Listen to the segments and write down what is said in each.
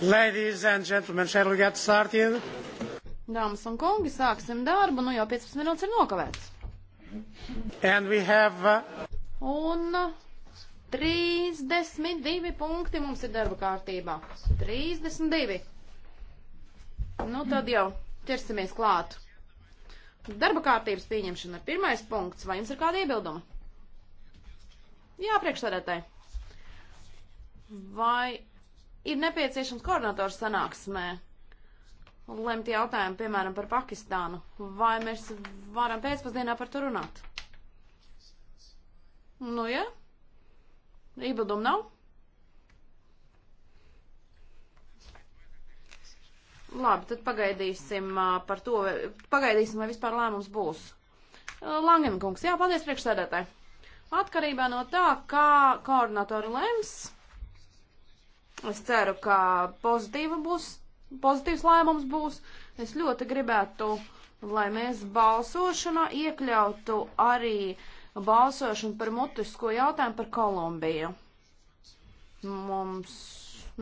Ladies and gentlemen, shall we get started? Dāmas un kungi, sāksim darbu, nu jau 15 minūtes ir nokavēts. And we have... Uh, un 32 punkti mums ir darba kārtībā. 32. Nu tad jau ķersimies klāt. Darba kārtības pieņemšana ir pirmais punkts. Vai jums ir kāda iebilduma? Jā, priekšsēdētāji. Vai ir nepieciešams koordinators sanāksmē lemt jautājumu, piemēram, par Pakistānu. Vai mēs varam pēcpusdienā par to runāt? Nu, jā. Ja? Iebildumu nav? Labi, tad pagaidīsim par to, pagaidīsim, vai vispār lēmums būs. Langenkungs, jā, paldies priekšsēdētāji. Atkarībā no tā, kā koordinatori lems Es ceru, ka pozitīva būs, pozitīvs lēmums būs. Es ļoti gribētu, lai mēs balsošanā iekļautu arī balsošanu par mutisko jautājumu par Kolumbiju. Mums,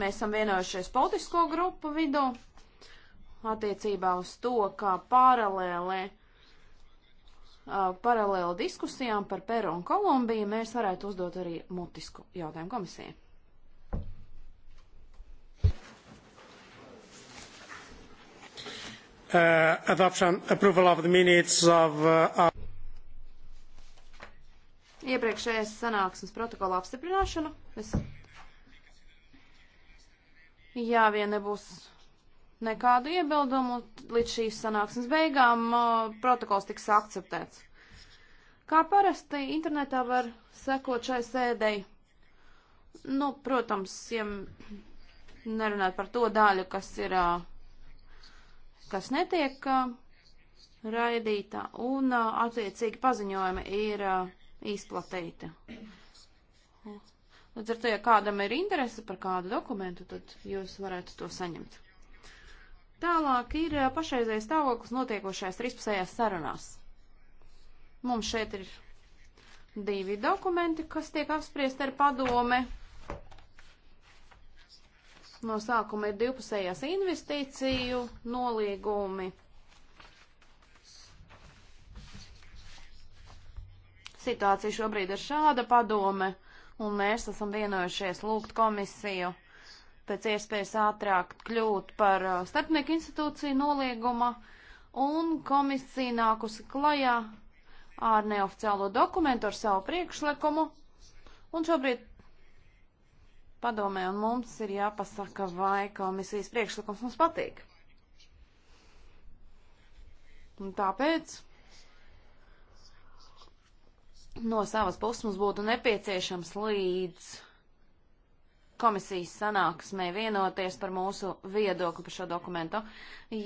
mēs esam vienojušies politisko grupu vidū attiecībā uz to, kā paralēlē paralēli diskusijām par Peru un Kolumbiju, mēs varētu uzdot arī mutisku jautājumu komisijai. uh, adoption, approval of the minutes of... Uh, of... Iepriekšējais sanāksmes protokola apstiprināšanu. Es... Jā, vien nebūs nekādu iebildumu līdz šīs sanāksmes beigām. Uh, protokols tiks akceptēts. Kā parasti internetā var sekot šai sēdei. Nu, protams, ja nerunāt par to daļu, kas ir uh, kas netiek raidīta, un attiecīgi paziņojumi ir izplatīti. Līdz ar to, ja kādam ir interese par kādu dokumentu, tad jūs varētu to saņemt. Tālāk ir pašreizējais stāvoklis notiekošais 13. sarunās. Mums šeit ir divi dokumenti, kas tiek apspriesti ar padome. No sākuma ir divpusējās investīciju nolīgumi. Situācija šobrīd ir šāda padome, un mēs esam vienojušies lūgt komisiju pēc iespējas ātrāk kļūt par uh, starpnieku institūciju nolieguma, un komisija nākusi klajā ar neoficiālo dokumentu ar savu priekšlikumu, un šobrīd padomē, un mums ir jāpasaka, vai komisijas priekšlikums mums patīk. Un tāpēc no savas puses mums būtu nepieciešams līdz komisijas sanāksmē vienoties par mūsu viedokli par šo dokumentu.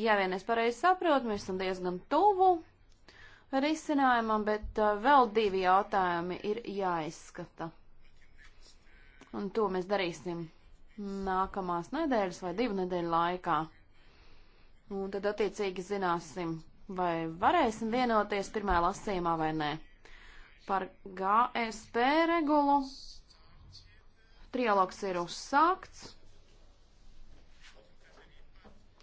Ja vien es pareizi saprotu, mēs esam diezgan tuvu risinājumam, bet uh, vēl divi jautājumi ir jāizskata un to mēs darīsim nākamās nedēļas vai divu nedēļu laikā. Un tad attiecīgi zināsim, vai varēsim vienoties pirmā lasījumā vai nē. Par GSP regulu trialogs ir uzsākts.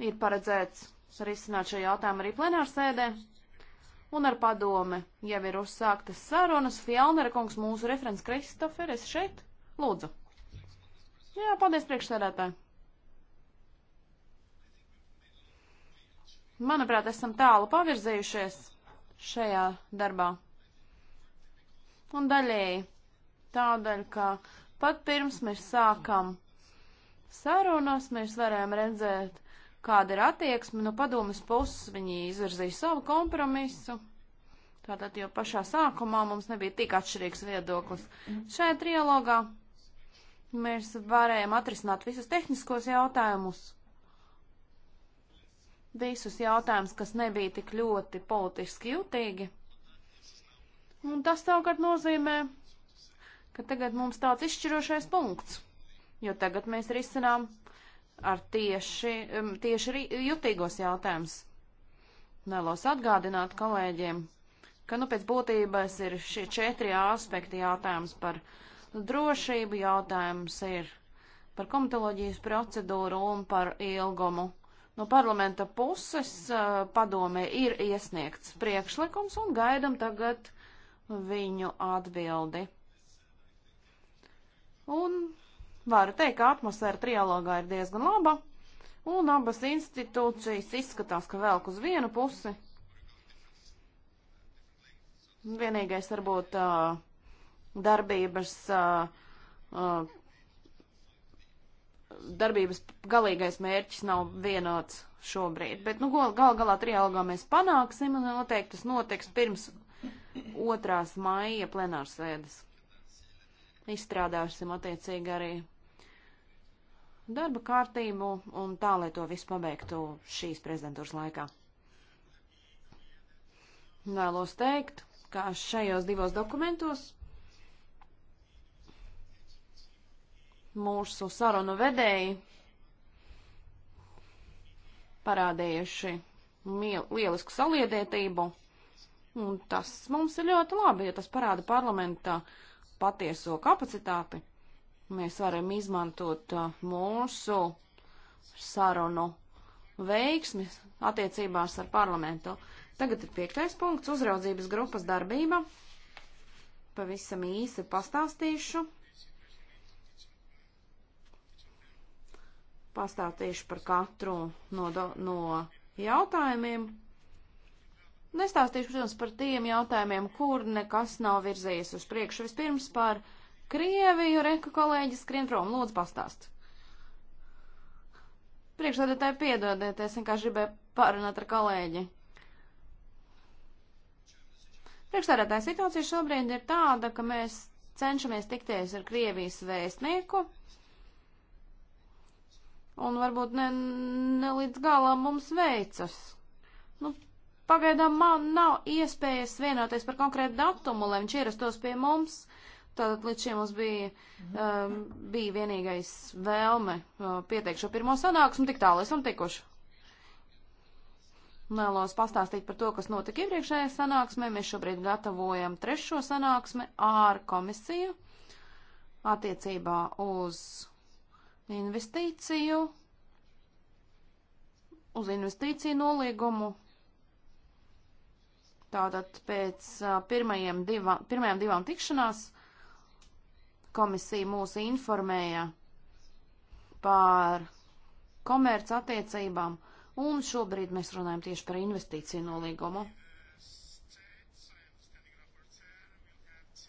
Ir paredzēts risināt šo jautājumu arī plenārsēdē. Un ar padome jau ir uzsāktas sarunas. Fjellnera kungs, mūsu referents Kristofer, es šeit. Lūdzu. Jā, paldies priekšsēdētāji. Manuprāt, esam tālu pavirzējušies šajā darbā. Un daļēji tādēļ, ka pat pirms mēs sākam sarunas, mēs varējām redzēt, kāda ir attieksme no padomas puses. Viņi izvirzīja savu kompromisu. Tātad jau pašā sākumā mums nebija tik atšķirīgs viedoklis. Šajā trialogā mēs varējām atrisināt visus tehniskos jautājumus, visus jautājumus, kas nebija tik ļoti politiski jutīgi. Un tas savukārt nozīmē, ka tagad mums tāds izšķirošais punkts, jo tagad mēs risinām ar tieši, tieši jutīgos jautājumus. Vēlos atgādināt kolēģiem, ka nu pēc būtības ir šie četri aspekti jautājums par uh, Nu, drošība jautājums ir par komitoloģijas procedūru un par ilgumu. No parlamenta puses padomē ir iesniegts priekšlikums un gaidam tagad viņu atbildi. Un varu teikt, ka atmosfēra trialogā ir diezgan laba, un abas institūcijas izskatās, ka velk uz vienu pusi. Vienīgais varbūt uh, darbības, darbības galīgais mērķis nav vienots šobrīd. Bet, nu, gal galā trialogā mēs panāksim un noteikti tas notiks pirms otrās maija plenārsēdes. Izstrādāsim attiecīgi arī darba kārtību un tā, lai to visu pabeigtu šīs prezidentūras laikā. Vēlos teikt, ka šajos divos dokumentos mūsu sarunu vedēji parādījuši lielisku saliedētību, un tas mums ir ļoti labi, jo tas parāda parlamentā patieso kapacitāti. Mēs varam izmantot uh, mūsu sarunu veiksmi attiecībās ar parlamentu. Tagad ir piektais punkts - uzraudzības grupas darbība. Pavisam īsi pastāstīšu pastāv tieši par katru no, no jautājumiem. Nestāstīšu, protams, par tiem jautājumiem, kur nekas nav virzījies uz priekšu. Vispirms par Krieviju, Reku kolēģis, skrien prom, lūdzu pastāst. Priekšsēdētāji piedodieties, vienkārši gribēju pārunāt ar kolēģi. Priekšsēdētāja situācija šobrīd ir tāda, ka mēs cenšamies tikties ar Krievijas vēstnieku un varbūt ne, ne līdz galam mums veicas. Nu, pagaidām man nav iespējas vienoties par konkrētu datumu, lai viņš ierastos pie mums. Tātad līdz šim mums bija, um, bija vienīgais vēlme uh, pieteikt šo pirmo sanāksmu, tik tālu esam tikuši. Mēlos pastāstīt par to, kas notika iepriekšējā sanāksmē. Mēs šobrīd gatavojam trešo sanāksmi ar komisiju attiecībā uz investīciju, uz investīciju nolīgumu. Tātad pēc pirmajiem divā, pirmajām divām tikšanās komisija mūs informēja par komerc attiecībām, un šobrīd mēs runājam tieši par investīciju nolīgumu.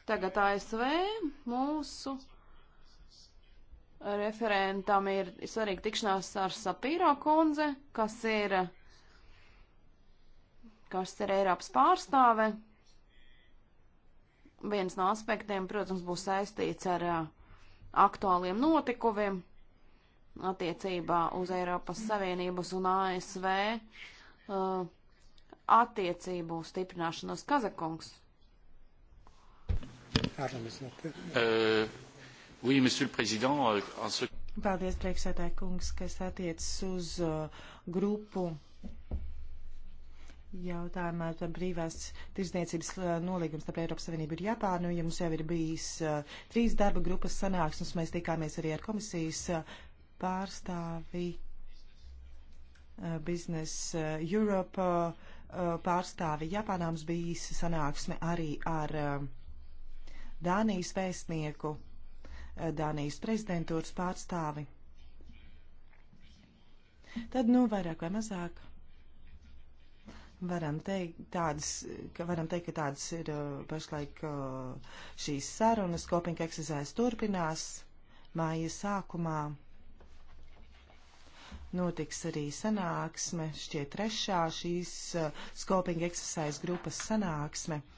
Tagad ASV mūsu referentam ir svarīga tikšanās ar Sapīro kundze, kas ir, kas ir Eiropas pārstāve. Viens no aspektiem, protams, būs saistīts ar aktuāliem notikumiem attiecībā uz Eiropas Savienības un ASV uh, attiecību stiprināšanos Kazakungs. Ārlamis, uh, Oui, monsieur le président, euh, en ce... Paldies, priekšsētāji kungs, kas attiecas uz uh, grupu jautājumā par brīvās tirzniecības uh, nolīgums starp Eiropas Savienību ir Japānu. Ja mums jau ir bijis uh, trīs darba grupas sanāksmes, mēs tikāmies arī ar komisijas uh, pārstāvi uh, Business uh, Europe uh, uh pārstāvi Japānā. Mums bijis sanāksme arī ar uh, Dānijas vēstnieku Dānijas prezidentūras pārstāvi. Tad, nu, vairāk vai mazāk varam teikt, tādas, ka, varam teikt, ka tādas ir uh, pašlaik uh, šīs sarunas. Kopīgi eksizēs turpinās māja sākumā. Notiks arī sanāksme, šķiet trešā šīs uh, skopinga eksesais grupas sanāksme. Uh,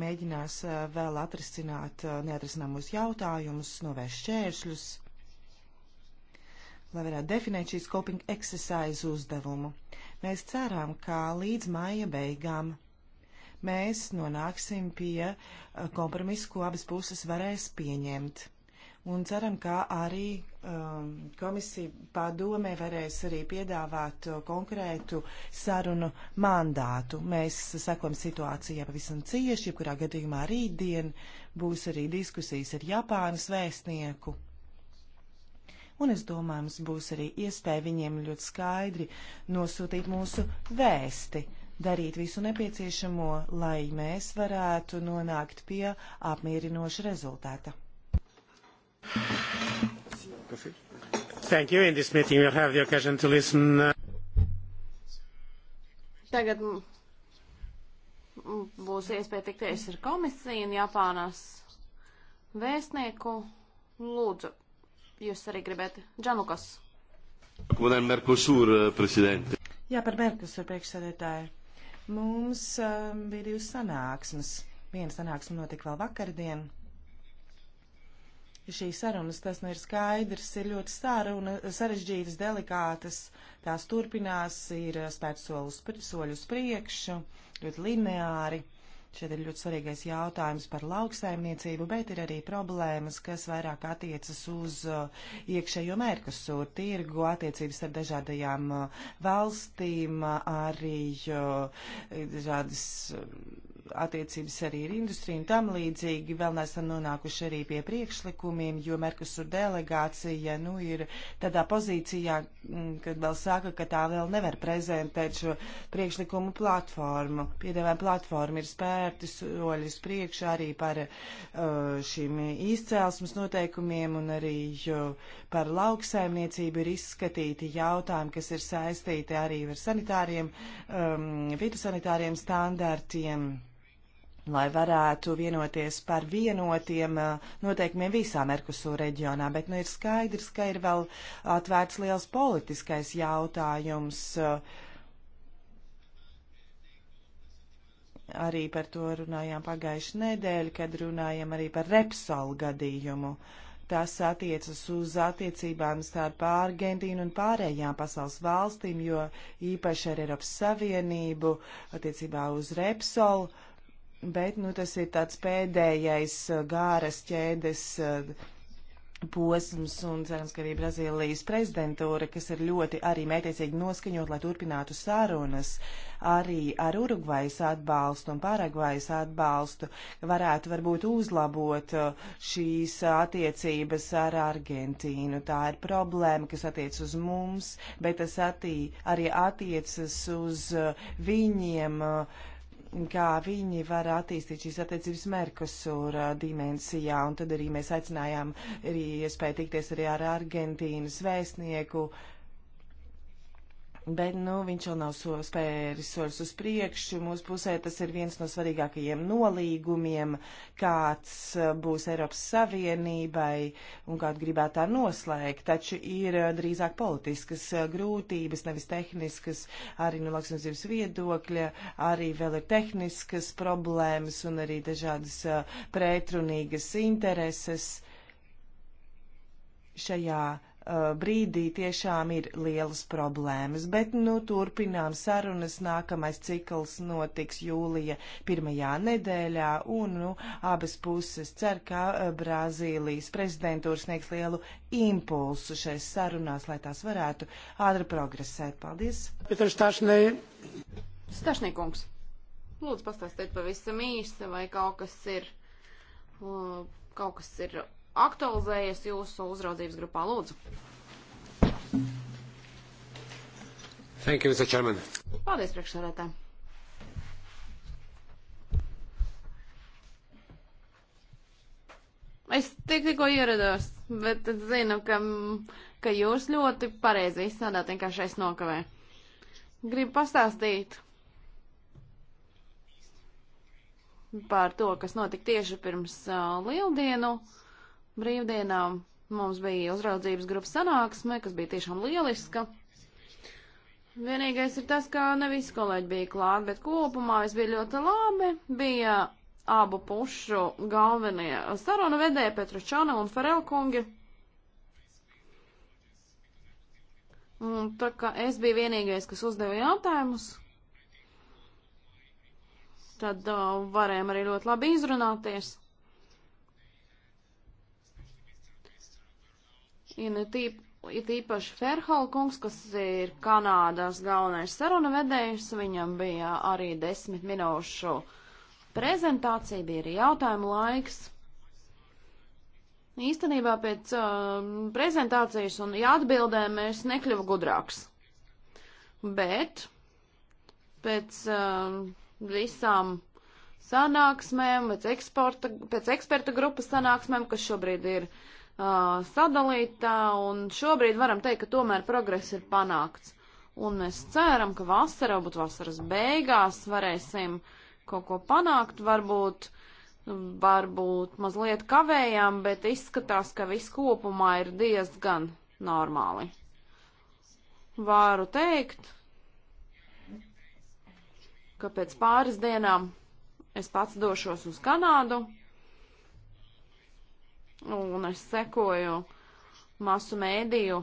mēģinās eh, vēl atrisināt eh, neatrisināmos jautājumus, novērst šķēršļus, lai varētu definēt šīs coping exercise uzdevumu. Mēs ceram, ka līdz māja beigām mēs nonāksim pie eh, kompromisu, ko abas puses varēs pieņemt un ceram, ka arī um, komisija padomē varēs arī piedāvāt uh, konkrētu sarunu mandātu. Mēs sekojam situācijai pavisam cieši, jebkurā gadījumā rītdien būs arī diskusijas ar Japānas vēstnieku. Un es domāju, mums būs arī iespēja viņiem ļoti skaidri nosūtīt mūsu vēsti darīt visu nepieciešamo, lai mēs varētu nonākt pie apmierinoša rezultāta. Thank you. In this meeting we'll have the occasion to listen. Uh, Tagad būs iespēja tikties ar komisiju un Japānas vēstnieku. Lūdzu, jūs arī gribētu. Džanukas. Uh, Jā, par Merkusur priekšsēdētāju. Mums um, bija divas sanāksmes. Viena sanāksme notika vēl vakardien šīs sarunas, tas nu ir skaidrs, ir ļoti saruna, sarežģītas, delikātas, tās turpinās, ir spērts soļus uz priekšu, ļoti lineāri. Šeit ir ļoti svarīgais jautājums par lauksaimniecību, bet ir arī problēmas, kas vairāk attiecas uz uh, iekšējo Merkusūru tirgu, attiecības ar dažādajām uh, valstīm, uh, arī dažādas um, attiecības arī ar industriju un tam līdzīgi. Vēl neesam nonākuši arī pie priekšlikumiem, jo Merkusur delegācija nu, ir tādā pozīcijā, mm, kad vēl saka, ka tā vēl nevar prezentēt šo priekšlikumu platformu. Piedāvājuma platforma ir spērti soļus priekšu arī par uh, šīm izcēlesmes noteikumiem un arī par lauksaimniecību ir izskatīti jautājumi, kas ir saistīti arī ar sanitāriem, um, fitosanitāriem standartiem lai varētu vienoties par vienotiem uh, noteikumiem visā Merkusūra reģionā, bet nu ir skaidrs, ka ir vēl atvērts liels politiskais jautājums. Uh, arī par to runājām pagājuši nedēļu, kad runājām arī par Repsolu gadījumu. Tas attiecas uz attiecībām starp Argentīnu un pārējām pasaules valstīm, jo īpaši ar Eiropas Savienību attiecībā uz Repsolu Bet nu, tas ir tāds pēdējais uh, gāras ķēdes uh, posms, un cerams, ka arī Brazīlijas prezidentūra, kas ir ļoti arī mētiecīgi noskaņot, lai turpinātu sarunas arī ar Urugvajas atbalstu un Paragvajas atbalstu, varētu varbūt uzlabot uh, šīs attiecības ar Argentīnu. Tā ir problēma, kas attiec uz mums, bet tas attī, arī attiecas uz viņiem. Uh, kā viņi var attīstīt šīs attiecības Merkosur uh, dimensijā. Un tad arī mēs aicinājām arī iespēju tikties arī ar Argentīnas vēstnieku uh, Bet nu, viņš vēl nav so, spēris soļus uz priekšu. Mūsu pusē tas ir viens no svarīgākajiem nolīgumiem, kāds eh, būs Eiropas Savienībai un kādu gribētu tā noslēgt. Taču ir eh, drīzāk politiskas eh, grūtības, nevis tehniskas, arī no nu, lauksimzības viedokļa, arī vēl ir tehniskas problēmas un arī dažādas pretrunīgas intereses šajā Uh, brīdī tiešām ir lielas problēmas, bet nu turpinām sarunas, nākamais cikls notiks jūlija pirmajā nedēļā, un nu abas puses cer, ka uh, Brazīlijas prezidentūra sniegs lielu impulsu šais sarunās, lai tās varētu ātri progresēt. Paldies! Pēters Stašnē. Stašnīkungs, lūdzu pastāstiet pavisam īsi, vai kaut kas ir, uh, kaut kas ir aktualizējies jūsu uzraudzības grupā? Lūdzu. Thank you, Mr. Chairman. Paldies, priekšsarētā. Es tik, tikko ierados, bet zinu, ka, ka jūs ļoti pareizi izsādāt, vienkārši es nokavēju. Gribu pastāstīt par to, kas notika tieši pirms uh, lieldienu. Uh, brīvdienām mums bija uzraudzības grupas sanāksme, kas bija tiešām lieliska. Vienīgais ir tas, ka ne visi kolēģi bija klāt, bet kopumā es biju ļoti labi. Bija abu pušu galvenie sarunu vedēji Petru Čana un Ferelkungi. Un tā kā es biju vienīgais, kas uzdeva jautājumus, tad uh, varējām arī ļoti labi izrunāties. Ir tīp, it īpaši Ferhala kungs, kas ir Kanādas galvenais saruna vedējs, viņam bija arī desmit minūšu prezentācija, bija arī jautājumu laiks. Īstenībā pēc uh, prezentācijas un jāatbildēm es nekļuvu gudrāks. Bet pēc uh, visām sanāksmēm, pēc, eksporta, pēc eksperta grupas sanāksmēm, kas šobrīd ir uh, uh, sadalīta, un šobrīd varam teikt, ka tomēr progress ir panākts. Un mēs ceram, ka vasarā, varbūt vasaras beigās, varēsim kaut ko panākt, varbūt, varbūt mazliet kavējām, bet izskatās, ka viss kopumā ir diezgan normāli. Vāru teikt, ka pēc pāris dienām es pats došos uz Kanādu un es sekoju masu mēdīju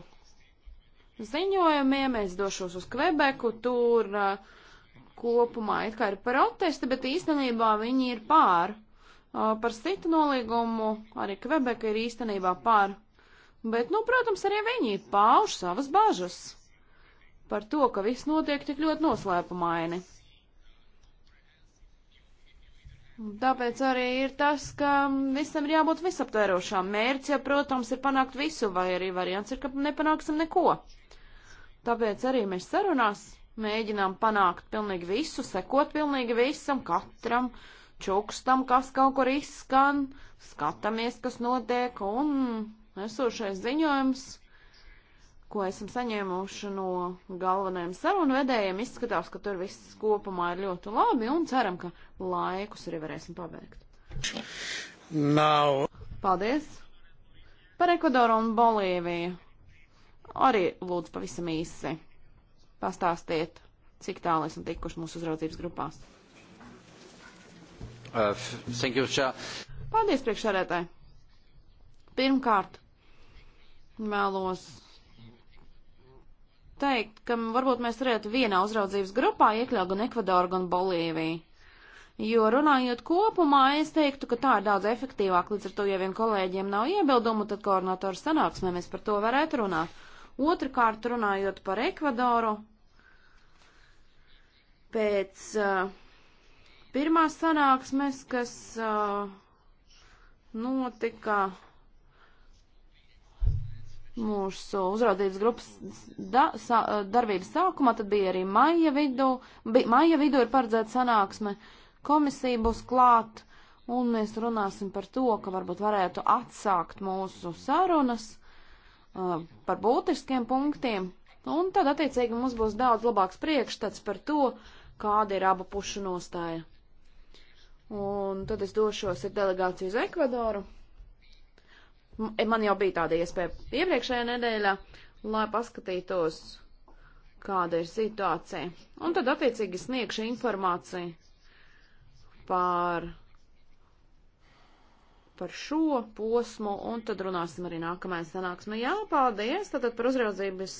ziņojumiem, es došos uz Kvebeku, tur uh, kopumā it kā ir protesti, bet īstenībā viņi ir pār. Uh, par citu nolīgumu arī Kvebeka ir īstenībā pār. Bet, nu, protams, arī viņi pauž savas bažas par to, ka viss notiek tik ļoti noslēpumaini. Un tāpēc arī ir tas, ka visam ir jābūt visaptvērošām. Mērķis, ja, protams, ir panākt visu, vai arī variants ir, ka nepanāksim neko. Tāpēc arī mēs sarunās mēģinām panākt pilnīgi visu, sekot pilnīgi visam, katram čukstam, kas kaut kur izskan, skatāmies, kas notiek, un esošais ziņojums ko esam saņēmuši no galvenajiem sarunvedējiem, izskatās, ka tur viss kopumā ir ļoti labi un ceram, ka laikus arī varēsim pabeigt. Nav. Paldies. Par Ekvadoru un Bolīviju. Arī lūdzu pavisam īsi pastāstiet, cik tālu esam tikuši mūsu uzraudzības grupās. Uh, you, Paldies priekšsarētāji. Pirmkārt, vēlos teikt, ka varbūt mēs varētu vienā uzraudzības grupā iekļaut gan Ekvadoru, gan Bolīviju. Jo runājot kopumā, es teiktu, ka tā ir daudz efektīvāk, līdz ar to, ja vien kolēģiem nav iebildumu, tad koordinatoru sanāksmē mēs par to varētu runāt. Otrakārt, runājot par Ekvadoru, pēc uh, pirmās sanāksmes, kas uh, notika mūsu uzraudzības grupas da, sa, darbības sākumā, tad bija arī maija vidū, bi, maija vidū ir paredzēta sanāksme, komisija būs klāt, un mēs runāsim par to, ka varbūt varētu atsākt mūsu sarunas uh, par būtiskiem punktiem, un tad attiecīgi mums būs daudz labāks priekšstats par to, kāda ir abu pušu nostāja. Un tad es došos ar delegāciju uz Ekvadoru. Man jau bija tāda iespēja iepriekšējā nedēļā, lai paskatītos, kāda ir situācija. Un tad attiecīgi sniegšu informāciju par, par šo posmu, un tad runāsim arī nākamajā sanāksmē. Jā, paldies! Tātad par uzraudzības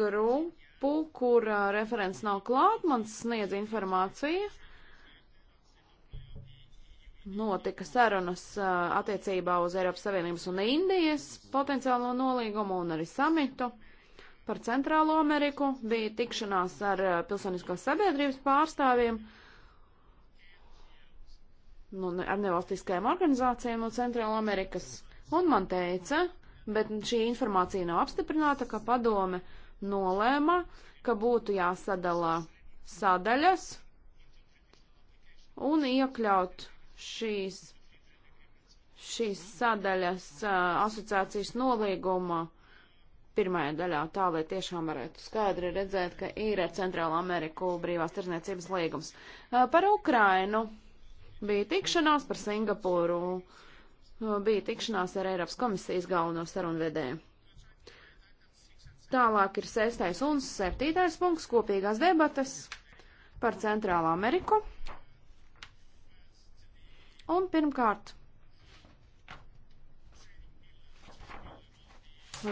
grupu, kur uh, referents nav klāt, man sniedz informāciju notika sarunas attiecībā uz Eiropas Savienības un Indijas potenciālo nolīgumu un arī samitu. Par Centrālo Ameriku bija tikšanās ar pilsoniskās sabiedrības pārstāvjiem nu, ar nevalstiskajām organizācijām no Centrāla Amerikas. Un man teica, bet šī informācija nav apstiprināta, ka padome nolēma, ka būtu jāsadala sadaļas un iekļaut šīs, šīs sadaļas uh, asociācijas nolīguma pirmajā daļā, tā lai tiešām varētu skaidri redzēt, ka ir ar Centrālā Ameriku brīvās tirzniecības līgums. Uh, par Ukrainu bija tikšanās, par Singapūru uh, bija tikšanās ar Eiropas komisijas galveno sarunvedēju. Tālāk ir sestais un septītais punkts kopīgās debatas par Centrālā Ameriku. Un pirmkārt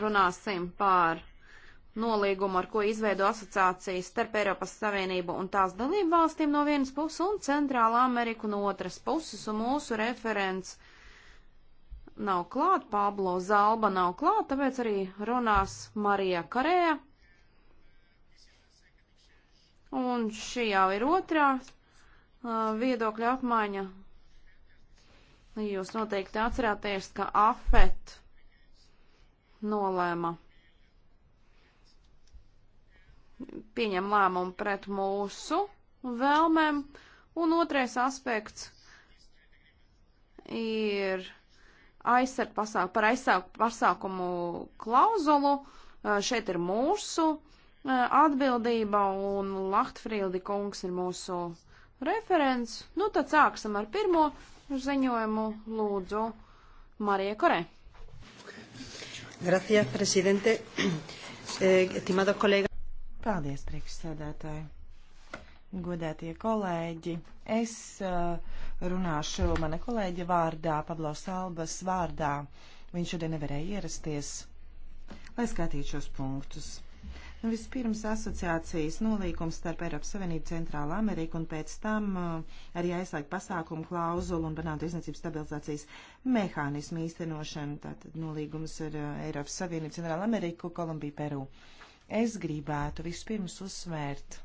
runāsim par nolīgumu, ar ko izveido asociācijas starp Eiropas Savienību un tās dalību valstīm no vienas puses un Centrālā Ameriku no otras puses, un mūsu referents nav klāt, Pablo Zalba nav klāt, tāpēc arī runās Marija Karēja. Un šī jau ir otrā uh, viedokļa apmaiņa Jūs noteikti atcerāties, ka AFET nolēma pieņem lēmumu pret mūsu vēlmēm, un otrais aspekts ir aizsarg pasāk, par aizsāk pasākumu klauzulu. Šeit ir mūsu atbildība, un Lahtfrīldi kungs ir mūsu referents. Nu, tad sāksim ar pirmo ziņojumu lūdzu Marija Korē. Gracias, prezidente. Eh, Estimado kolēga. Paldies, priekšsēdētāji. Godētie kolēģi, es eh, runāšu mana kolēģa vārdā, Pablo Salbas vārdā. Viņš šodien nevarēja ierasties, lai skatītu šos punktus. Vispirms asociācijas nolīgums starp Eiropas Savienību Centrālā Ameriku un pēc tam uh, arī aizslēgt pasākumu klauzulu un banātu izniecības stabilizācijas mehānismu īstenošanu, tātad nolīgums ar uh, Eiropas Savienību Centrālā Ameriku, Kolumbiju, Peru. Es gribētu vispirms uzsvērt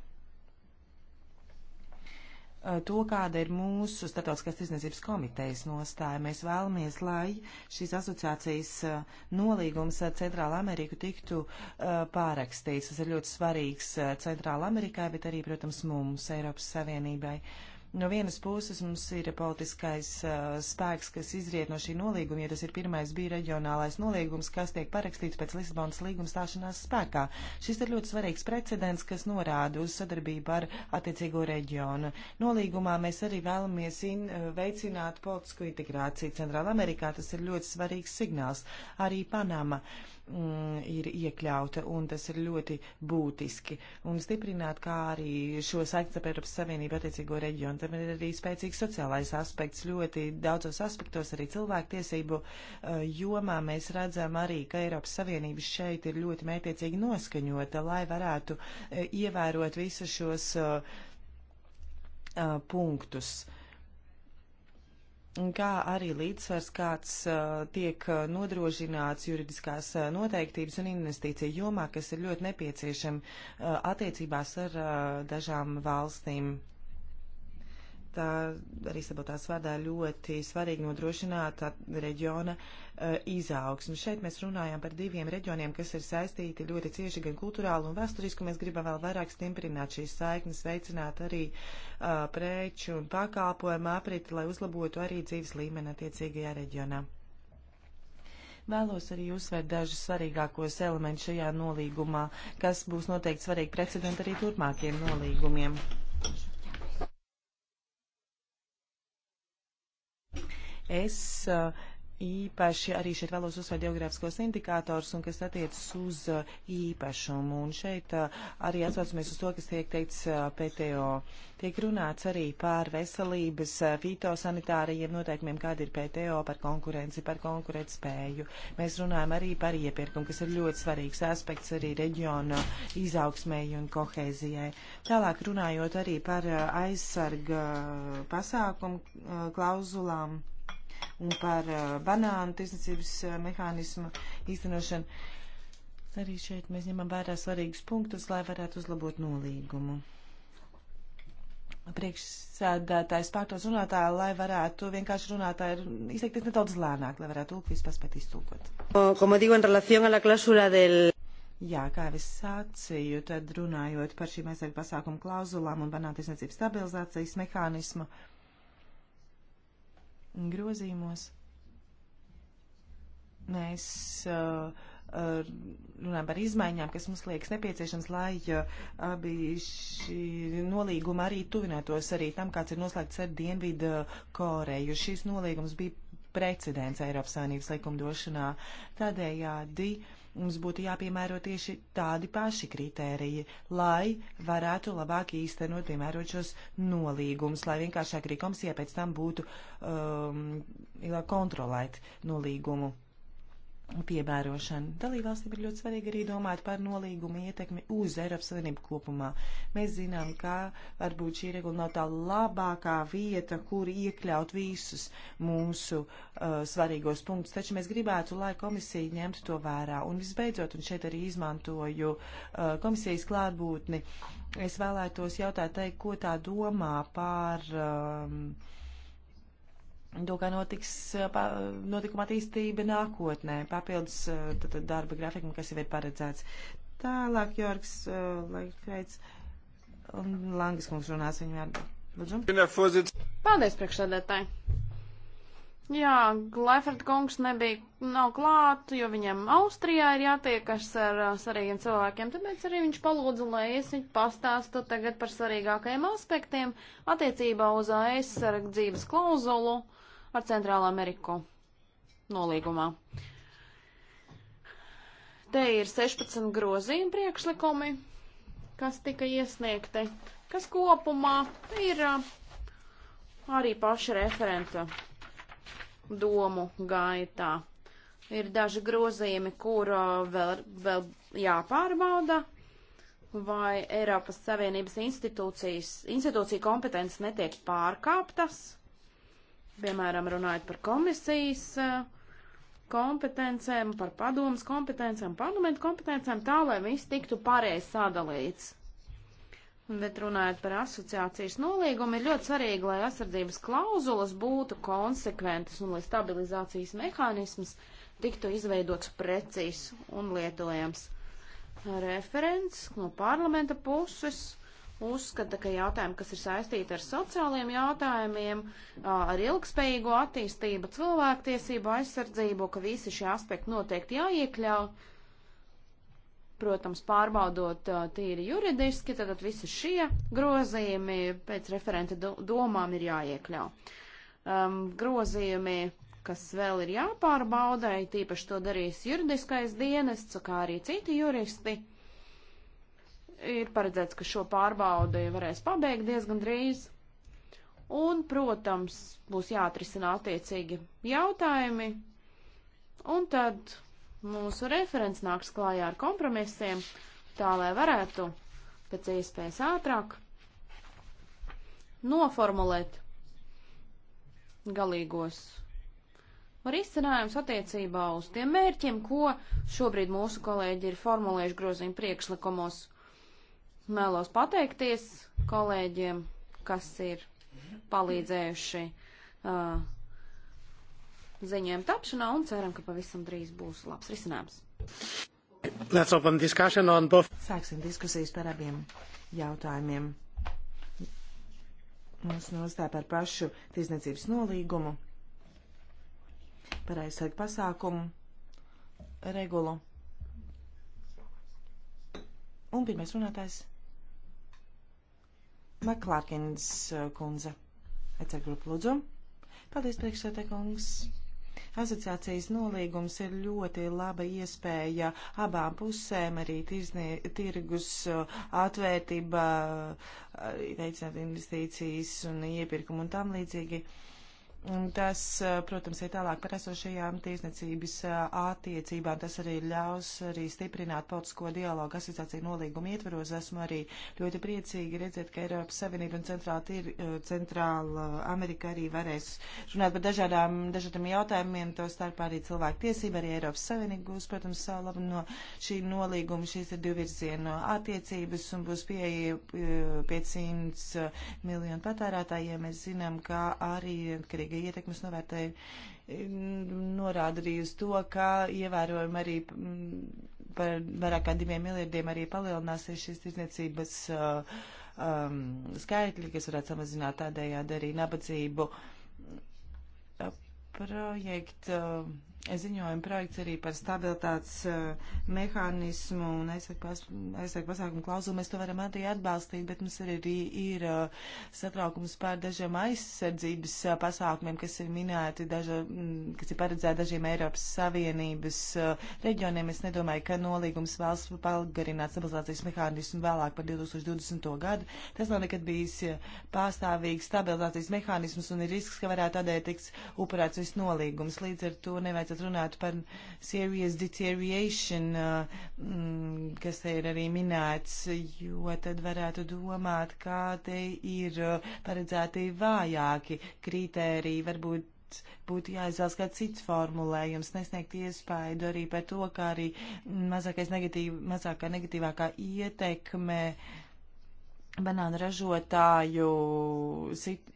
Eh, to, kāda ir mūsu Startautiskās tirsniecības komitejas nostāja. Mēs vēlamies, lai šīs asociācijas eh, nolīgums ar Centrālu Ameriku tiktu eh, pārakstīts. Tas ir ļoti svarīgs Centrāla Amerikai, bet arī, protams, mums, Eiropas Savienībai. Uh, No vienas puses mums ir politiskais uh, spēks, kas izriet no šī nolīguma, ja tas ir pirmais bija reģionālais nolīgums, kas tiek parakstīts pēc Lisabonas līguma stāšanās spēkā. Šis ir ļoti svarīgs precedents, kas norāda uz sadarbību ar attiecīgo reģionu. Nolīgumā mēs arī vēlamies in, veicināt politisku integrāciju Centrāla Amerikā. Tas ir ļoti svarīgs signāls. Arī Panama. Uh, mm, ir iekļauta, un tas ir ļoti būtiski. Un stiprināt, kā arī šo saiknes ar Eiropas Savienību attiecīgo reģionu, tam ir arī spēcīgs sociālais aspekts. Ļoti daudzos aspektos, arī cilvēktiesību uh, jomā, mēs redzam arī, ka Eiropas Savienība šeit ir ļoti mētiecīgi noskaņota, lai varētu uh, ievērot visus šos uh, uh punktus. Uh, kā arī līdzsvars, kāds uh, tiek nodrošināts juridiskās uh, noteiktības un investīcija jomā, kas ir ļoti nepieciešama uh, attiecībās ar dažām valstīm tā arī sabotās vārdā ļoti svarīgi nodrošināt tā, reģiona uh, eh, izaugsmu. Šeit mēs runājam par diviem reģioniem, kas ir saistīti ļoti cieši gan kulturāli un vēsturiski. Mēs gribam vēl vairāk stiprināt šīs saiknes, veicināt arī uh, preču un pakalpojumu apriti, lai uzlabotu arī dzīves līmeni attiecīgajā reģionā. Vēlos arī uzsvērt dažus svarīgākos elementus šajā nolīgumā, kas būs noteikti svarīgi precedenti arī turpmākiem nolīgumiem. Es uh, īpaši arī šeit vēlos uzsvērt geogrāfiskos indikātors un kas attiecas uz uh, īpašumu. Un šeit uh, arī atsaucamies uz to, kas tiek teikts PTO. Tiek runāts arī par veselības fitosanitārajiem noteikumiem, kāda ir PTO par konkurenci, par konkurēt spēju. Mēs runājam arī par iepirkumu, kas ir ļoti svarīgs aspekts arī reģiona izaugsmēji un kohēzijai. Tālāk runājot arī par aizsarga pasākumu klauzulām un par eh, banānu tirsniecības eh, mehānismu īstenošanu. Arī šeit mēs ņemam vērā svarīgus punktus, lai varētu uzlabot nolīgumu. Priekšsēdētājs pārtos runātāju, lai varētu vienkārši runātāju izteikties nedaudz lēnāk, lai varētu tulk vispār spēt iztulkot. Como digo, en relación a la clausura del Jā, kā jau es sacīju, tad runājot par šīm aizsardz pasākumu klauzulām un banātiesniecības stabilizācijas mehānismu, uh, grozījumos mēs uh, uh, runājam par izmaiņām, kas mums liekas nepieciešams, lai uh, abi šī nolīguma arī tuvinātos arī tam, kāds ir noslēgts ar Dienvidu Koreju. Šis nolīgums bija precedents Eiropas Savienības likumdošanā. Tādējādi. Uh, Mums būtu jāpiemēro tieši tādi paši kritēriji, lai varētu labāk īstenot, piemērot šos nolīgumus, lai vienkāršāk arī komisija pēc tam būtu um, kontrolēt nolīgumu piemērošanu. Dalībvalstīm ir ļoti svarīgi arī domāt par nolīgumu ietekmi uz Eiropas Savienību kopumā. Mēs zinām, ka varbūt šī regula nav tā labākā vieta, kur iekļaut visus mūsu uh, svarīgos punktus, taču mēs gribētu, lai komisija ņemtu to vērā. Un visbeidzot, un šeit arī izmantoju uh, komisijas klātbūtni, es vēlētos jautāt, teikt, ko tā domā par. Um, to, kā notiks notikuma attīstība nākotnē, papildus tad, darba grafikam, kas jau ir paredzēts. Tālāk Jorgs Laikreits un Langas kungs runās viņu ar. Lūdzu. Paldies, priekšsēdētāji. Jā, Leifert kungs nebija, nav klāt, jo viņam Austrijā ir jātiekas ar svarīgiem cilvēkiem, tāpēc arī viņš palūdza, lai es viņu pastāstu tagad par svarīgākajiem aspektiem attiecībā uz aizsarg dzīves klauzulu. Uh, ar Centrālu Ameriku nolīgumā. Te ir 16 grozījuma priekšlikumi, kas tika iesniegti, kas kopumā ir arī paša referenta domu gaitā. Ir daži grozījumi, kur vēl, vēl jāpārbauda, vai Eiropas Savienības institūcijas, institūcija kompetences netiek pārkāptas. Piemēram, runājot par komisijas eh, kompetencēm, par padomas kompetencēm, parlamentu kompetencēm, tā, lai viss tiktu pareizi sadalīts. Bet runājot par asociācijas nolīgumu, ir ļoti svarīgi, lai asardzības klauzulas būtu konsekventas un lai stabilizācijas mehānisms tiktu izveidots precīzs un lietojams. Referents no parlamenta puses uzskata, ka jautājumi, kas ir saistīti ar sociāliem jautājumiem, ar ilgspējīgo attīstību, cilvēktiesību aizsardzību, ka visi šie aspekti noteikti jāiekļauj. Protams, pārbaudot tīri juridiski, tad visi šie grozījumi pēc referenta domām ir jāiekļauj. Um, grozījumi kas vēl ir jāpārbauda, tīpaši to darīs juridiskais dienests, kā arī citi juristi. Ir paredzēts, ka šo pārbaudi varēs pabeigt diezgan drīz. Un, protams, būs jāatrisina attiecīgi jautājumi. Un tad mūsu referents nāks klājā ar kompromisiem, tā lai varētu pēc iespējas ātrāk noformulēt galīgos var izcinājums attiecībā uz tiem mērķiem, ko šobrīd mūsu kolēģi ir formulējuši grozījuma priekšlikumos. Mēlos pateikties kolēģiem, kas ir palīdzējuši uh, ziņojuma tapšanā un ceram, ka pavisam drīz būs labs risinājums. Sāksim diskusijas par abiem jautājumiem. Mūsu nostāja par pašu tiesniecības nolīgumu, par aizsardzību pasākumu, regulu. Un pirmais runātājs Maklārkins eh, kundze. Ecergrup lūdzu. Paldies, priekšsētē kungs. Asociācijas nolīgums ir ļoti laba iespēja abām pusēm, arī tirznie, tirgus eh, atvērtība, veicināt eh, investīcijas un iepirkumu un tam līdzīgi. Uh, Tas, eh, protams, ir tālāk par esošajām tiesniecības eh, attiecībām. Tas arī ļaus arī stiprināt politisko dialogu asociāciju nolīgumu ietveros. Esmu arī ļoti priecīgi redzēt, ka Eiropas Savienība un Centrāla, tir, eh, Centrāla Amerika arī varēs runāt par dažādām, dažādiem jautājumiem, to starp arī cilvēku tiesību, arī Eiropas Savienība būs, protams, savu labu no šī nolīguma. Šīs ir divvirzienu attiecības un būs pieeja 500 miljonu patērētājiem. Mēs zinām, ka arī atkarīgi attiecīgie ietekmes novērtējumi mm, norāda arī uz to, ka ievērojami arī mm, par vairāk kā diviem miljardiem arī palielināsies šīs tirdzniecības uh, um, skaitļi, kas varētu samazināt tādējādi arī nabadzību. Uh, projekta uh, ziņojuma projekts arī par stabilitātes uh, mehānismu un aizsargu pasākumu klauzulu. Mēs to varam arī atbalstīt, bet mums arī ir uh, satraukums pār dažiem aizsardzības uh, pasākumiem, kas ir minēti, daža, m, mm, kas ir paredzēti dažiem Eiropas Savienības reģioniem. Es nedomāju, ka nolīgums valsts palgarināt stabilizācijas mehānismu vēlāk par 2020. gadu. Tas nav nekad bijis pastāvīgs stabilizācijas mehānisms un ir risks, ka varētu tādēļ tiks upurēts viss nolīgums. Līdz ar to nevajadzētu tad runātu par serious deterioration, uh, mm, kas te ir arī minēts, jo tad varētu domāt, kā te ir uh, paredzēti vājāki kritēriji, varbūt būtu jāizvēlas kāds cits formulējums, nesniegt iespaidu arī par to, kā arī mazākais negatīv, mazākā negatīvākā ietekme banānu ražotāju sit,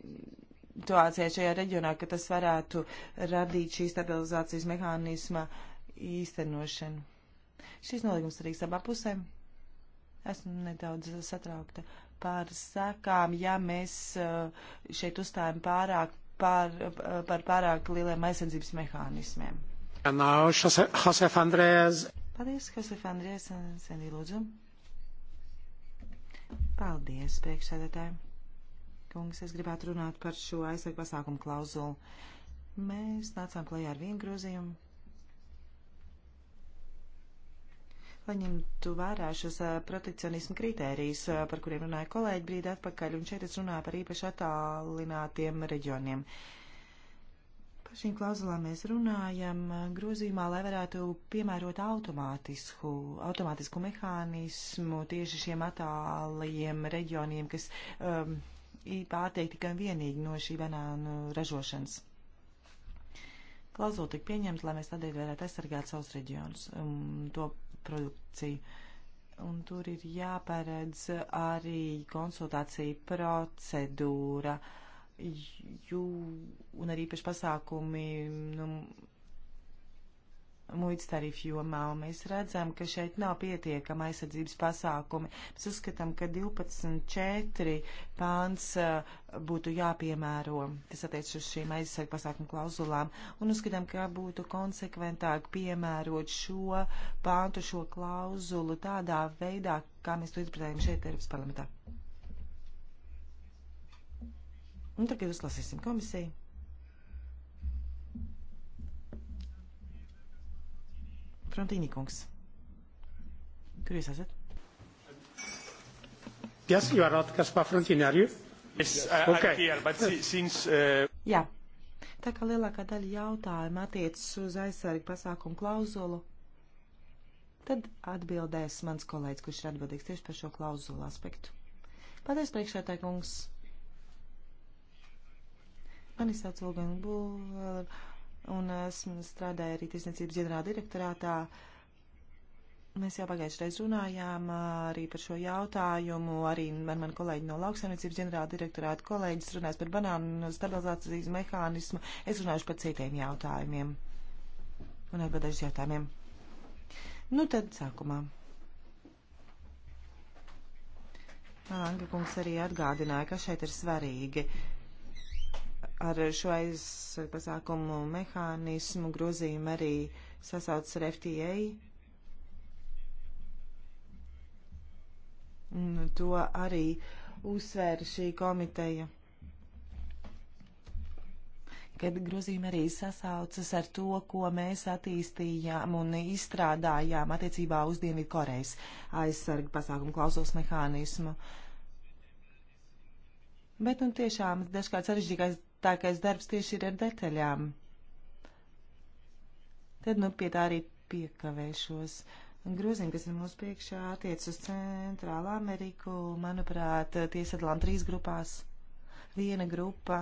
situācijai šajā reģionā, ka tas varētu radīt šī stabilizācijas mehānisma īstenošanu. Šis nolīgums arī sabā pusēm. Esmu nedaudz satraukta par sekām, ja mēs uh, šeit uzstājam pārāk par, uh, par pārāk lieliem aizsardzības mehānismiem. Nav Josef Andrēs. Paldies, Josef Andrēs, senī lūdzu. Paldies, priekšsēdētāji kungs, es gribētu runāt par šo aizsargu pasākumu klauzulu. Mēs nācām klajā ar vienu grozījumu. Lai ņemtu vērā šos protekcionismu kritērijus, par kuriem runāja kolēģi brīdi atpakaļ, un šeit es runāju par īpaši attālinātiem reģioniem. Par šīm klauzulām mēs runājam grozījumā, lai varētu piemērot automātisku, automātisku mehānismu tieši šiem attālajiem reģioniem, kas. Um, pārtiek tikai un vienīgi no šī banānu ražošanas. Klauzula tika pieņemta, lai mēs tādēļ varētu aizsargāt savus reģionus un um, to produkciju. Un tur ir jāparedz arī konsultācija procedūra, jū, un arī paši pasākumi nu, muitas tarifu jomā, un mēs redzam, ka šeit nav pietiekama aizsardzības pasākumi. Mēs uzskatām, ka 12.4 pāns uh, būtu jāpiemēro, tas attiec uz šīm aizsardz pasākumu klauzulām, un uzskatām, ka būtu konsekventāk piemērot šo pāntu, šo klauzulu tādā veidā, kā mēs to interpretējam šeit Eiropas parlamentā. Un tagad uzlasīsim komisiju. Frontīnī kungs. Kur jūs esat? Yes, you are not Kaspar Frontīnī, are you? Yes, uh, okay. I'm here, but since... Uh... Jā. Tā kā lielākā daļa jautājuma attiecas uz aizsargu pasākumu klauzulu, tad atbildēs mans kolēģis, kurš ir atbildīgs tieši par šo klauzulu aspektu. Paldies, priekšētāj kungs! Mani sauc Logan Buller, un esmu strādāja arī tirsniecības ģenerāla direktorātā. Mēs jau pagājušajā reizē runājām arī par šo jautājumu. Arī man, man kolēģi no lauksaimniecības ģenerāla direktorāta kolēģis runās par banānu stabilizācijas mehānismu. Es runāšu par citiem jautājumiem un atbildēšu jautājumiem. Nu tad sākumā. Alanga kungs arī atgādināja, ka šeit ir svarīgi ar šo aizpasākumu mehānismu grozījumu arī sasaucas ar FTA. Un to arī uzsvēra šī komiteja kad grozījumi arī sasaucas ar to, ko mēs attīstījām un izstrādājām attiecībā uz Dienvidu Korejas aizsargu pasākumu klausos mehānismu. Bet un nu, tiešām dažkārt sarežģītais grūtākais darbs tieši ir ar detaļām. Tad nu pie tā arī piekavēšos. Grūzīm, kas ir mūsu priekšā, attiec uz Centrālā Ameriku, manuprāt, tie sadalām trīs grupās. Viena grupa,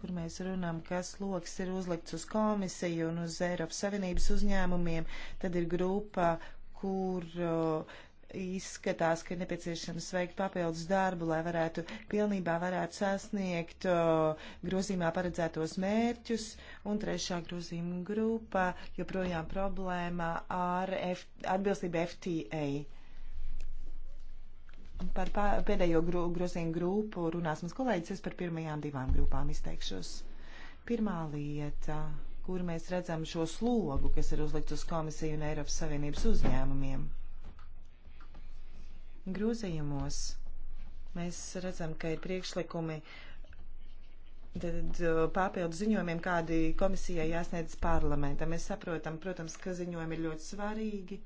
kur mēs runām, kas loks ir uzlikts uz komisiju un uz Eiropas Savienības uzņēmumiem, tad ir grupa, kur uh, izskatās, ka ir nepieciešams veikt papildus darbu, lai varētu pilnībā varētu sasniegt uh, grozīmā paredzētos mērķus. Un trešā grozījuma grupa joprojām problēma ar F, atbilstību FTA. Par pā, pēdējo gro, grozījumu grupu runās mans kolēģis, es par pirmajām divām grupām izteikšos. Pirmā lieta, kur mēs redzam šo slogu, kas ir uzlikts uz komisiju un Eiropas Savienības uzņēmumiem grozījumos mēs redzam, ka ir priekšlikumi tad, uh, papildu ziņojumiem, kādi komisijai jāsniedz parlamentam. Mēs saprotam, protams, ka ziņojumi ir ļoti svarīgi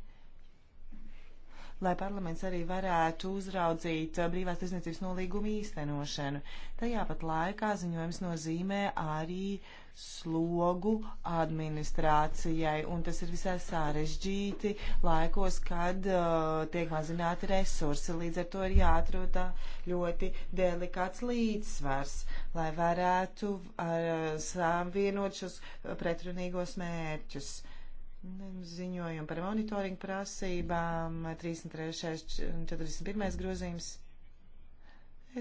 lai parlaments arī varētu uzraudzīt uh, brīvās tirsniecības nolīgumu īstenošanu. Tajā pat laikā ziņojums nozīmē arī slogu administrācijai, un tas ir visai sarežģīti laikos, kad uh, tiek mazināti resursi. Līdz ar to ir jāatrod uh, ļoti delikāts līdzsvars, lai varētu ar, uh, savienot šos pretrunīgos mērķus. Uh, Ziņojam par monitoringu prasībām, 33. un 41. grozījums.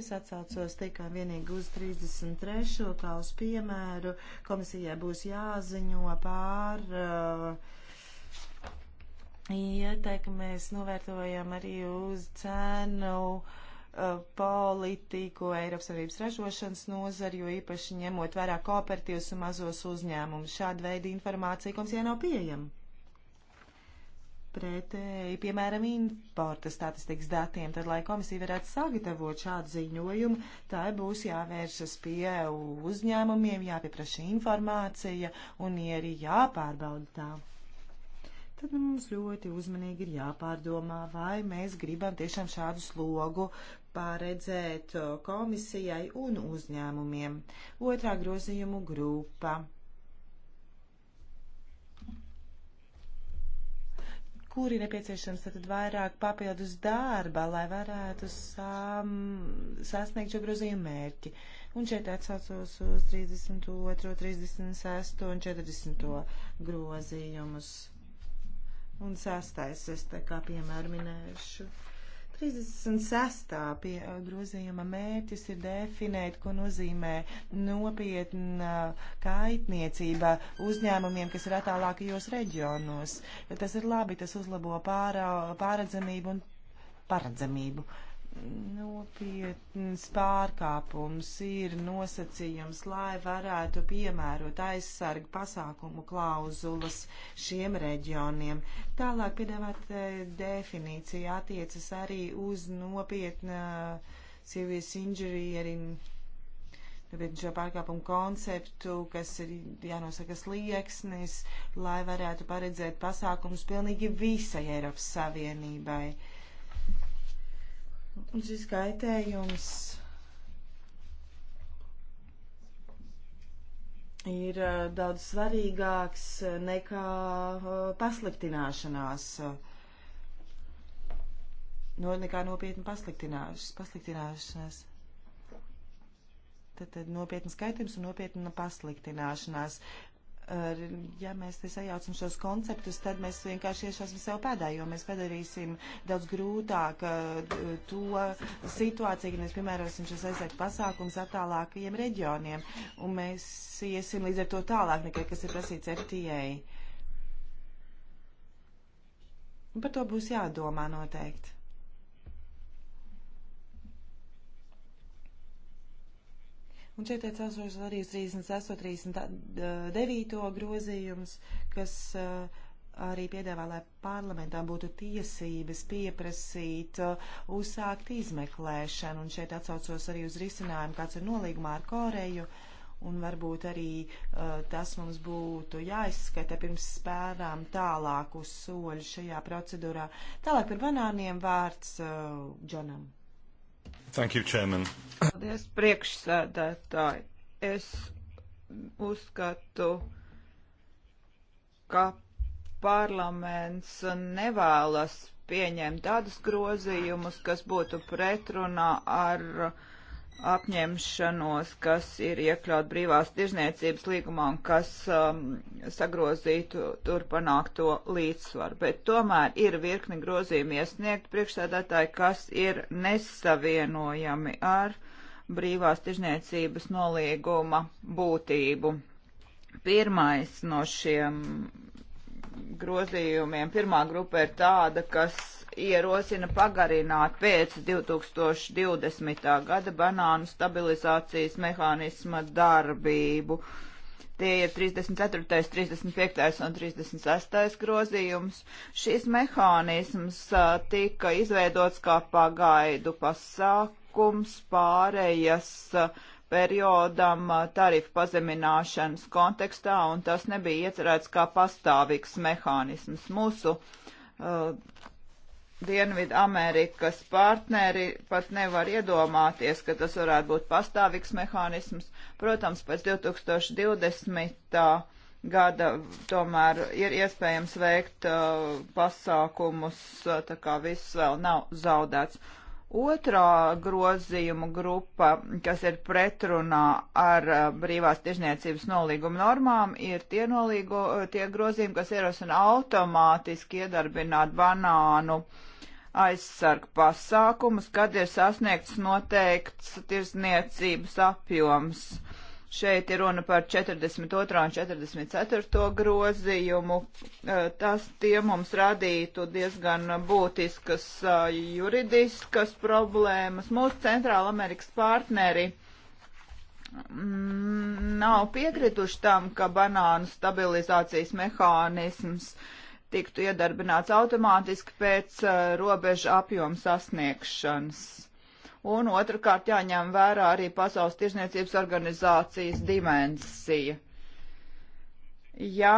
Es atsaucos tikai vienīgi uz 33. kā uz piemēru. Komisijai būs jāziņo pār uh, ieteikumu. Mēs novērtojam arī uz cenu. Uh, Uh, politiku, Eiropas Savienības ražošanas nozari, jo īpaši ņemot vērā kooperatīvas un mazos uzņēmumus. Šāda veida informācija komisijai nav pieejama. Pretēji, piemēram, importa statistikas datiem, tad, lai komisija varētu sagatavot šādu ziņojumu, tā būs jāvēršas pie uzņēmumiem, jāpieprasa informācija un arī jāpārbauda tā tad mums ļoti uzmanīgi ir jāpārdomā, vai mēs gribam tiešām šādu slogu paredzēt uh, komisijai un uzņēmumiem. Otrā grozījumu grupa. kur ir nepieciešams tad vairāk papildus darba, lai varētu sam, sasniegt šo grozījumu mērķi. Un šeit atsaucos uz 32, 36 un 40 grozījumus. Un sastais es tā kā piemēru minēšu. 36. Pie, eh, grozījuma mērķis ir definēt, ko nozīmē nopietna kaitniecība uzņēmumiem, kas ir attālākajos reģionos. Tas ir labi, tas uzlabo pārā, pāredzamību un paredzamību. Uh, nopietns pārkāpums ir nosacījums, lai varētu piemērot aizsargu pasākumu klauzulas šiem reģioniem. Tālāk piedāvāt eh, definīcija attiecas arī uz nopietna eh, serious injury, arī nopietnu šo pārkāpumu konceptu, kas ir jānosaka slieksnis, lai varētu paredzēt pasākumus pilnīgi visai Eiropas Savienībai Un šis kaitējums ir daudz svarīgāks nekā pasliktināšanās. No, nekā nopietni pasliktināšanās. pasliktināšanās. Tad, tad nopietnas kaitējums un nopietna pasliktināšanās ja mēs te sajaucam šos konceptus, tad mēs vienkārši iešāsim sev pēdā, jo mēs padarīsim daudz grūtāk uh, to situāciju, kad mēs piemērosim šos aizsardz pasākums attālākajiem reģioniem, un mēs iesim līdz ar to tālāk nekā, kas ir prasīts FTA. Par to būs jādomā noteikti. Un šeit tiek atsaucas arī uz 38, 39 grozījums, kas eh, arī piedāvā, lai parlamentām būtu tiesības pieprasīt, eh, uzsākt izmeklēšanu. Un šeit atsaucos arī uz risinājumu, kāds ir nolīgumā ar Koreju. Un varbūt arī uh, tas mums būtu jāizskata pirms spērām tālākus soļus šajā procedūrā. Tālāk par banāniem vārds uh, Džonam. Uh, Thank you, Chairman. Paldies, priekšsēdētāji. Es uzskatu, ka parlaments nevēlas pieņemt tādus grozījumus, kas būtu pretrunā ar uh, apņemšanos, kas ir iekļaut brīvās tirzniecības līgumā un kas um, sagrozītu tur panākto līdzsvaru. Bet tomēr ir virkni grozījumi iesniegt priekšsēdētāji, kas ir nesavienojami ar brīvās tirzniecības nolīguma būtību. Pirmais no šiem grozījumiem. Pirmā grupa ir tāda, kas ierosina pagarināt pēc 2020. gada banānu stabilizācijas mehānisma darbību. Tie ir 34., 35. un 36. grozījums. Šis mehānisms tika izveidots kā pagaidu pasākums pārējas uh, periodam tarifu pazemināšanas kontekstā, un tas nebija iecerēts kā pastāvīgs mehānisms. Mūsu uh, Dienvidu Amerikas partneri pat nevar iedomāties, ka tas varētu būt pastāvīgs mehānisms. Protams, pēc 2020. gada tomēr ir iespējams veikt uh, pasākumus, tā kā viss vēl nav zaudēts. Otrā grozījumu grupa, kas ir pretrunā ar eh, brīvās tirzniecības nolīguma normām, ir tie, nolīgo, tie grozījumi, kas ierosina automātiski iedarbināt banānu aizsargu pasākumus, kad ir sasniegts noteikts tirzniecības apjoms. Šeit ir runa par 42. un 44. grozījumu. Tas tie mums radītu diezgan būtiskas juridiskas problēmas. Mūsu Centrāla Amerikas partneri mm, nav piekrituši tam, ka banānu stabilizācijas mehānisms tiktu iedarbināts automātiski pēc robeža apjoma sasniegšanas un otrkārt jāņem vērā arī Pasaules tirsniecības organizācijas dimensija. Ja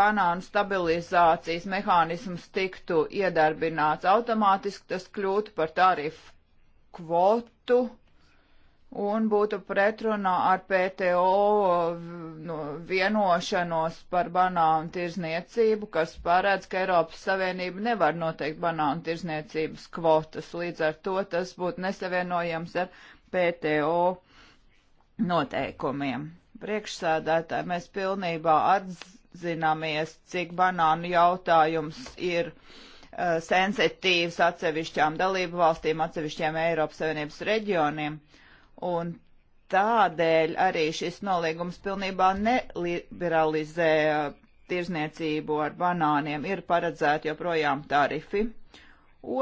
banānu stabilizācijas mehānisms tiktu iedarbināts automātiski, tas kļūtu par tarifu kvotu un būtu pretrunā ar PTO nu, vienošanos par banānu tirzniecību, kas paredz, ka Eiropas Savienība nevar noteikt banānu tirzniecības kvotas. Līdz ar to tas būtu nesavienojams ar PTO noteikumiem. Priekšsēdētāji, mēs pilnībā atzināmies, cik banānu jautājums ir uh, sensitīvs atsevišķām dalību valstīm, atsevišķiem Eiropas Savienības reģioniem Un tādēļ arī šis nolīgums pilnībā neliberalizē uh, tirzniecību ar banāniem. Ir paredzēti joprojām tarifi.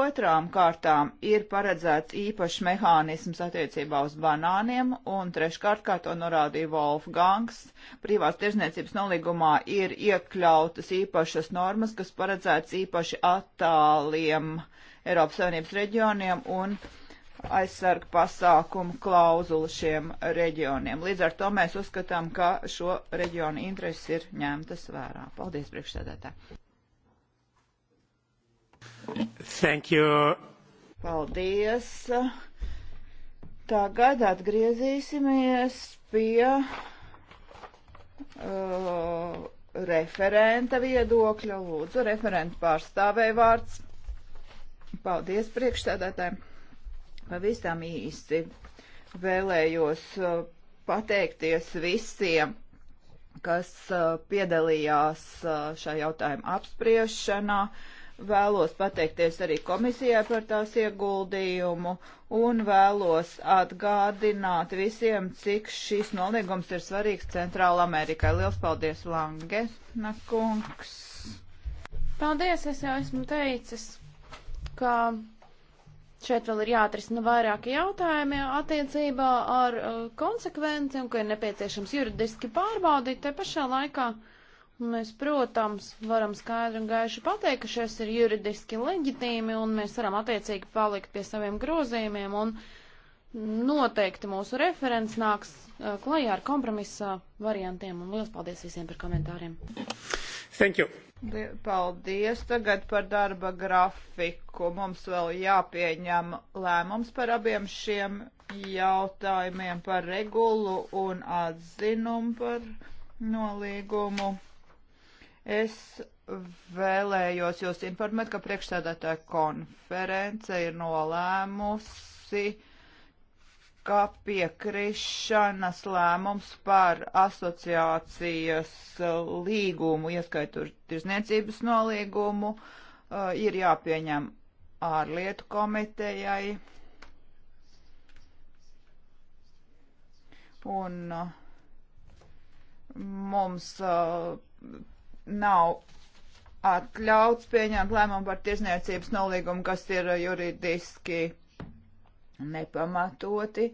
Otrām kārtām ir paredzēts īpašs mehānisms attiecībā uz banāniem, un treškārt, kā to norādīja Wolfgangs, privās tirzniecības nolīgumā ir iekļautas īpašas normas, kas paredzēts īpaši attāliem Eiropas Savienības reģioniem un uh, aizsarga pasākumu klauzulu šiem reģioniem. Līdz ar to mēs uzskatām, ka šo reģionu intereses ir ņemtas vērā. Paldies, priekšsēdētā. Thank you. Paldies. Tagad atgriezīsimies pie uh, referenta viedokļa. Lūdzu, referenta pārstāvēja vārds. Paldies priekšsēdētājiem. Pavisam īsi vēlējos uh, pateikties visiem, kas uh, piedalījās uh, šā jautājuma apspriešanā vēlos pateikties arī komisijai par tās ieguldījumu un vēlos atgādināt visiem, cik šīs nolīgums ir svarīgs Centrāla Amerikai. Liels paldies, Lange, nakungs! Paldies, es jau esmu teicis, ka Šeit vēl ir jāatrisina vairāki jautājumi attiecībā ar uh, konsekvenciem, ka ir nepieciešams juridiski pārbaudīt. Te pašā laikā mēs, protams, varam skaidri un gaiši pateikt, ka šis ir juridiski leģitīmi un mēs varam attiecīgi palikt pie saviem grozījumiem un noteikti mūsu referents nāks uh, klajā ar kompromisa variantiem. Un liels paldies visiem par komentāriem. Thank you. Paldies. Tagad par darba grafiku. Mums vēl jāpieņem lēmums par abiem šiem jautājumiem par regulu un atzinumu par nolīgumu. Es vēlējos jūs informēt, ka priekšsēdētāja konference ir nolēmusi ka piekrišanas lēmums par asociācijas līgumu, ieskaitot tirzniecības nolīgumu, uh, ir jāpieņem ārlietu komitejai. Un uh, mums uh, nav atļauts pieņemt lēmumu par tirzniecības nolīgumu, kas ir juridiski nepamatoti,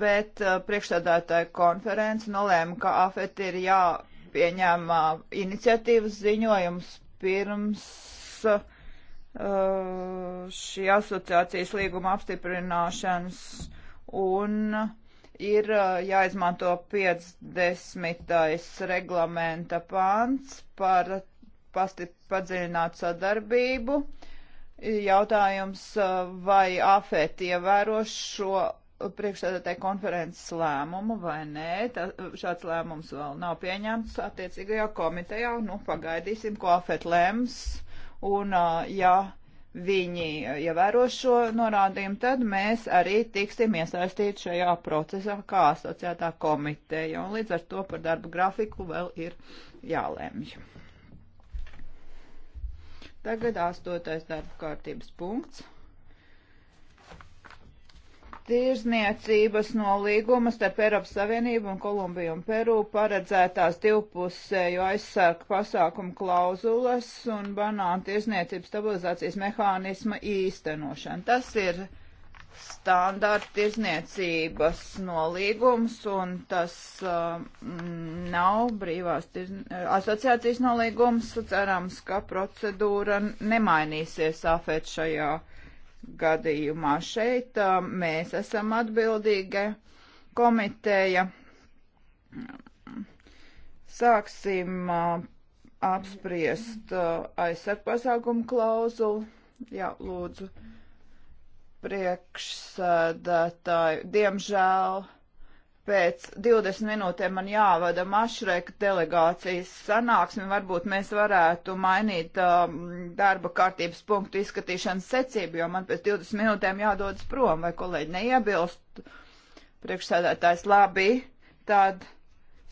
bet uh, priekšstādātāja konference nolēma, ka AFET ir jāpieņem uh, iniciatīvas ziņojums pirms uh, šī asociācijas līguma apstiprināšanas un ir jāizmanto 50. reglamenta pāns par padziļinātu sadarbību. Uh, Jautājums, uh, vai AFET ievēro šo priekšstādātāju konferences lēmumu vai nē. Tā, šāds lēmums vēl nav pieņemts attiecīgajā komitejā. Nu, pagaidīsim, ko AFET lems. Un, uh, ja viņi ievēros ja šo norādījumu, tad mēs arī tiksim iesaistīti šajā procesā kā asociētā komiteja. Un līdz ar to par darbu grafiku vēl ir jālēmj. Tagad astotais darba kārtības punkts. Tirzniecības nolīguma starp Eiropas Savienību un Kolumbiju un Peru paredzētās divpusēju aizsargu pasākumu klauzulas un banānu tirzniecības stabilizācijas mehānisma īstenošana. Tas ir uh, standārta tirzniecības nolīgums, un tas uh, mm, nav brīvās tirzn... Uh, asociācijas nolīgums. Cerams, ka procedūra nemainīsies afēt šajā gadījumā. Šeit uh, mēs esam atbildīga komiteja. Sāksim uh, apspriest uh, aizsargpasākumu klauzulu. Jā, lūdzu. Mm priekšsēdētāji. Diemžēl pēc 20 minūtēm man jāvada mašreka delegācijas sanāksme. Varbūt mēs varētu mainīt um, darba kārtības punktu izskatīšanas secību, jo man pēc 20 minūtēm jādodas prom, vai kolēģi neiebilst. Priekšsēdētājs labi, tad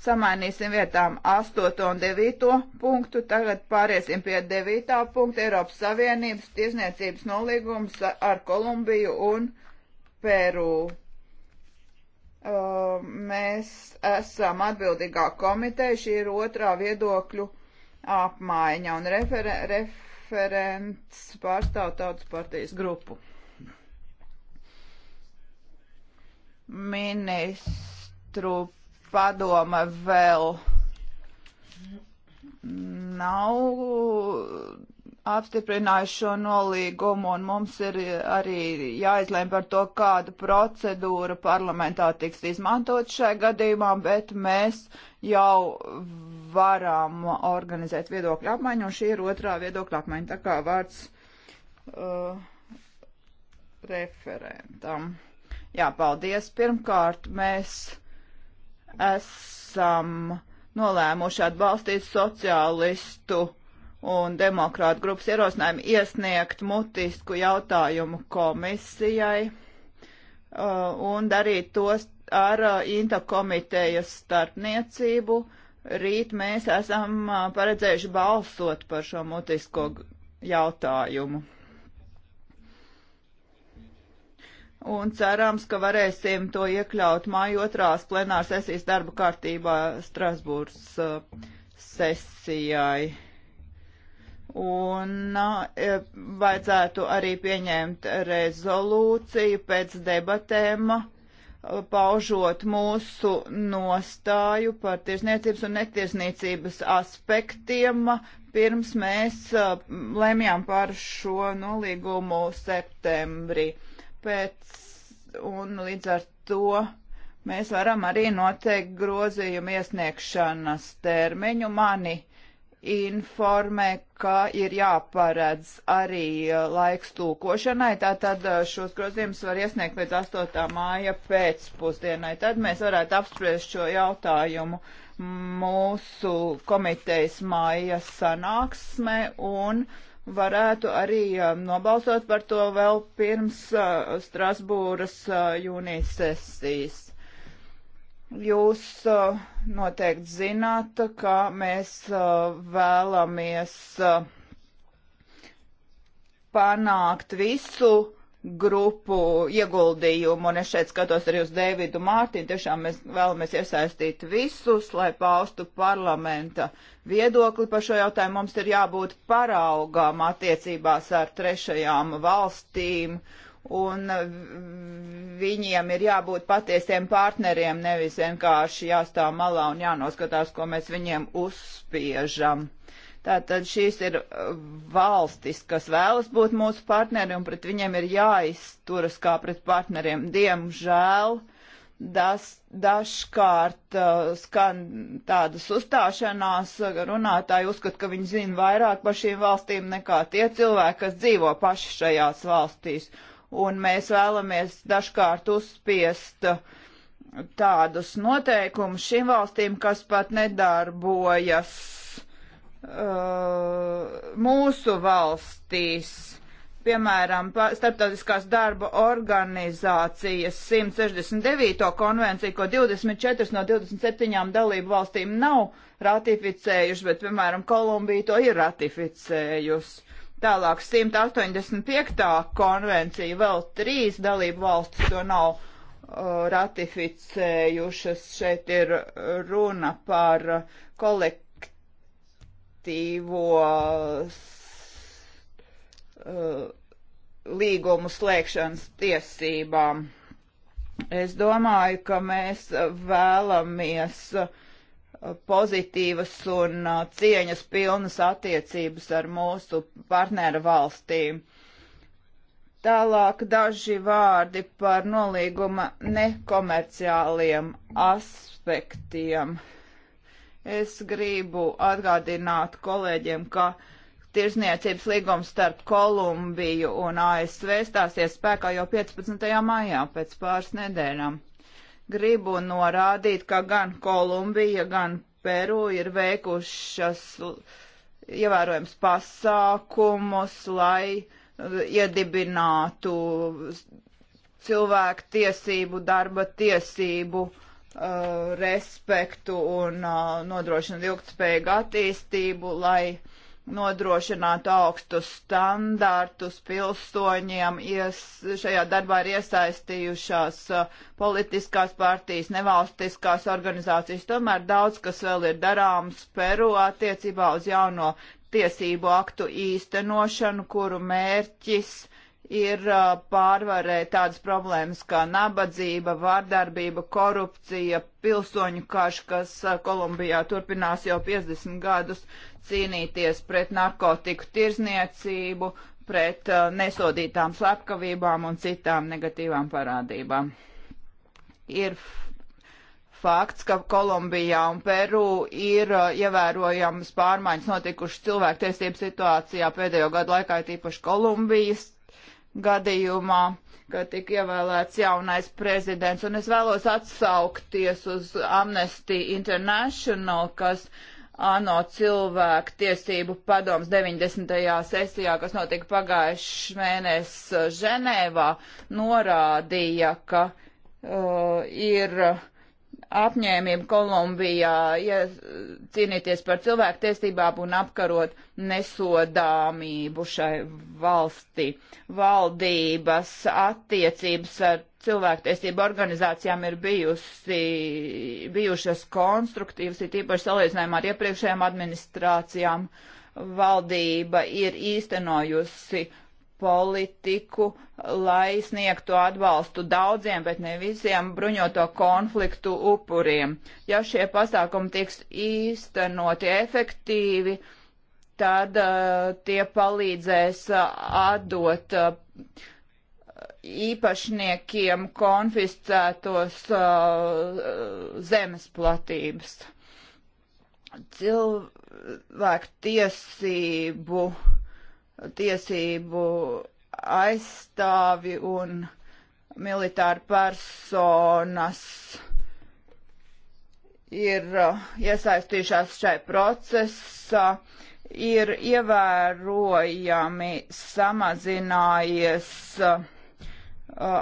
Samainīsim vietām 8 un 9 punktu. Tagad pāriesim pie 9 punkta Eiropas Savienības tiesniecības nolīgums ar Kolumbiju un Peru. Uh, mēs esam atbildīgā komiteja, šī ir otrā viedokļu apmaiņa un referen referents pārstāv tautas partijas grupu. Ministru padoma vēl nav apstiprinājuši šo nolīgumu, un mums ir arī jāizlēm par to, kāda procedūra parlamentā tiks izmantot šai gadījumā, bet mēs jau varam organizēt viedokļu apmaiņu, un šī ir otrā viedokļa apmaiņa, tā kā vārds uh, referentam. Jā, paldies. Pirmkārt, mēs esam nolēmuši atbalstīt sociālistu un demokrātu grupas ierosinājumu iesniegt mutisku jautājumu komisijai uh, un darīt tos ar uh, INTA komitejas starpniecību. Rīt mēs esam uh, paredzējuši balsot par šo mutisko jautājumu. un cerams, ka varēsim to iekļaut māju otrās plenāras sesijas darba kārtībā Strasbūras uh, sesijai. Un uh, e, vajadzētu arī pieņemt rezolūciju pēc debatēm, uh, paužot mūsu nostāju par tiesniecības un netiesniecības aspektiem, uh, pirms mēs uh, lēmjām par šo nolīgumu septembrī pēc, un līdz ar to mēs varam arī noteikt grozījumu iesniegšanas termiņu. Mani informē, ka ir jāparedz arī uh, laiks tūkošanai, tātad uh, šos grozījumus var iesniegt līdz 8. māja pēcpusdienai. Tad mēs varētu apspriest šo jautājumu mūsu komitejas māja sanāksmē un uh, varētu arī nobalsot par to vēl pirms Strasbūras jūnijas sesijas. Jūs noteikti zināt, ka mēs vēlamies panākt visu grupu ieguldījumu, un es šeit skatos arī uz Dēvidu Mārtiņu, tiešām mēs vēlamies iesaistīt visus, lai paustu parlamenta viedokli par šo jautājumu. Mums ir jābūt paraugām attiecībās ar trešajām valstīm, un viņiem ir jābūt patiesiem partneriem, nevis vienkārši jāstāv malā un jānoskatās, ko mēs viņiem uzspiežam. Tātad šīs ir uh, valstis, kas vēlas būt mūsu partneri, un pret viņiem ir jāizturas kā pret partneriem. Diemžēl das, dažkārt uh, skan tādas uzstāšanās, uh, runātāji uzskata, ka viņi zina vairāk par šīm valstīm nekā tie cilvēki, kas dzīvo paši šajās valstīs. Un mēs vēlamies dažkārt uzspiest uh, tādus noteikumus šīm valstīm, kas pat nedarbojas Uh, mūsu valstīs, piemēram, Startautiskās darba organizācijas 169. konvenciju, ko 24 no 27 dalību valstīm nav ratificējuši, bet, piemēram, Kolumbija to ir ratificējusi. Tālāk 185. konvencija vēl trīs dalību valstis to nav uh, ratificējušas. Šeit ir runa par kolektīvu kolektīvo uh, līgumu slēgšanas tiesībām. Es domāju, ka mēs vēlamies uh, pozitīvas un uh, cieņas pilnas attiecības ar mūsu partneru valstīm. Tālāk daži vārdi par nolīguma nekomerciāliem aspektiem. Uh, Es gribu atgādināt kolēģiem, ka tirsniecības līgums starp Kolumbiju un ASV stāsies spēkā jau 15. maijā pēc pāris nedēļām. Gribu norādīt, ka gan Kolumbija, gan Peru ir veikušas ievērojams pasākumus, lai uh, iedibinātu cilvēku tiesību, darba tiesību uh, Uh, respektu un uh, nodrošina ilgtspējīgu attīstību, lai nodrošinātu augstus standartus pilsoņiem. Ies, šajā darbā ir iesaistījušās uh, politiskās partijas, nevalstiskās organizācijas. Tomēr daudz, kas vēl ir darāms Peru attiecībā uz jauno tiesību aktu īstenošanu, kuru mērķis ir pārvarēt tādas problēmas kā nabadzība, vārdarbība, korupcija, pilsoņu karš, kas Kolumbijā turpinās jau 50 gadus cīnīties pret narkotiku tirzniecību, pret nesodītām slepkavībām un citām negatīvām parādībām. Ir fakts, ka Kolumbijā un Peru ir ievērojamas pārmaiņas notikušas cilvēktiesību situācijā pēdējo gadu laikā, tīpaši Kolumbijas gadījumā, kad tika ievēlēts jaunais prezidents. Un es vēlos atsaukties uz Amnesty International, kas ANO cilvēku tiesību padoms 90. sesijā, kas notika pagājušajā mēnesī Ženēvā, norādīja, ka uh, ir uh, apņēmību Kolumbijā ja cīnīties par cilvēktiesībām un apkarot nesodāmību šai valstī. Valdības attiecības ar cilvēktiesību organizācijām ir bijusi, bijušas konstruktīvas, ir tīpaši salīdzinājumā ar iepriekšējām administrācijām. Valdība ir īstenojusi uh, politiku, lai sniegtu atbalstu daudziem, bet ne visiem bruņoto konfliktu upuriem. Ja šie pasākumi tiks īstenoti efektīvi, tad uh, tie palīdzēs uh, atdot uh, īpašniekiem konfiscētos zemes platības. Cilvēku tiesību uh, tiesību aizstāvi un militāri personas ir uh, iesaistījušās šai procesā, ir ievērojami samazinājies uh,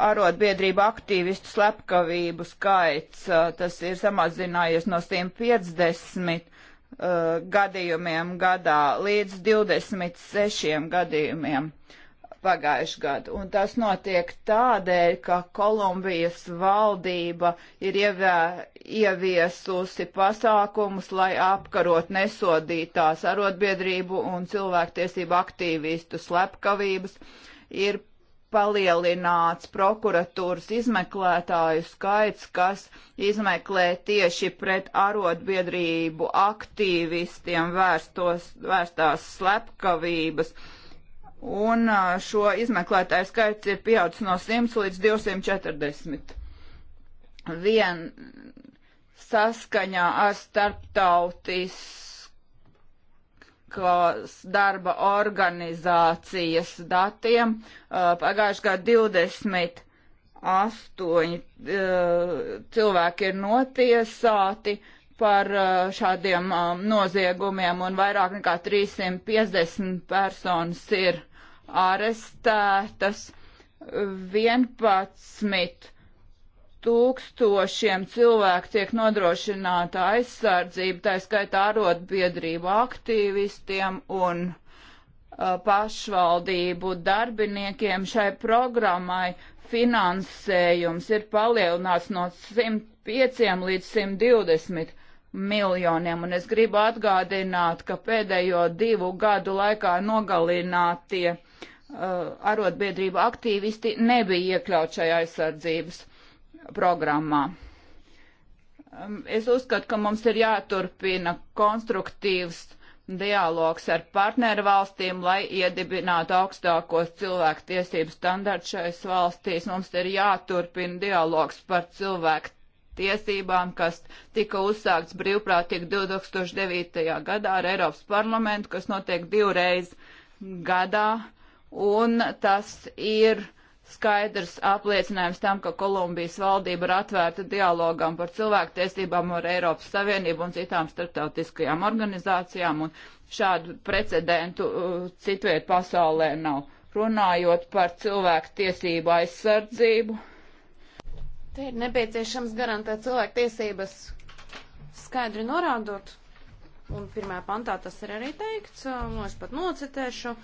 arotbiedrību aktīvistu slepkavību skaits. Uh, tas ir samazinājies no 150 uh, gadījumiem gadā līdz 26 gadījumiem pagājušajā gadu. Un tas notiek tādēļ, ka Kolumbijas valdība ir ievē, ieviesusi pasākumus, lai apkarot nesodītās arotbiedrību un cilvēktiesību aktīvistu slepkavības, ir palielināts prokuratūras izmeklētāju skaits, kas izmeklē tieši pret arotbiedrību aktīvistiem vērstos, vērstās slepkavības. Un šo izmeklētāju skaits ir pieaudzis no 100 līdz 240. Vien saskaņā ar starptautis starptautiskās darba organizācijas datiem uh, pagājušajā gadā 20 astoņi uh, cilvēki ir notiesāti par uh, šādiem um, noziegumiem un vairāk nekā 350 personas ir arestētas. 11 tūkstošiem cilvēku tiek nodrošināta aizsardzība, tā skaitā arotbiedrību aktīvistiem un uh, pašvaldību darbiniekiem. Šai programmai finansējums ir palielināts no 105 līdz 120 miljoniem, un es gribu atgādināt, ka pēdējo divu gadu laikā nogalinātie uh, arotbiedrību aktīvisti nebija iekļaut šajā aizsardzības programmā. Um, es uzskatu, ka mums ir jāturpina konstruktīvs dialogs ar partneru valstīm, lai iedibinātu augstākos cilvēku tiesību standartus šais valstīs. Mums ir jāturpina dialogs par cilvēku tiesībām, kas tika uzsākts brīvprātīgi 2009. gadā ar Eiropas parlamentu, kas notiek divreiz gadā. Un tas ir skaidrs apliecinājums tam, ka Kolumbijas valdība ir atvērta dialogam par cilvēktiesībām ar Eiropas Savienību un citām starptautiskajām organizācijām, un šādu precedentu uh, citviet pasaulē nav. Runājot par cilvēku tiesību aizsardzību. Te ir nepieciešams garantēt cilvēku tiesības skaidri norādot, un pirmajā pantā tas ir arī teikts, un es pat nocitēšu,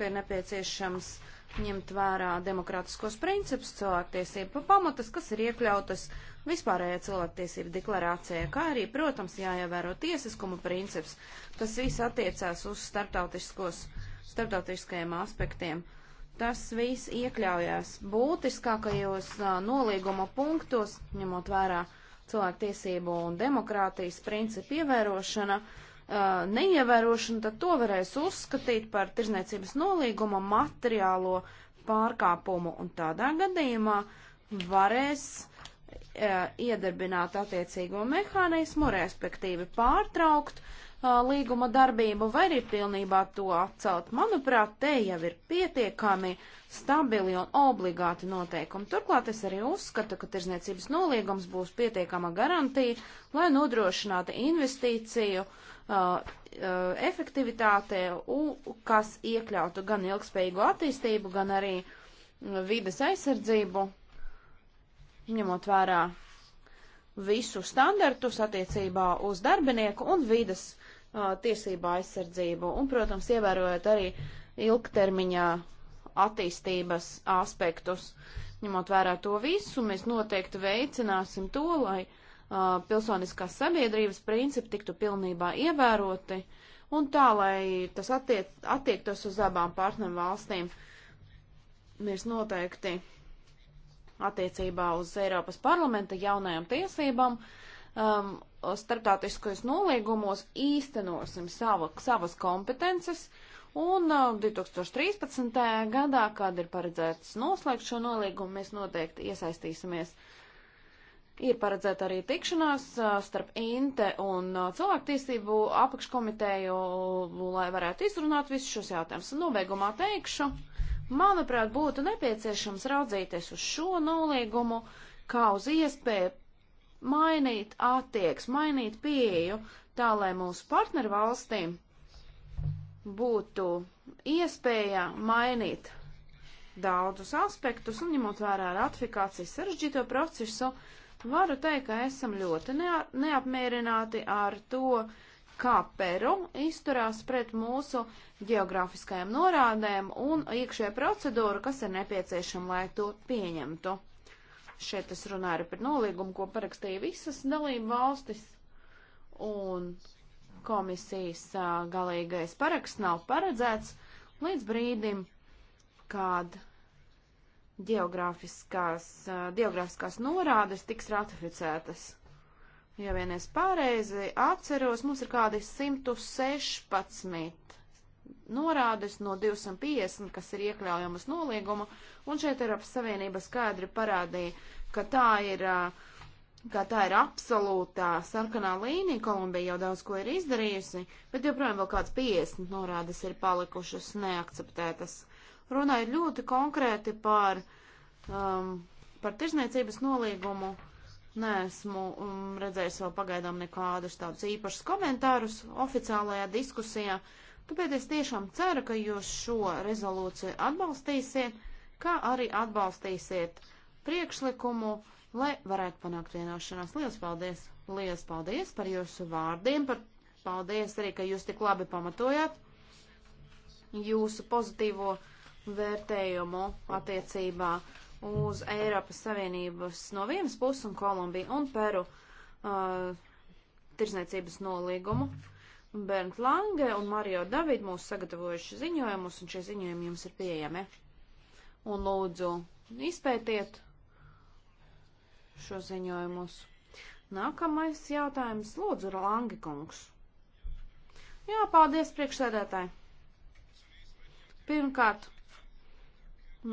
ka ir nepieciešams uh, ņemt vērā demokrātiskos principus, cilvēktiesību pamatas, kas ir iekļautas vispārējā cilvēktiesību deklarācijā, kā arī, protams, jāievēro tiesiskuma princips. Tas viss attiecās uz starptautiskajiem aspektiem. Tas viss iekļaujās būtiskākajos nolīguma punktos, ņemot vērā cilvēktiesību un demokrātijas principu ievērošana. Uh, Uh, neievērošanu, tad to varēs uzskatīt par tirzniecības nolīguma materiālo pārkāpumu, un tādā gadījumā varēs uh, iedarbināt attiecīgo mehānismu, respektīvi pārtraukt uh, līguma darbību vai arī pilnībā to atcelt. Manuprāt, te jau ir pietiekami stabili un obligāti noteikumi. Turklāt es arī uzskatu, ka tirzniecības nolīgums būs pietiekama garantija, lai nodrošinātu investīciju uh, Uh, uh, efektivitātē, kas iekļautu gan ilgspējīgu attīstību, gan arī uh, vides aizsardzību, ņemot vērā visu standartus attiecībā uz darbinieku un vides uh, tiesību aizsardzību. Un, protams, ievērojot arī ilgtermiņā attīstības aspektus, ņemot vērā to visu, mēs noteikti veicināsim to, lai uh, uh, pilsoniskās sabiedrības principi tiktu pilnībā ievēroti un tā, lai tas attiec, attiektos uz abām partneru valstīm. Mēs noteikti attiecībā uz Eiropas parlamenta jaunajām tiesībām um, starptautiskos nolīgumos īstenosim sava, savas kompetences, un uh, 2013. gadā, kad ir paredzēts noslēgt šo nolīgumu, mēs noteikti iesaistīsimies uh, Ir paredzēta arī tikšanās starp INTE un cilvēktiesību apakškomiteju, lai varētu izrunāt visus šos jautājumus. Nobeigumā teikšu, manuprāt, būtu nepieciešams raudzīties uz šo nolīgumu kā uz iespēju mainīt attieks, mainīt pieeju, tā lai mūsu partneru valstīm būtu iespēja mainīt daudzus aspektus un ņemot vērā ratifikācijas sarežģīto procesu, uh, Varu teikt, ka esam ļoti neapmierināti ar to, kā Peru izturās pret mūsu geogrāfiskajām norādēm un iekšē procedūru, kas ir nepieciešama, lai to pieņemtu. Šeit es runāju par nolīgumu, ko parakstīja visas dalību valstis, un komisijas galīgais paraksts nav paredzēts līdz brīdim, kad geogrāfiskās, geogrāfiskās norādes tiks ratificētas. Ja vien es pareizi atceros, mums ir kādi 116 norādes no 250, kas ir iekļaujamas noliegumu, un šeit Eiropas Savienība skaidri parādīja, ka tā ir, ka tā ir absolūtā sarkanā līnija, Kolumbija jau daudz ko ir izdarījusi, bet joprojām vēl kāds 50 norādes ir palikušas neakceptētas. Uh, runāja ļoti konkrēti par, um, par tirzniecības nolīgumu. Nē, esmu um, redzējis vēl pagaidām nekādus tādus īpašus komentārus oficiālajā diskusijā. Tāpēc es tiešām ceru, ka jūs šo rezolūciju atbalstīsiet, kā arī atbalstīsiet priekšlikumu, lai varētu panākt vienošanās. Lielas paldies! Lielas paldies par jūsu vārdiem, par paldies arī, ka jūs tik labi pamatojāt jūsu pozitīvo vērtējumu attiecībā uz Eiropas Savienības no vienas puses un Kolumbiju un Peru uh, tirzniecības nolīgumu. Bernt Lange un Mario David mūs sagatavojuši ziņojumus, un šie ziņojumi jums ir pieejami. Un lūdzu, izpētiet šo ziņojumus. Nākamais jautājums, lūdzu, Lange kungs. Jā, paldies priekšsēdētāji. Pirmkārt,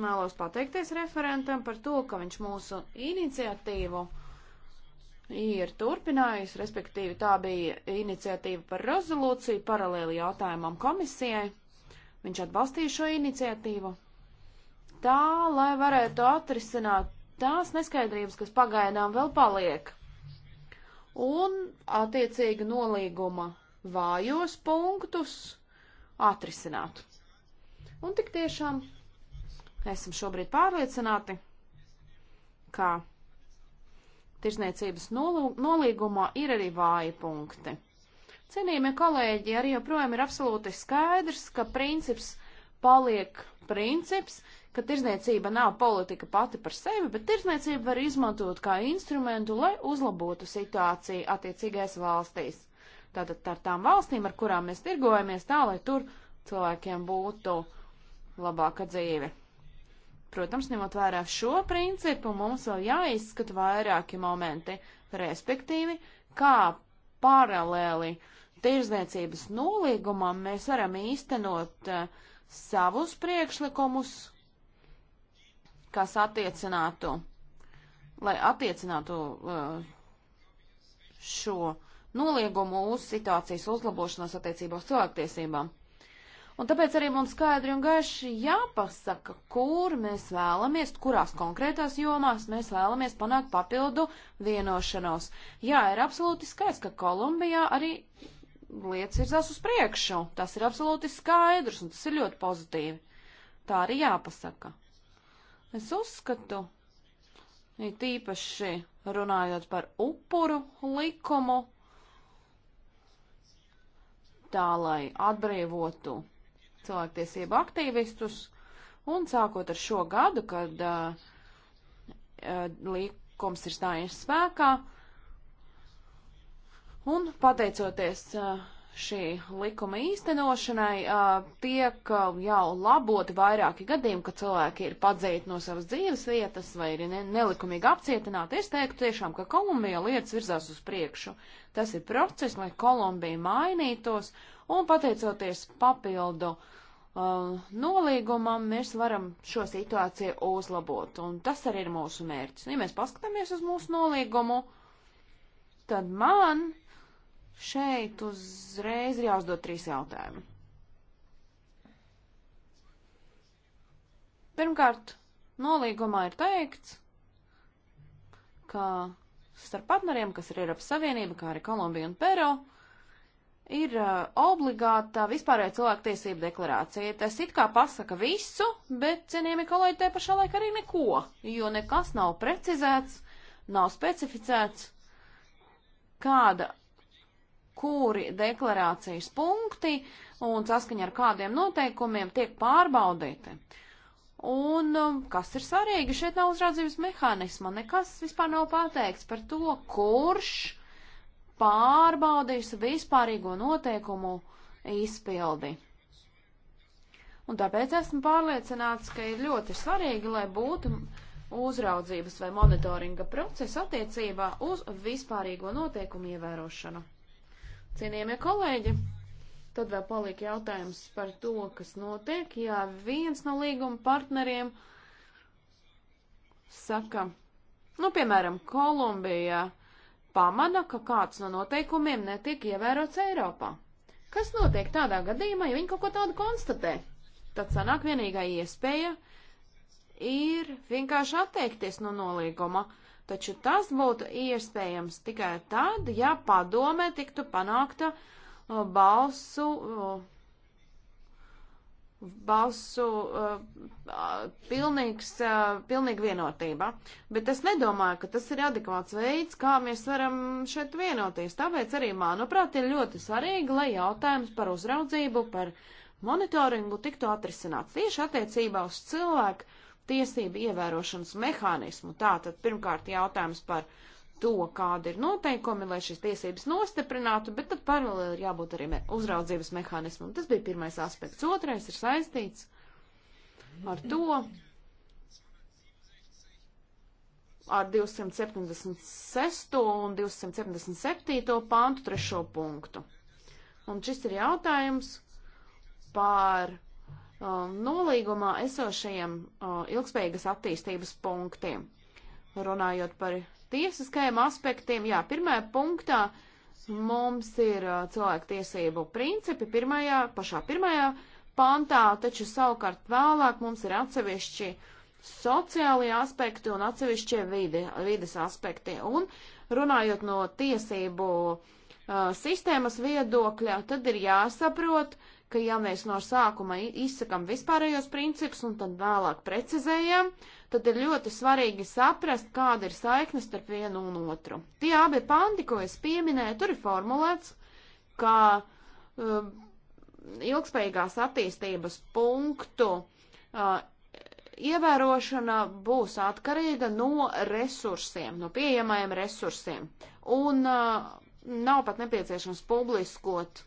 Mēlos pateikties referentam par to, ka viņš mūsu iniciatīvu ir turpinājis, respektīvi tā bija iniciatīva par rezolūciju paralēli jautājumam komisijai. Viņš atbalstīja šo iniciatīvu tā, lai varētu atrisināt tās neskaidrības, kas pagaidām vēl paliek. Un attiecīgi nolīguma vājos punktus atrisināt. Un tik tiešām Esam šobrīd pārliecināti, ka tirsniecības nolīgumā ir arī vāji punkti. Cienījamie kolēģi, arī joprojām ir absolūti skaidrs, ka princips paliek princips, ka tirzniecība nav politika pati par sevi, bet tirzniecība var izmantot kā instrumentu, lai uzlabotu situāciju attiecīgais valstīs. Tātad ar tām valstīm, ar kurām mēs tirgojamies, tā lai tur cilvēkiem būtu labāka dzīve. Protams, ņemot vērā šo principu, mums vēl jāizskata vairāki momenti, respektīvi, kā paralēli tirzniecības nolīgumam mēs varam īstenot uh, savus priekšlikumus, kas attiecinātu, lai attiecinātu uh, šo noliegumu uz situācijas uzlabošanos attiecībā uz cilvēktiesībām. Un tāpēc arī mums skaidri un gaiši jāpasaka, kur mēs vēlamies, kurās konkrētās jomās mēs vēlamies panākt papildu vienošanos. Jā, ir absolūti skaidrs, ka Kolumbijā arī lietas virzās uz priekšu. Tas ir absolūti skaidrs un tas ir ļoti pozitīvi. Tā arī jāpasaka. Es uzskatu, ir tīpaši runājot par upuru likumu, tā lai atbrīvotu cilvēktiesību aktīvistus, un sākot ar šo gadu, kad uh, līkums ir stājies spēkā, un pateicoties uh, šī likuma īstenošanai, uh, tiek uh, jau laboti vairāki gadījumi, ka cilvēki ir padzīti no savas dzīves vietas vai ir ne nelikumīgi apcietināti. Es teiktu tiešām, ka Kolumbijā lietas virzās uz priekšu. Tas ir process, lai Kolumbija mainītos, un pateicoties papildu uh, uh, nolīgumam, mēs varam šo situāciju uzlabot. Un tas arī ir mūsu mērķis. Un, ja mēs paskatāmies uz mūsu nolīgumu, tad man šeit uzreiz ir jāuzdod trīs jautājumi. Pirmkārt, nolīgumā ir teikts, ka starp partneriem, kas ir Eiropas Savienība, kā arī Kolumbija un Peru, uh, ir uh, obligāta vispārējā cilvēktiesība deklarācija. Tas it kā pasaka visu, bet, cienījami kolēģi, te pašā laikā arī neko, jo nekas nav precizēts, nav specificēts, kāda, kuri deklarācijas punkti un saskaņa ar kādiem noteikumiem tiek pārbaudīti. Un um, kas ir svarīgi, šeit nav uzraudzības mehānisma, nekas vispār nav pateikts par to, kurš uh, pārbaudīs vispārīgo noteikumu izpildi. Un tāpēc esmu pārliecināts, ka ir ļoti svarīgi, lai būtu uzraudzības vai monitoringa procesa attiecībā uz vispārīgo noteikumu ievērošanu. Cienījamie kolēģi, tad vēl paliek jautājums par to, kas notiek, ja viens no līguma partneriem saka, nu, piemēram, Kolumbijā, uh, pamana, ka kāds no noteikumiem netiek ievērots Eiropā. Kas notiek tādā gadījumā, ja viņi kaut ko tādu konstatē? Tad sanāk vienīgā iespēja ir vienkārši atteikties no nolīguma, taču tas būtu iespējams tikai tad, ja padomē tiktu panākta balsu balsu uh, pilnīgs, uh, pilnīga vienotība. Bet es nedomāju, ka tas ir adekvāts veids, kā mēs varam šeit vienoties. Tāpēc arī, manuprāt, ir ļoti svarīgi, lai jautājums par uzraudzību, par monitoringu tiktu atrisināts tieši attiecībā uz cilvēku tiesību ievērošanas mehānismu. Tātad pirmkārt jautājums par uh, to, kāda ir noteikumi, lai šīs tiesības nostiprinātu, bet tad paralēli ir jābūt arī me uzraudzības mehānismam. Tas bija pirmais aspekts. Otrais ir saistīts ar to, ar 276. un 277. pantu trešo punktu. Un šis ir jautājums par uh, nolīgumā esošajiem uh, ilgspējīgas attīstības punktiem. Runājot par tiesiskajiem aspektiem, jā, pirmajā punktā mums ir cilvēktiesību principi pirmajā, pašā pirmajā pantā, taču savukārt vēlāk mums ir atsevišķi sociālie aspekti un atsevišķie vide, vides aspekti. Un runājot no tiesību uh, sistēmas viedokļa, tad ir jāsaprot, ka ja mēs no sākuma izsakam vispārējos principus un tad vēlāk precizējam, uh, tad ir ļoti svarīgi saprast, kāda ir saikne starp vienu un otru. Tie abi panti, ko es pieminēju, tur ir formulēts, ka um, ilgspējīgās attīstības punktu uh, ievērošana būs atkarīga no resursiem, no pieejamajiem resursiem. Un uh, nav pat nepieciešams publiskot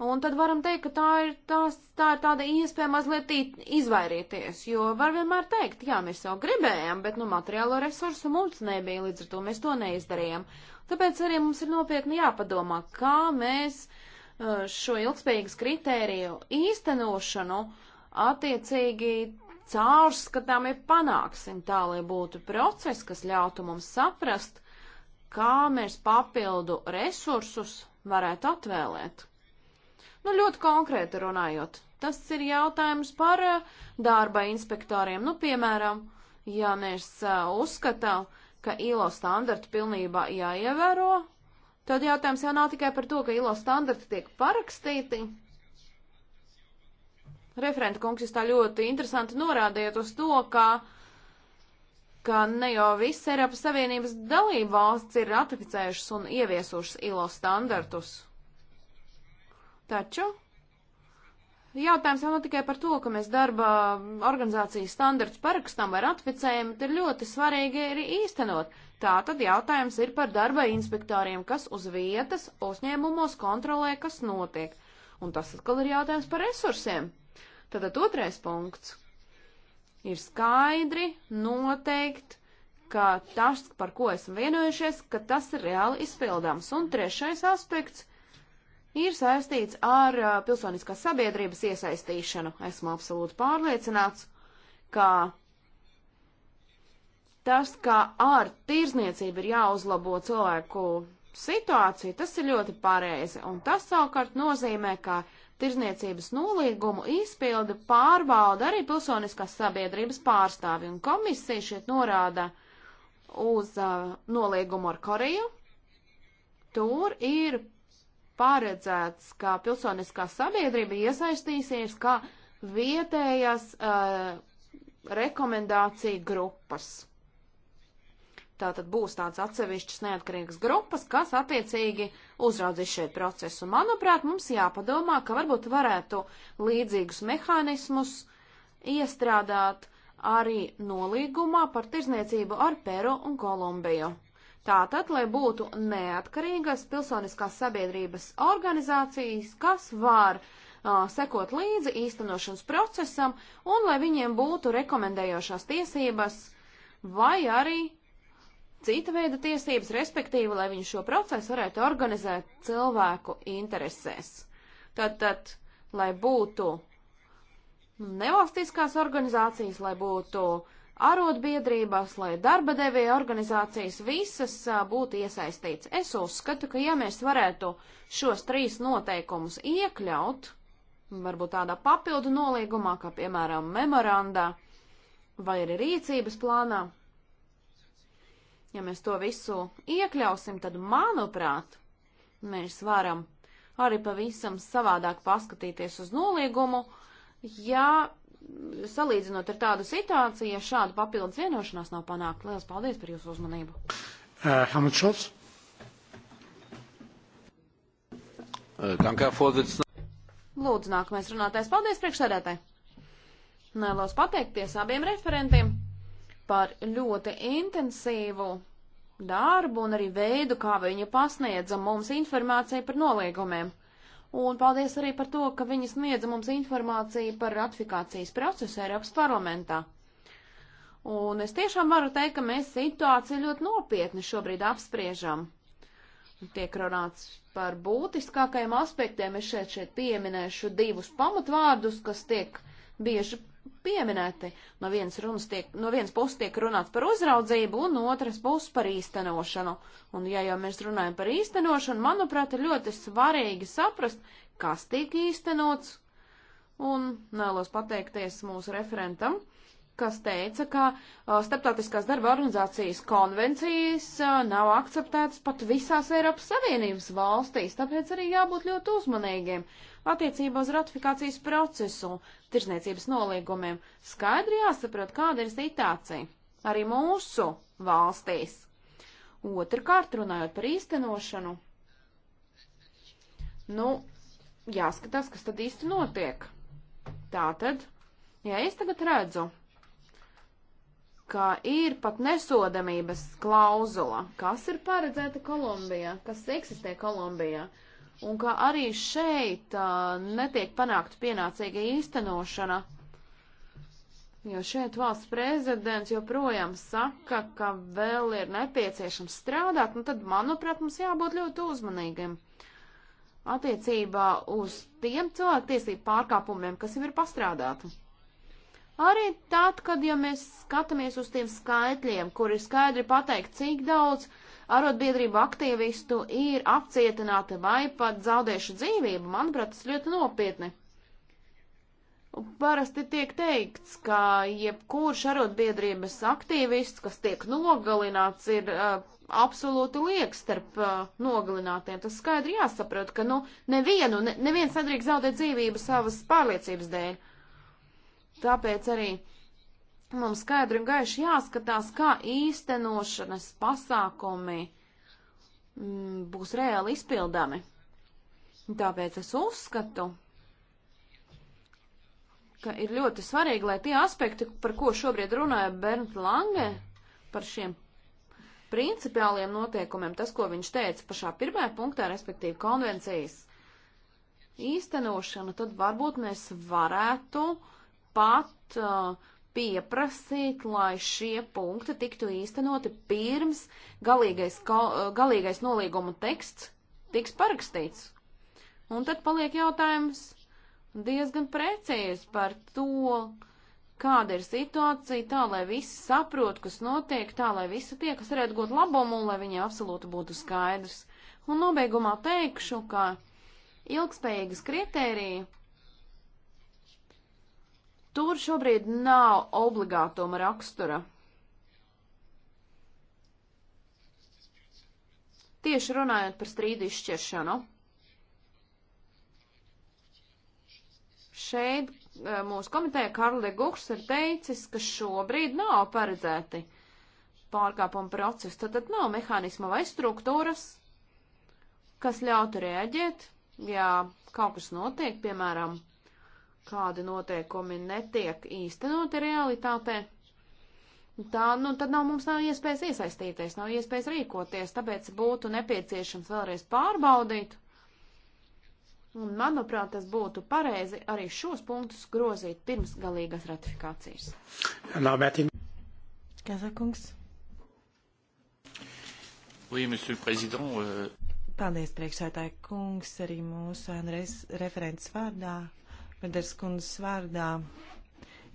Un tad varam teikt, ka tā ir, tās, tā ir tāda iespēja mazliet izvairīties, jo var vienmēr teikt, jā, mēs jau gribējām, bet nu materiālo resursu mums nebija, līdz ar to mēs to neizdarījām. Tāpēc arī mums ir nopietni jāpadomā, kā mēs eh, šo ilgspējīgas kritēriju īstenošanu attiecīgi caurskatāmi panāksim tā, lai būtu process, kas ļautu mums saprast, kā mēs papildu resursus varētu atvēlēt. Nu, ļoti konkrēti runājot, tas ir jautājums par eh, darba inspektoriem. Nu, piemēram, ja mēs eh, uzskatām, ka ILO standarti pilnībā jāievēro, tad jautājums jau nav tikai par to, ka ILO standarti tiek parakstīti. Referenta kungs, jūs tā ļoti interesanti norādījāt uz to, ka, ka ne jau visas Eiropas Savienības dalība valsts ir ratificējušas un ieviesušas ILO standartus. Taču jautājums jau nav tikai par to, ka mēs darba organizācijas standarts parakstām vai ratificējam, bet ir ļoti svarīgi arī īstenot. Tā tad jautājums ir par darba inspektoriem, kas uz vietas uzņēmumos kontrolē, kas notiek. Un tas atkal ir jautājums par resursiem. Tātad otrais punkts ir skaidri noteikt, ka tas, par ko esam vienojušies, ka tas ir reāli izpildāms. Un trešais aspekts ir saistīts ar uh, pilsoniskās sabiedrības iesaistīšanu. Esmu absolūti pārliecināts, ka tas, ka ar tirzniecību ir jāuzlabo cilvēku situācija, tas ir ļoti pareizi, un tas savukārt nozīmē, ka tirzniecības nolīgumu izpildi pārbauda arī pilsoniskās sabiedrības pārstāvi, un komisija šeit norāda uz uh, nolīgumu ar Koreju. Tur ir paredzēts, ka pilsoniskā sabiedrība iesaistīsies kā vietējas uh, rekomendācija grupas. Tātad būs tāds atsevišķs neatkarīgs grupas, kas attiecīgi uzraudzīs šeit procesu. Manuprāt, mums jāpadomā, ka varbūt varētu līdzīgus mehānismus iestrādāt arī nolīgumā par tirzniecību ar Peru un Kolumbiju. Tātad, lai būtu neatkarīgas pilsoniskās sabiedrības organizācijas, kas var uh, sekot līdzi īstenošanas procesam un lai viņiem būtu rekomendējošās tiesības vai arī cita veida tiesības, respektīvi, lai viņi šo procesu varētu organizēt cilvēku interesēs. Tātad, lai būtu nevalstiskās organizācijas, lai būtu uh, arotbiedrībās, lai darba devēja organizācijas visas būtu iesaistīts. Es uzskatu, ka ja mēs varētu šos trīs noteikumus iekļaut, varbūt tādā papildu nolīgumā, kā piemēram memorandā vai arī rīcības plānā, ja mēs to visu iekļausim, tad, manuprāt, mēs varam arī pavisam savādāk paskatīties uz nolīgumu, ja salīdzinot ar tādu situāciju, ja šāda papildus vienošanās nav panākta. Lielas paldies par jūsu uzmanību. Uh, uh Dankā, Lūdzu, nākamais runātājs. Paldies priekšsēdētāji. Nelos pateikties abiem referentiem par ļoti intensīvu darbu un arī veidu, kā viņi pasniedza mums informāciju par noliegumiem. Un paldies arī par to, ka viņi sniedza mums informāciju par ratifikācijas procesu Eiropas parlamentā. Un es tiešām varu teikt, ka mēs situāciju ļoti nopietni šobrīd apspriežam. Tiek runāts par būtiskākajiem aspektiem. Es šeit, šeit pieminēšu divus pamatvārdus, kas tiek bieži pieminēti. No vienas, tiek, no vienas puses tiek runāts par uzraudzību, un no otras puses par īstenošanu. Un, ja jau mēs runājam par īstenošanu, manuprāt, ir ļoti svarīgi saprast, kas tiek īstenots. Un vēlos pateikties mūsu referentam, kas teica, ka uh, starptautiskās darba organizācijas konvencijas uh, nav akceptētas pat visās Eiropas Savienības valstīs, tāpēc arī jābūt ļoti uzmanīgiem attiecībā uz ratifikācijas procesu tirzniecības nolīgumiem, skaidri jāsaprot, kāda ir situācija arī mūsu valstīs. Otrkārt, runājot par īstenošanu, nu, jāskatās, kas tad īsti notiek. Tātad, ja es tagad redzu, ka ir pat nesodamības klauzula, kas ir paredzēta Kolumbijā, kas eksistē Kolumbijā, uh, un ka arī šeit uh, netiek panākta pienācīga īstenošana. Jo šeit valsts prezidents joprojām saka, ka vēl ir nepieciešams strādāt, un tad, manuprāt, mums jābūt ļoti uzmanīgiem attiecībā uz tiem cilvēktiesību pārkāpumiem, kas jau ir pastrādāti. Arī tad, kad, ja mēs skatāmies uz tiem skaitļiem, kur ir skaidri pateikt, cik daudz arotbiedrību aktīvistu ir apcietināti vai pat zaudējuši dzīvību, manuprāt, tas ļoti nopietni. Parasti tiek teikts, ka jebkurš arotbiedrības aktīvists, kas tiek nogalināts, ir uh, absolūti liekas starp uh, nogalinātiem. Tas skaidri jāsaprot, ka nu, nevienu, ne, neviens nedrīkst zaudēt dzīvību savas pārliecības dēļ. Tāpēc arī Mums skaidri un gaiši jāskatās, kā īstenošanas pasākumi mm, būs reāli izpildami. Tāpēc es uzskatu, ka ir ļoti svarīgi, lai tie aspekti, par ko šobrīd runāja Bernt Lange, par šiem principiāliem noteikumiem, tas, ko viņš teica pašā pirmajā punktā, respektīvi konvencijas īstenošana, tad varbūt mēs varētu pat uh, pieprasīt, lai šie punkti tiktu īstenoti pirms galīgais, galīgais nolīguma teksts tiks parakstīts. Un tad paliek jautājums diezgan precīzi par to, kāda ir situācija, tā lai visi saprot, kas notiek, tā lai visi tie, kas varētu gūt labumu, lai viņi absolūti būtu skaidrs. Un nobeigumā teikšu, ka ilgspējīgas kritērija Tur šobrīd nav obligātuma rakstura. Tieši runājot par strīdu izšķiršanu. Šeit eh, mūsu komiteja Karle Guks ir teicis, ka šobrīd nav paredzēti pārkāpuma procesi, tad, tad nav mehānisma vai struktūras, kas ļautu rēģēt, ja kaut kas notiek, piemēram, kādi noteikumi netiek īstenoti realitātē, tā, nu, tad nav, mums nav iespējas iesaistīties, nav iespējas rīkoties, tāpēc būtu nepieciešams vēlreiz pārbaudīt. Un, manuprāt, tas būtu pareizi arī šos punktus grozīt pirms galīgas ratifikācijas. Kazakungs. Oui, monsieur le président. Euh... Paldies, priekšsētāji kungs, arī mūsu Andrēs referents vārdā. Meders kundas vārdā.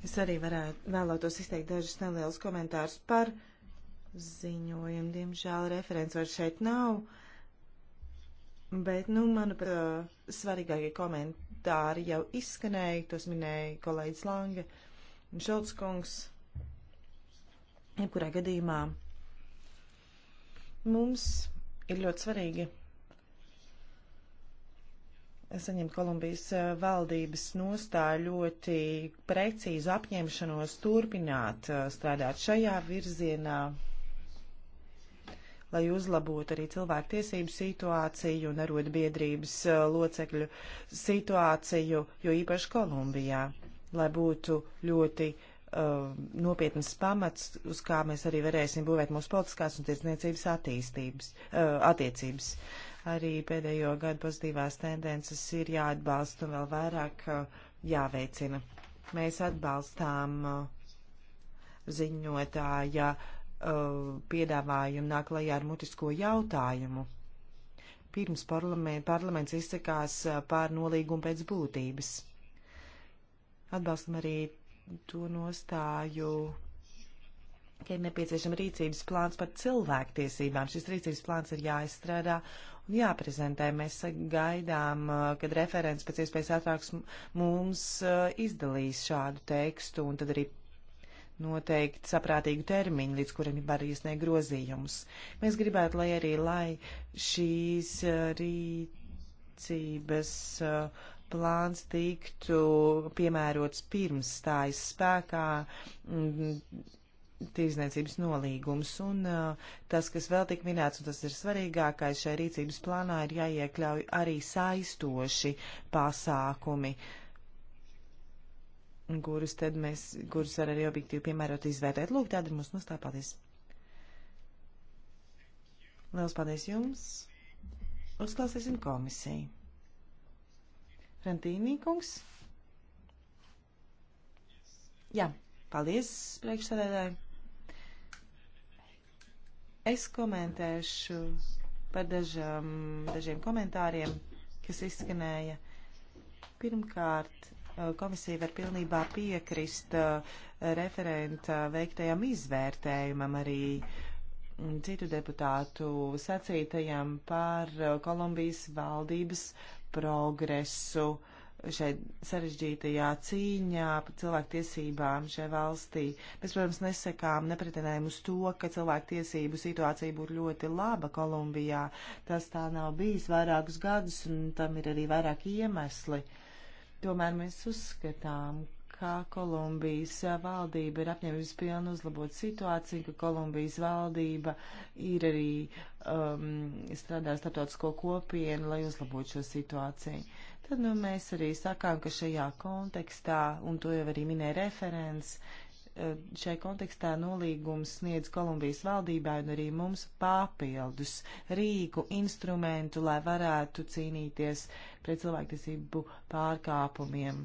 Es arī varētu vēlētos izteikt dažus nelielus komentārus par ziņojumu. Diemžēl referents vairs šeit nav. Bet, nu, manuprāt, svarīgākie komentāri jau izskanēja, tos minēja kolēģis Lange un Šolts kungs. Jebkurā gadījumā mums ir ļoti svarīgi saņemt Kolumbijas eh, valdības nostāju ļoti precīzu apņemšanos turpināt eh, strādāt šajā virzienā, lai uzlabotu arī cilvēku tiesību situāciju un arotbiedrības eh, locekļu situāciju, jo īpaši Kolumbijā, lai būtu ļoti uh, nopietnas pamats, uz kā mēs arī varēsim būvēt mūsu politiskās un tirdzniecības attīstības, uh, attiecības. Uh, Arī pēdējo gadu pozitīvās tendences ir jāatbalsta un vēl vairāk uh, jāveicina. Mēs atbalstām uh, ziņotāja uh, piedāvājumu nāk lajā ar mutisko jautājumu. Pirms parlament, parlaments izsakās pār nolīgumu pēc būtības. Atbalstam arī to nostāju ka ir nepieciešama rīcības plāns par cilvēktiesībām. Šis rīcības plāns ir jāizstrādā un jāprezentē. Mēs gaidām, uh, kad referents pēc iespējas ātrāk mums uh, izdalīs šādu tekstu un tad arī noteikti saprātīgu termiņu, līdz kuram var iesniegt grozījumus. Mēs gribētu, lai arī lai šīs uh, rīcības uh, plāns tiktu piemērots pirms stājas spēkā mm, tirzniecības nolīgums. Un uh, tas, kas vēl tik minēts, un tas ir svarīgākais šai rīcības plānā, ir jāiekļauj arī saistoši pasākumi, kurus tad mēs, kurus var arī objektīvi piemērot izvērtēt. Lūk, tāda ir mūsu nostāja. Paldies! Liels paldies jums! Uzklausīsim komisiju. Rantīnī kungs? Jā, paldies priekšsēdētāji. Es komentēšu par dažam, dažiem komentāriem, kas izskanēja. Pirmkārt, eh, komisija var pilnībā piekrist eh, referenta veiktajam izvērtējumam arī citu deputātu sacītajam par eh, Kolumbijas valdības progresu uh, šai sarežģītajā cīņā par cilvēktiesībām šajā valstī. Mēs, protams, nesakām, nepretendējam uz to, ka cilvēktiesību situācija būtu ļoti laba Kolumbijā. Tas tā nav bijis vairākus gadus, un tam ir arī vairāk iemesli. Tomēr mēs uzskatām, ka Kolumbijas valdība ir apņēmības pilna uzlabot situāciju, ka Kolumbijas valdība ir arī um, strādā starptautisko kopienu, lai uzlabotu šo situāciju tad nu, mēs arī sakām, ka šajā kontekstā, un to jau arī minēja referents, eh, šai kontekstā nolīgums sniedz Kolumbijas valdībai un arī mums papildus rīku, instrumentu, lai varētu cīnīties pret cilvēktiesību pārkāpumiem.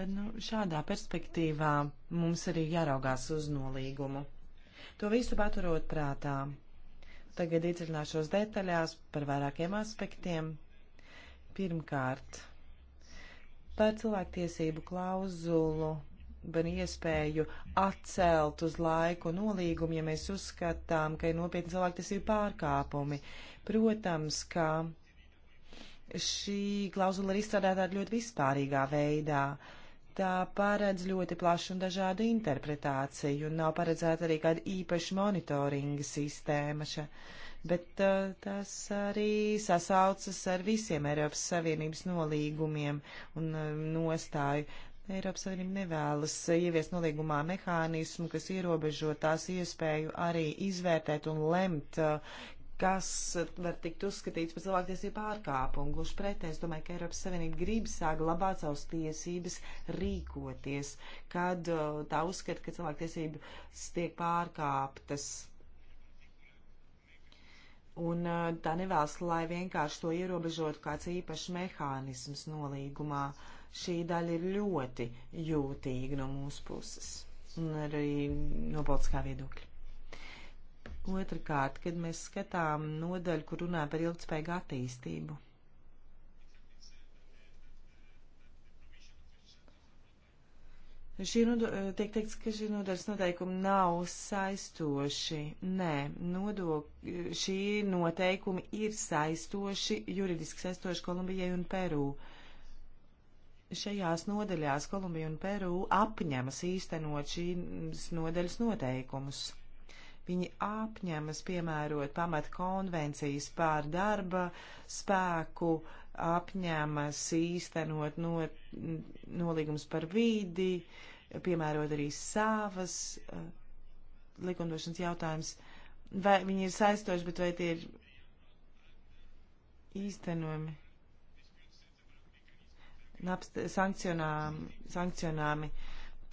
Tad nu, šādā perspektīvā mums arī jāraugās uz nolīgumu. To visu paturot prātā. Tagad iedziļināšos detaļās par vairākiem aspektiem. Pirmkārt, par cilvēktiesību klauzulu par iespēju atcelt uz laiku nolīgumu, ja mēs uzskatām, ka ir nopietni cilvēktiesību pārkāpumi. Protams, ka šī klauzula ir izstrādāta ļoti vispārīgā veidā. Uh, tā paredz ļoti plašu un dažādu interpretāciju, un nav paredzēta arī kāda īpaša monitoringa sistēma. Še. Bet uh, tas arī sasaucas ar visiem Eiropas Savienības nolīgumiem un uh, nostāju. Eiropas Savienība nevēlas ieviest nolīgumā mehānismu, kas ierobežo tās iespēju arī izvērtēt un lemt, uh, kas var tikt uzskatīts par cilvēktiesību pārkāpumu. Gluži pretēji, es domāju, ka Eiropas Savienība grib saglabāt savas tiesības rīkoties, kad uh, tā uzskata, ka cilvēktiesības tiek pārkāptas. Un uh, tā nevēlas, lai vienkārši to ierobežotu kāds īpašs mehānisms nolīgumā. Šī daļa ir ļoti jūtīga no mūsu puses un arī no politiskā viedokļa. Otrakārt, kad mēs skatām nodaļu, kur runā par ilgspējīgu attīstību. Šī tiek teikts, ka šī nodaļas noteikumi nav saistoši. Nē, nodok, šī noteikumi ir saistoši, juridiski saistoši Kolumbijai un Peru. Šajās nodaļās Kolumbija un Peru apņemas īstenot šīs nodaļas noteikumus. Viņi apņemas piemērot pamat konvencijas pār darba spēku, apņemas īstenot no, nolīgums par vīdi, piemērot arī savas eh, likumdošanas jautājumas. Vai viņi ir saistoši, bet vai tie ir īstenojami? sankcionāmi. sankcionāmi.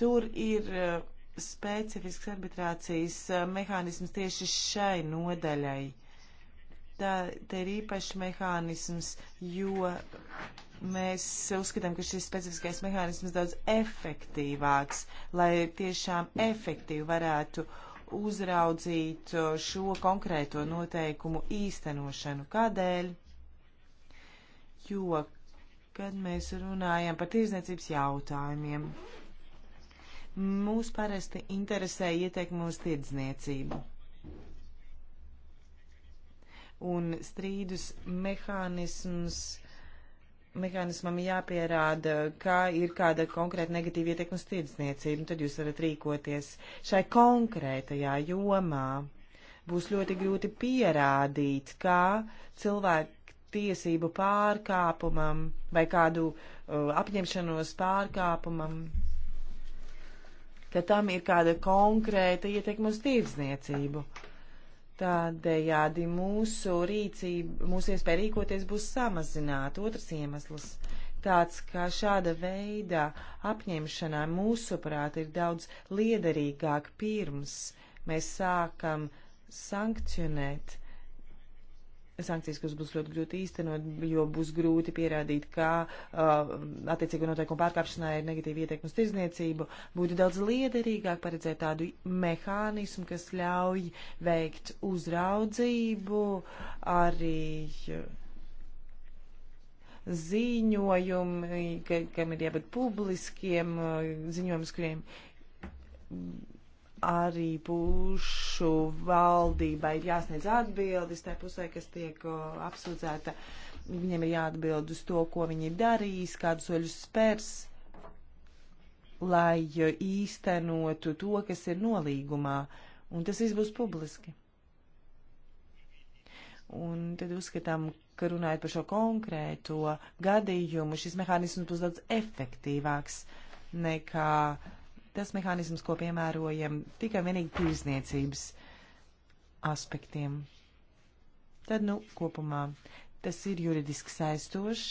Tur ir eh, specifisks arbitrācijas eh, mehānisms tieši šai nodaļai. Tā te ir īpašs mehānisms, jo mēs uzskatām, ka šis specifiskais mehānisms daudz efektīvāks, lai tiešām efektīvi varētu uzraudzīt eh, šo konkrēto noteikumu īstenošanu. Kādēļ? Jo, kad mēs runājam par tīrzniecības jautājumiem, Mūs parasti interesē ieteikumu uz tirdzniecību un strīdus mehānisms. Mehānismam jāpierāda, kā ir kāda konkrēta negatīva ietekme uz tirdzniecību, tad jūs varat rīkoties šai konkrētajā jomā. Būs ļoti grūti pierādīt, kā cilvēku tiesību pārkāpumam vai kādu uh, apņemšanos pārkāpumam ka tam ir kāda konkrēta ietekme uz tirdzniecību. Tādējādi mūsu rīcība, mūsu iespēja rīkoties būs samazināta. Otrs iemesls tāds, ka šāda veida apņemšanā mūsuprāt ir daudz liederīgāk pirms mēs sākam sankcionēt sankcijas, kas būs ļoti grūti īstenot, jo būs grūti pierādīt, ka uh, attiecīgo noteikumu pārkāpšanā ir negatīva ietekme uz tirzniecību. Būtu daudz liederīgāk paredzēt tādu mehānismu, kas ļauj veikt uzraudzību, arī uh, ziņojumi, ka, kam ir jābūt publiskiem, uh, ziņojums, kuriem arī būšu valdībai ir jāsniedz atbildes tai pusē, kas tiek uh, apsūdzēta. Viņiem ir jāatbild uz to, ko viņi ir darījis, kādus soļus spērs, lai īstenotu to, kas ir nolīgumā. Un tas viss būs publiski. Un tad uzskatām, ka runājot par šo konkrēto gadījumu, šis mehānisms būs daudz efektīvāks nekā uh, tas mehānisms, ko piemērojam tikai un vienīgi tirzniecības aspektiem. Tad, nu, kopumā tas ir juridiski saistošs,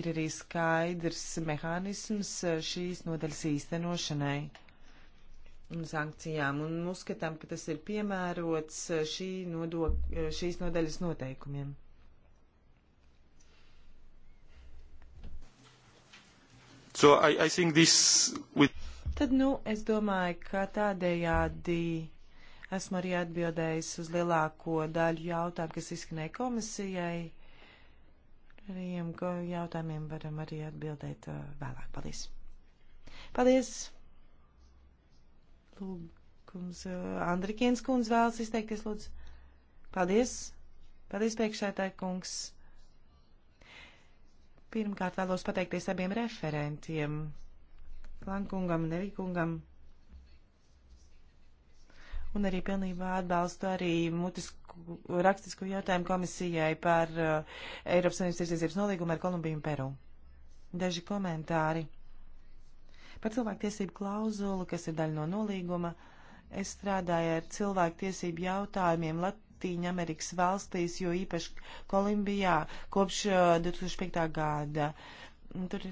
ir arī skaidrs mehānisms eh, šīs nodaļas īstenošanai un sankcijām, un uzskatām, ka tas ir piemērots eh, šī nodok, eh, šīs nodaļas noteikumiem. So I, I think this with... Tad, nu, es domāju, ka tādējādi esmu arī atbildējis uz lielāko daļu jautājumu, kas izskanēja komisijai. Arī jautājumiem varam arī atbildēt uh, vēlāk. Paldies! Paldies! Lūgums, uh, Andrikienas kundze vēlas izteikties, lūdzu. Paldies! Paldies, priekšētāji kungs! Pirmkārt vēlos pateikties abiem referentiem, Klankungam, Nevikungam. Un arī pilnībā atbalstu arī mutisku, rakstisku jautājumu komisijai par uh, Eiropas Savienības tirsniecības nolīgumu ar Kolumbiju un Peru. Daži komentāri. Par cilvēktiesību klauzulu, kas ir daļa no nolīguma, es strādāju ar cilvēktiesību jautājumiem Latvijas. Latīņa Amerikas valstīs, jo īpaši Kolumbijā kopš 2005. Uh, gada. Tur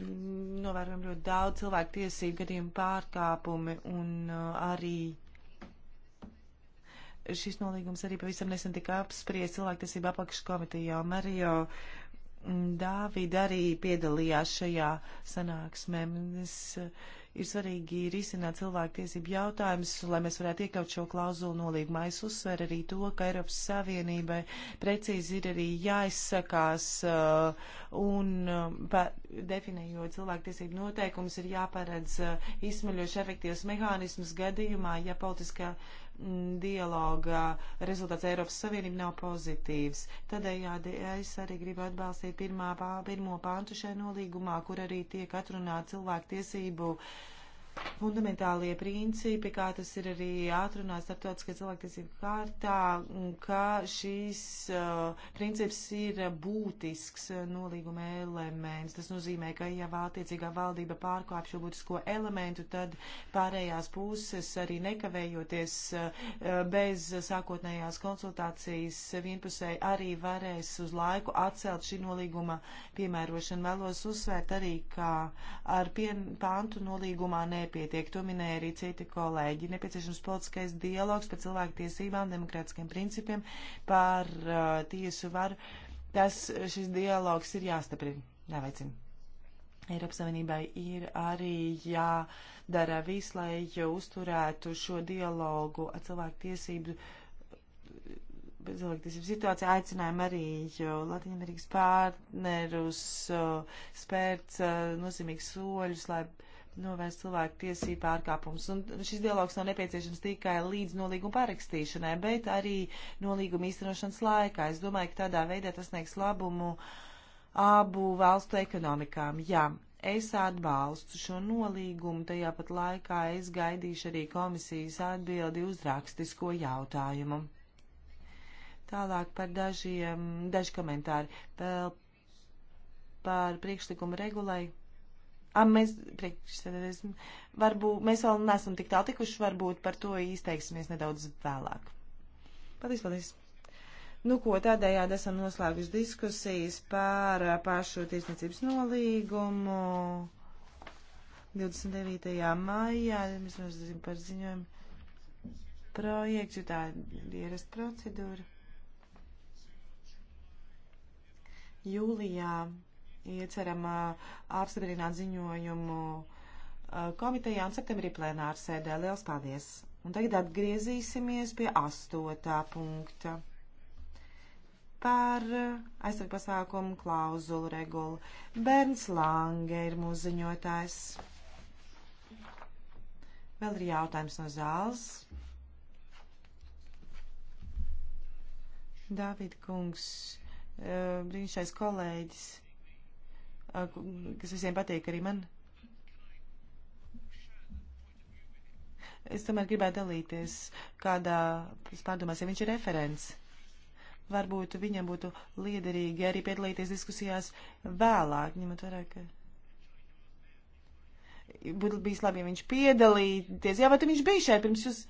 novērojam ļoti daudz cilvēku tiesību gadījumu pārkāpumi un uh, arī šis nolīgums arī pavisam nesen tika apspriests cilvēktiesību apakškomitejā. Mario Dāvida arī piedalījās šajā sanāksmē. Es, uh, ir svarīgi risināt cilvēku tiesību jautājumus, lai mēs varētu iekļaut šo klauzulu nolīgumā. Es uzsveru arī to, ka Eiropas Savienībai precīzi ir arī jāizsakās uh, un um, pa, definējot cilvēku tiesību noteikumus ir jāparedz uh, izsmeļoši efektīvs mehānisms gadījumā, ja politiskā uh, dialoga rezultāts Eiropas Savienība nav pozitīvs. Tādējādi es arī gribu atbalstīt pirmā, pirmo pāntu šajā nolīgumā, kur arī tiek atrunāt cilvēku tiesību uh, fundamentālie principi, kā tas ir arī atrunāts starptautiskajā cilvēktiesību kārtā, ka šīs uh, princips ir būtisks nolīguma elements. Tas nozīmē, ka ja attiecīgā valdība pārkāpj šo būtisko elementu, tad pārējās puses arī nekavējoties uh, bez sākotnējās konsultācijas vienpusēji arī varēs uz laiku atcelt šī nolīguma piemērošanu. Vēlos uzsvērt arī, ka ar pien, pāntu nolīgumā ne nepietiek. To minēja arī citi kolēģi. Nepieciešams politiskais dialogs par cilvēktiesībām, demokrātiskiem principiem, par uh, tiesu varu. Tas šis dialogs ir jāstaprina, jāveicina. Eiropas Savienībai ir arī jādara viss, lai uzturētu šo dialogu ar cilvēktiesību cilvēktiesību situācija aicinājumi arī Latvijas-Amerikas partnerus uh, spērt uh, nozīmīgus soļus, lai novērst cilvēku tiesību pārkāpumus. Un šis dialogs nav nepieciešams tikai līdz nolīguma parakstīšanai, bet arī nolīguma īstenošanas laikā. Es domāju, ka tādā veidā tas sniegs labumu abu valstu ekonomikām. Jā, es atbalstu šo nolīgumu, tajā pat laikā es gaidīšu arī komisijas atbildi uz rakstisko jautājumu. Tālāk par dažiem, daži komentāri. Vēl par priekšlikumu regulai mēs, priekšsēdētājs, varbūt mēs vēl nesam tik tālu tikuši, varbūt par to izteiksimies nedaudz vēlāk. Paldies, paldies. Nu, ko tādējādi esam noslēguši diskusijas par pašu tiesniecības nolīgumu 29. maijā. Mēs nozīm par ziņojumu projektu, jo tā ir ierast procedūra. Jūlijā Ieceram apstiprināt ziņojumu komitejā un septembrī plēnāra sēdē. Liels paldies! Un tagad atgriezīsimies pie astotā punkta par aizsardzību pasākumu klauzulu regulu. Bērns Lange ir mūsu ziņotājs. Vēl ir jautājums no zāles. David Kungs, brīnišķais kolēģis, kas visiem patīk arī man. Es tomēr gribētu dalīties kādā pārdomās, ja viņš ir referents. Varbūt viņam būtu liederīgi arī piedalīties diskusijās vēlāk, ņemot vērā, ka būtu bijis labi, ja viņš piedalīties. Jā, bet viņš bija šeit pirms jūs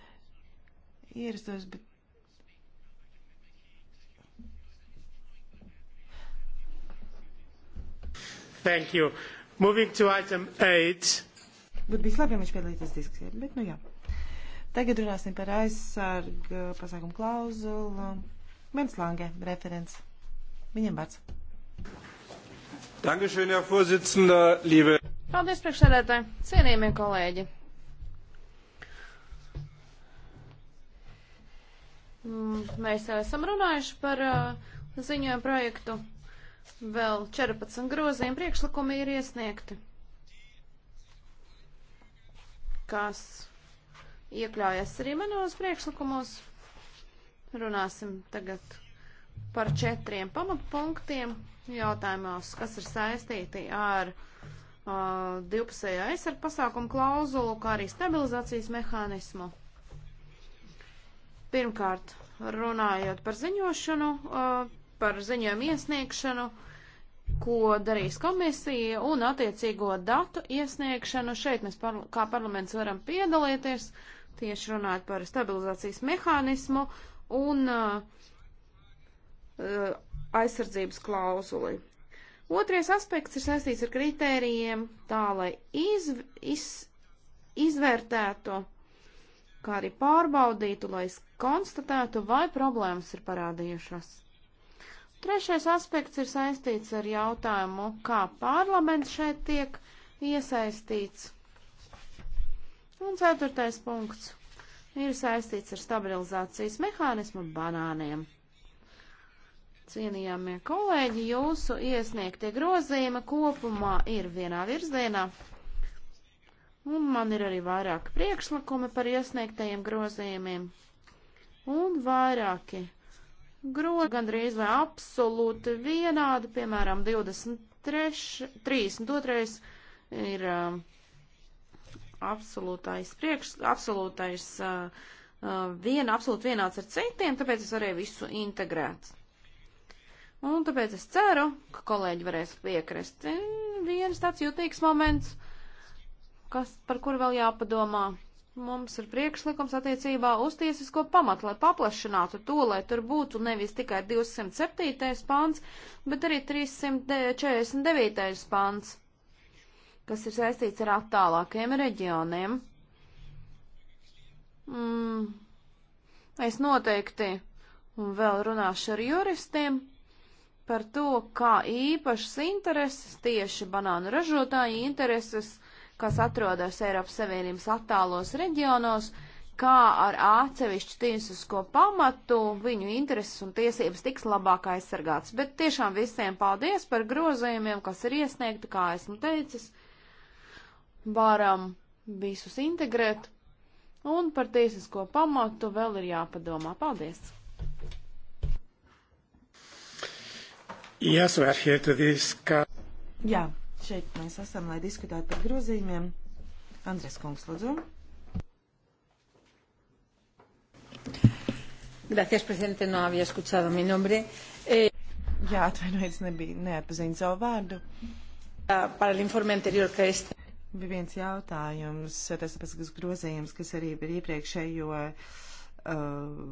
ierastos, bet Thank you. Moving to item 8. Būtu bijis labi, ja viņš piedalītos diskusijā, bet nu jā. Tagad runāsim par aizsargu pasākumu klauzulu. Mēms Lange, referents. Viņam vārds. Dankeschön, Herr Vorsitzender, liebe. Paldies, priekšsēdētāji, cienījamie kolēģi. Mm, mēs esam runājuši par uh, ziņojumu projektu Vēl 14 grozījuma priekšlikumi ir iesniegti, kas iekļaujas arī manos priekšlikumos. Runāsim tagad par četriem pamatpunktiem jautājumos, kas ir saistīti ar uh, divpusējā aizsardz pasākumu klauzulu, kā arī stabilizācijas mehānismu. Pirmkārt, runājot par ziņošanu, uh, par ziņojumu iesniegšanu, ko darīs komisija un attiecīgo datu iesniegšanu. Šeit mēs par, kā parlaments varam piedalīties, tieši runājot par stabilizācijas mehānismu un uh, uh aizsardzības klauzuli. Otrais aspekts ir saistīts ar kritērijiem, tā lai izv, iz, izvērtētu, kā arī pārbaudītu, lai konstatētu, vai problēmas ir parādījušās. Trešais aspekts ir saistīts ar jautājumu, kā parlaments šeit tiek iesaistīts. Un ceturtais punkts ir saistīts ar stabilizācijas mehānismu banāniem. Cienījamie kolēģi, jūsu iesniegtie grozījumi kopumā ir vienā virzienā. Un man ir arī vairāki priekšlikumi par iesniegtajiem grozījumiem. Un vairāki grozi gandrīz vai absolūti vienādi, piemēram, 23, 32 ir uh, absolūtais priekš, absolūtais uh, uh, vien, absolūti vienāds ar citiem, tāpēc es varēju visu integrēt. Un tāpēc es ceru, ka kolēģi varēs piekrist. Viens tāds jūtīgs moments, kas, par kuru vēl jāpadomā. Mums ir priekšlikums attiecībā uz tiesisko pamatu, lai paplašinātu to, lai tur būtu nevis tikai 207. pāns, bet arī 349. pāns, kas ir saistīts ar attālākiem reģioniem. Mm, es noteikti vēl runāšu ar juristiem par to, kā īpašas intereses, tieši banānu ražotāju intereses, kas atrodas Eiropas Savienības attālos reģionos, kā ar atsevišķu tiesisko pamatu viņu intereses un tiesības tiks labāk aizsargāts. Bet tiešām visiem paldies par grozījumiem, kas ir iesniegti, kā esmu teicis. Varam visus integrēt, un par tiesisko pamatu vēl ir jāpadomā. Paldies! Jāsvērhiet, ka. Jā. Šeit mēs esam, lai diskutētu par grozījumiem. Andres Kungs, lūdzu. Gracias, presidente. No había escuchado mi nombre. Eh... Jā, atvainojiet, nebija neatpazīstams savu vārdu. Ah, par informu anterior, ka es. Bija viens jautājums, tas ir grozījums, kas arī bija iepriekšējo uh,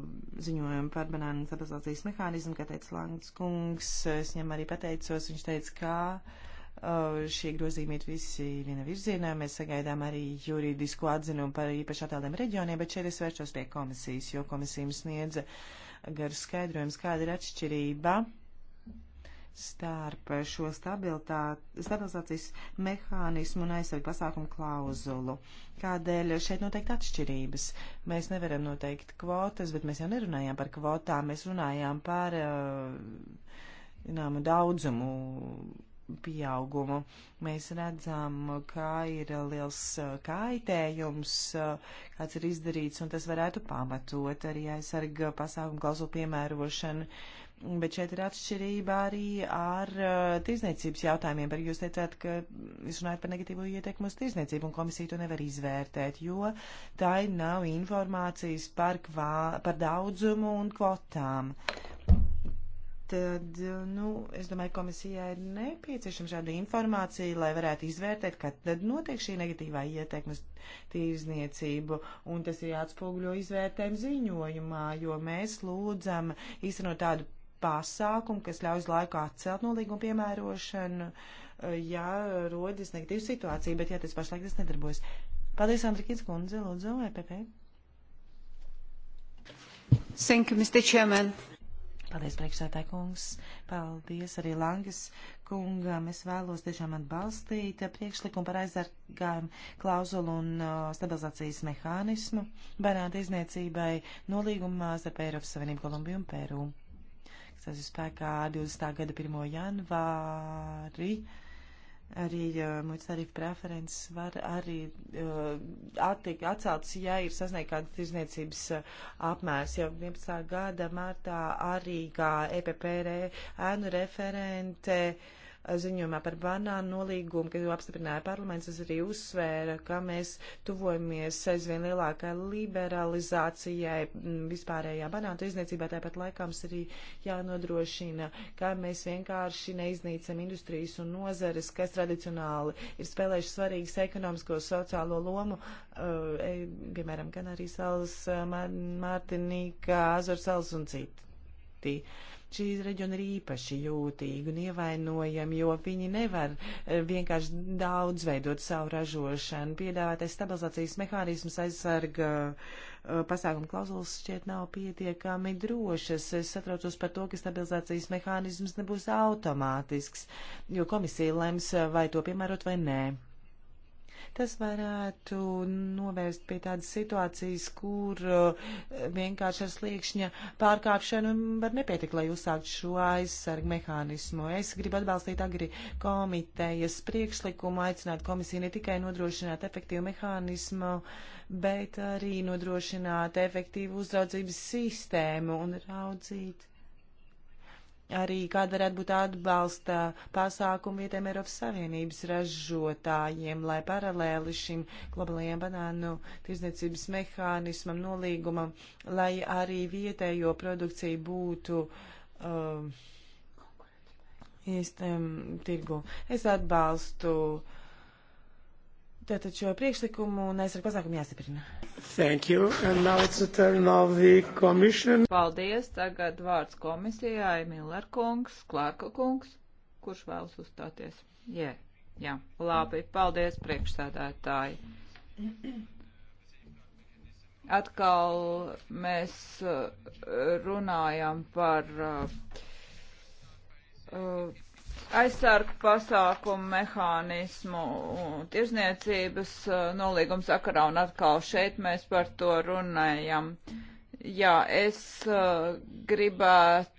ziņojumu par banānu stabilizācijas mehānismu, kā teica Langs kungs. Es viņam arī pateicos, viņš teica, ka Uh, Šie grozījumi ir visi viena virzienā. Mēs sagaidām arī juridisko atzinumu par īpaši attāliem reģioniem, bet šeit es vēršos pie komisijas, jo komisija mums sniedza garu skaidrojumus, kāda ir atšķirība starp šo stabilizācijas mehānismu un aizsardzību pasākumu klauzulu. Kādēļ šeit noteikti atšķirības? Mēs nevaram noteikt kvotas, bet mēs jau nerunājām par kvotām, mēs runājām par uh, nām, daudzumu pieaugumu. Mēs redzam, kā ir liels uh, kaitējums, uh, kāds ir izdarīts, un tas varētu pamatot arī aizsarga pasākumu klausulu piemērošanu. Bet šeit ir atšķirība arī ar uh, tirzniecības jautājumiem, par jūs teicāt, ka jūs runājat par negatīvo ietekmu uz tirzniecību, un komisija to nevar izvērtēt, jo tai nav informācijas par, kvā, par daudzumu un kvotām. Uh, Tad, nu, es domāju, komisijai ir nepieciešama šāda informācija, lai varētu izvērtēt, kad tad notiek šī negatīvā ietekme uz tīrzniecību, un tas ir jāatspūgļo izvērtējumu ziņojumā, jo mēs lūdzam īstenot tādu pasākumu, kas ļauj laiku atcelt nolīgumu piemērošanu, ja rodas negatīva situācija, bet ja tas pašlaik tas nedarbojas. Paldies, Andrikīts Kundze, lūdzu, EPP. Thank you, Mr. Chairman. Paldies, priekšsētāji kungs. Paldies arī Langas kungam. Es vēlos tiešām atbalstīt priekšlikumu par aizsargājumu klauzulu un uh, stabilizācijas mehānismu barāta izniecībai nolīgumā starp Eiropas Savienību Kolumbiju un Peru. Tas ir spēkā 20. gada 1. janvāri. Uh, Arī uh, muitas tarifu preferences var arī uh, attiek atceltas, ja ir sasniegt kāda tirzniecības uh, apmērs. Jau 11. gada martā arī kā EPPR e ēnu referente uh, ziņojumā par banānu nolīgumu, kad apstiprināja parlaments, es arī uzsvēra, ka mēs tuvojamies aizvien lielākai liberalizācijai vispārējā banānu izniecībā. Tāpat laikā mums arī jānodrošina, ka mēs vienkārši neiznīcam industrijas un nozares, kas tradicionāli ir spēlējuši svarīgas ekonomisko sociālo lomu, uh, e, piemēram, gan arī salas Mārtiņa. Dominika, Azorsalas un citi šī reģiona ir īpaši jūtīgi un ievainojami, jo viņi nevar eh, vienkārši daudz veidot savu ražošanu. Piedāvātais stabilizācijas mehānisms aizsarga eh, pasākuma klauzulas šķiet nav pietiekami drošas. Es satraucos par to, ka stabilizācijas mehānisms nebūs automātisks, jo komisija lems, eh, vai to piemērot vai nē. Tas varētu novērst pie tādas situācijas, kur eh, vienkārši ar sliekšņa pārkāpšanu var nepietikt, lai uzsākt šo aizsargu mehānismu. Es gribu atbalstīt agri komitejas priekšlikumu, aicināt komisiju ne tikai nodrošināt efektīvu mehānismu, bet arī nodrošināt efektīvu uzraudzības sistēmu un raudzīt arī kāda varētu būt atbalsta pasākumu vietiem Eiropas Savienības ražotājiem, lai paralēli šim globālajiem banānu tirzniecības mehānismam, nolīgumam, lai arī vietējo produkciju būtu um, uh, īstam um, tirgu. Es atbalstu uh, Tātad šo priekšlikumu un aizsardz pasākumu jāstiprina. Thank you. And now it's the turn of the commission. Paldies. Tagad vārds komisijai Miller kungs, Klārka kungs. Kurš vēlas uzstāties? Jā, yeah. jā. Yeah. Labi. Paldies, priekšsēdētāji. Atkal mēs uh, runājam par. Uh, uh, aizsargu pasākumu mehānismu tirzniecības uh, nolīguma sakarā, un atkal šeit mēs par to runājam. Jā, es uh, gribētu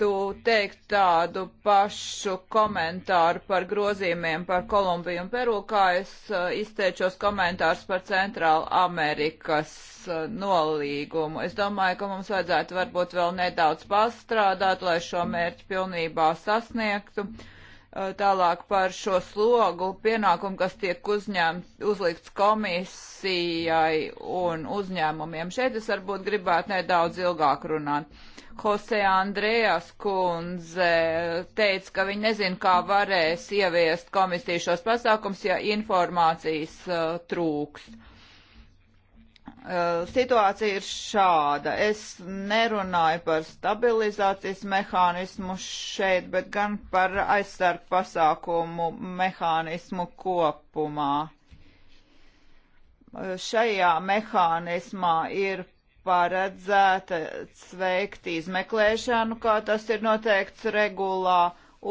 gribētu teikt tādu pašu komentāru par grozījumiem par Kolumbiju un Peru, kā es uh, izteicos komentārus par Centrāla Amerikas uh, nolīgumu. Es domāju, ka mums vajadzētu varbūt vēl nedaudz pastrādāt, lai šo mērķu pilnībā sasniegtu. Uh, tālāk par šo slogu pienākumu, kas tiek uzņemts, uzlikts komisijai un uzņēmumiem. Šeit es varbūt gribētu nedaudz ilgāk runāt Jose Andrejas kundze teica, ka viņi nezin, kā varēs ieviest komisiju šos pasākums, ja informācijas uh, trūks. Uh, situācija ir šāda. Es nerunāju par stabilizācijas mehānismu šeit, bet gan par aizsargu pasākumu mehānismu kopumā. Uh, šajā mehānismā ir paredzēta sveikt izmeklēšanu, kā tas ir noteikts regulā,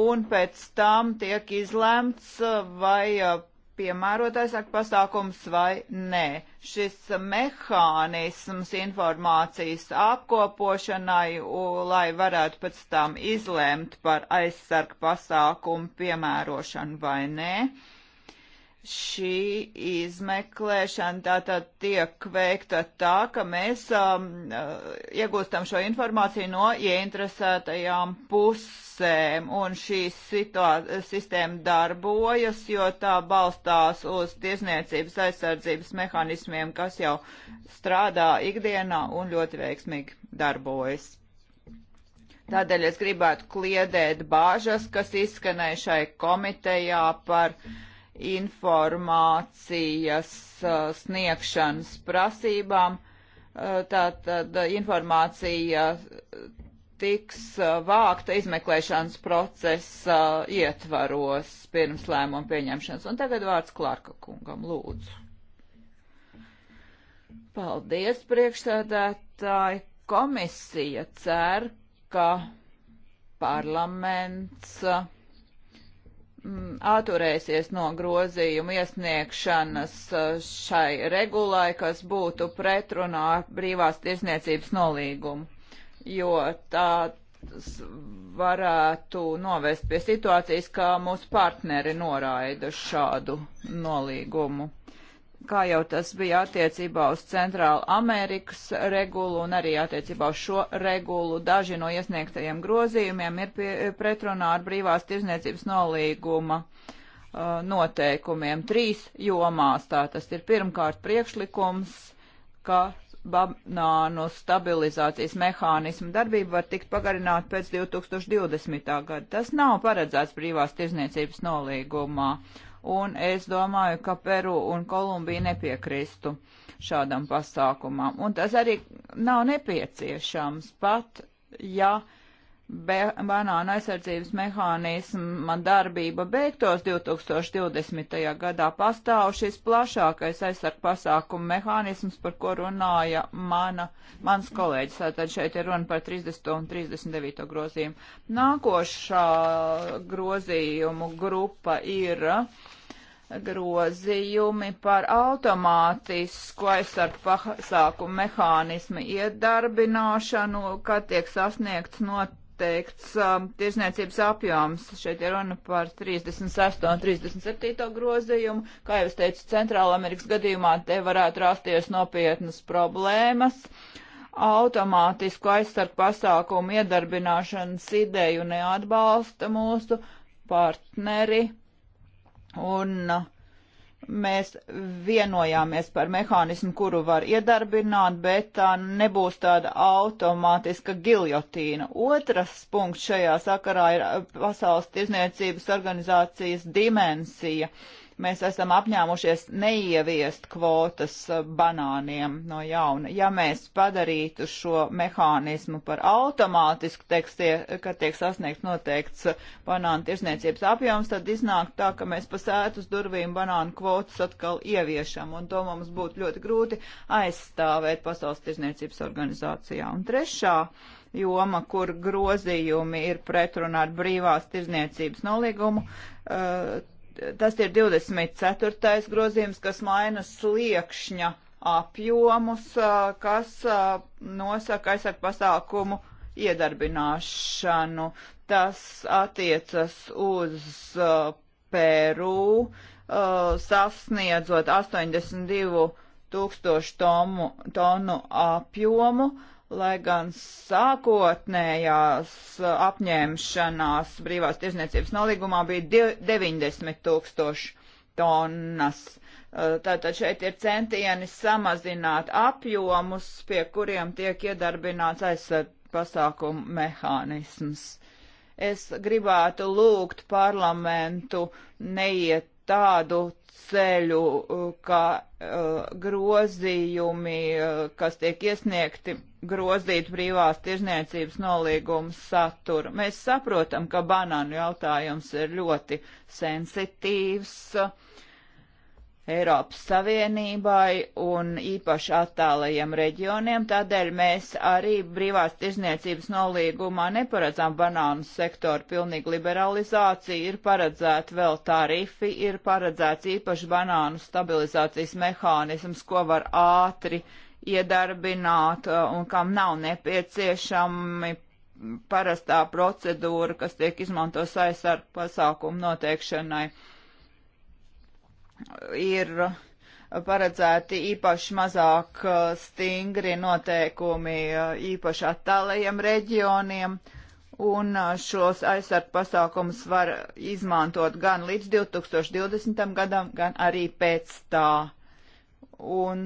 un pēc tam tiek izlemts, vai piemērotais ak pasākums vai nē. Šis mehānisms informācijas apkopošanai, u, lai varētu pēc tam izlemt par aizsarg pasākumu piemērošanu vai nē, uh, šī izmeklēšana tātad tiek veikta tā, ka mēs um, uh, iegūstam šo informāciju no ieinteresētajām pusēm, un šī sistēma darbojas, jo tā balstās uz tiesniecības aizsardzības mehānismiem, kas jau strādā ikdienā un ļoti veiksmīgi darbojas. Tādēļ es gribētu kliedēt bāžas, kas izskanēja šai komitejā par uh, informācijas uh, sniegšanas prasībām. Uh, tātad uh, informācija tiks vākta izmeklēšanas procesa ietvaros pirms lēmuma pieņemšanas. Un tagad vārds Klārka kungam, lūdzu. Paldies, priekšsēdētāji. Komisija cer, ka parlaments uh, Mm, atturēsies no grozījumu iesniegšanas uh, šai regulai, kas būtu pretrunā brīvās tirsniecības nolīgumu, jo tā varētu novest pie situācijas, kā mūsu partneri noraida šādu nolīgumu kā jau tas bija attiecībā uz Centrālu Amerikas regulu un arī attiecībā uz šo regulu. Daži no iesniegtajiem grozījumiem ir pie, pretrunā ar brīvās tirzniecības nolīguma uh, noteikumiem trīs jomās. Tā tas ir pirmkārt priekšlikums, ka banānu stabilizācijas mehānismu darbību var tikt pagarināt pēc 2020. gada. Tas nav paredzēts brīvās tirzniecības nolīgumā. Uh, un es domāju, ka Peru un Kolumbija nepiekristu šādam pasākumam. Un tas arī nav nepieciešams pat, ja banāna aizsardzības mehānisma darbība beigtos 2020. gadā pastāv šis plašākais aizsardz pasākumu mehānisms, par ko runāja mana, mans kolēģis. Tātad šeit ir runa par 30. un 39. grozījumu. Nākošā grozījumu grupa ir uh, grozījumi par automātisku aizsardz pasākumu mehānismu iedarbināšanu, kad tiek sasniegts noteikts um, tirsniecības apjoms. Šeit ir runa par 36. un 37. grozījumu. Kā jau es teicu, Centrālamerikas gadījumā te varētu rasties nopietnas problēmas. Automātisku aizsardz pasākumu iedarbināšanas ideju neatbalsta mūsu partneri Un uh, mēs vienojāmies par mehānismu, kuru var iedarbināt, bet tā uh, nebūs tāda automātiska giljotīna. Otrs punkts šajā sakarā ir uh, Pasaules tirzniecības organizācijas dimensija. Uh, Mēs esam apņēmušies neieviest kvotas eh, banāniem no jauna. Ja mēs padarītu šo mehānismu par automātisku, tekstie, kad tiek sasniegts noteikts eh, banānu tirsniecības apjoms, tad iznāk tā, ka mēs pasēt uz durvīm banānu kvotas atkal ieviešam, un to mums būtu ļoti grūti aizstāvēt Pasaules tirsniecības organizācijā. Un trešā joma, kur grozījumi ir pretrunā ar brīvās tirzniecības nolīgumu. Uh, tas ir 24. grozījums, kas maina sliekšņa apjomus, kas nosaka aizsardz pasākumu iedarbināšanu. Tas attiecas uz Peru, sasniedzot 82 tūkstošu tonu apjomu lai gan sākotnējās uh, apņēmšanās brīvās tirzniecības nolīgumā bija 90 tūkstoši tonnas. Uh, tātad šeit ir centieni samazināt apjomus, pie kuriem tiek iedarbināts aizsardz pasākumu mehānisms. Es gribētu lūgt parlamentu neiet tādu ceļu, uh, ka uh, grozījumi, uh, kas tiek iesniegti, grozīt brīvās tirzniecības nolīgumu saturu. Mēs saprotam, ka banānu jautājums ir ļoti sensitīvs uh, Eiropas Savienībai un īpaši attālajiem reģioniem, tādēļ mēs arī brīvās tirzniecības nolīgumā neparedzām banānu sektoru pilnīgu liberalizāciju, ir paredzēti vēl tarifi, ir paredzēts īpaši banānu stabilizācijas mehānisms, ko var ātri uh, iedarbināt uh, un kam nav nepieciešami parastā procedūra, kas tiek izmanto saistar pasākumu noteikšanai, ir paredzēti īpaši mazāk uh, stingri noteikumi uh, īpaši attālajiem reģioniem, un šos aizsardz pasākumus var izmantot gan līdz 2020. gadam, gan arī pēc tā. Un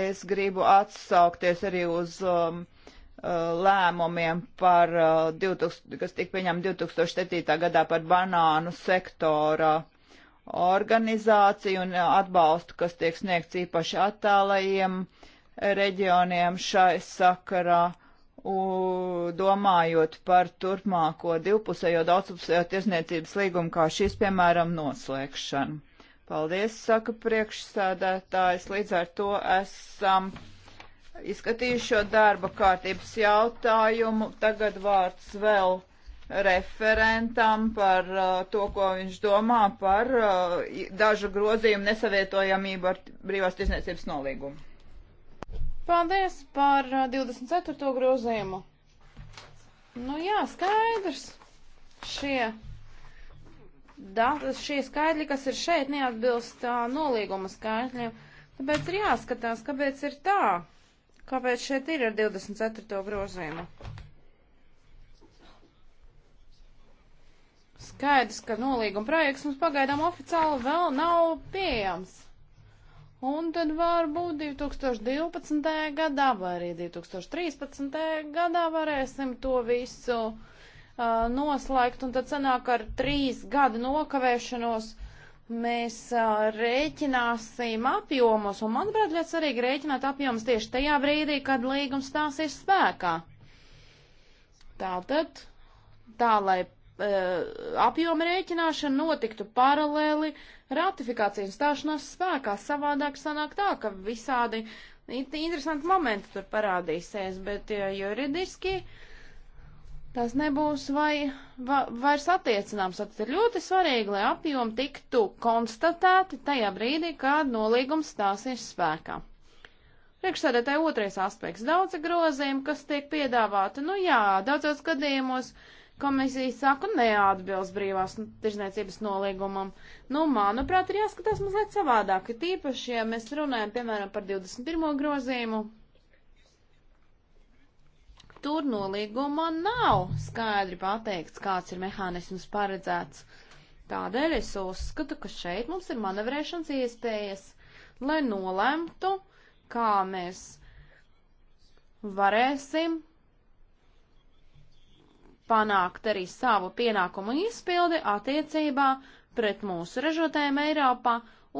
es gribu atsaukties arī uz um, uh, lēmumiem par 2000, uh, kas tika pieņemti 2007. gadā par banānu sektora organizāciju un atbalstu, kas tiek sniegts īpaši attālajiem reģioniem šai sakarā, u, domājot par turpmāko divpusējo daudzpusējo tiesniecības līgumu, kā šis, piemēram, noslēgšanu. Paldies, saka priekšsādātājs. Līdz ar to esam izskatījuši šo darba kārtības jautājumu. Tagad vārds vēl referentam par uh, to, ko viņš domā par uh, dažu grozījumu nesavietojamību ar brīvās tiesniecības nolīgumu. Paldies par 24. Uh, grozījumu. Nu jā, skaidrs. Šie da, šie skaitļi, kas ir šeit, neatbilst uh, nolīguma skaitļiem. Tāpēc ir jāskatās, kāpēc ir tā, kāpēc šeit ir ar 24. grozījumu. Skaidrs, ka nolīguma projekts mums pagaidām oficiāli vēl nav pieejams. Un tad varbūt 2012. gadā vai arī 2013. gadā varēsim to visu uh, uh, noslēgt, un tad sanāk ar trīs gadu nokavēšanos mēs uh, rēķināsim apjomus, un manuprāt, ļoti svarīgi rēķināt apjomus tieši tajā brīdī, kad līgums stāsies spēkā. Tātad, tā lai uh, apjoma rēķināšana notiktu paralēli ratifikācijas stāšanās spēkā, savādāk sanāk tā, ka visādi interesanti momenti tur parādīsies, bet uh, juridiski uh, tas nebūs vai, va, vairs attiecināms. Tad ir ļoti svarīgi, lai apjomi tiktu konstatēti tajā brīdī, kad nolīgums stāsies spēkā. Priekšsēdētāji otrais aspekts - daudzi grozījumi, kas tiek piedāvāti. Nu jā, daudzos gadījumos komisija saka, neatbilst brīvās nu, tirzniecības nolīgumam. Nu, manuprāt, ir jāskatās mazliet savādāk, ka tīpaši, ja mēs runājam, piemēram, par 21. grozījumu, Tur nolīgumā nav skaidri pateikts, kāds ir mehānisms paredzēts. Tādēļ es uzskatu, ka šeit mums ir manevrēšanas iespējas, lai nolemtu, kā mēs varēsim panākt arī savu pienākumu izpildi attiecībā pret mūsu ražotājiem Eiropā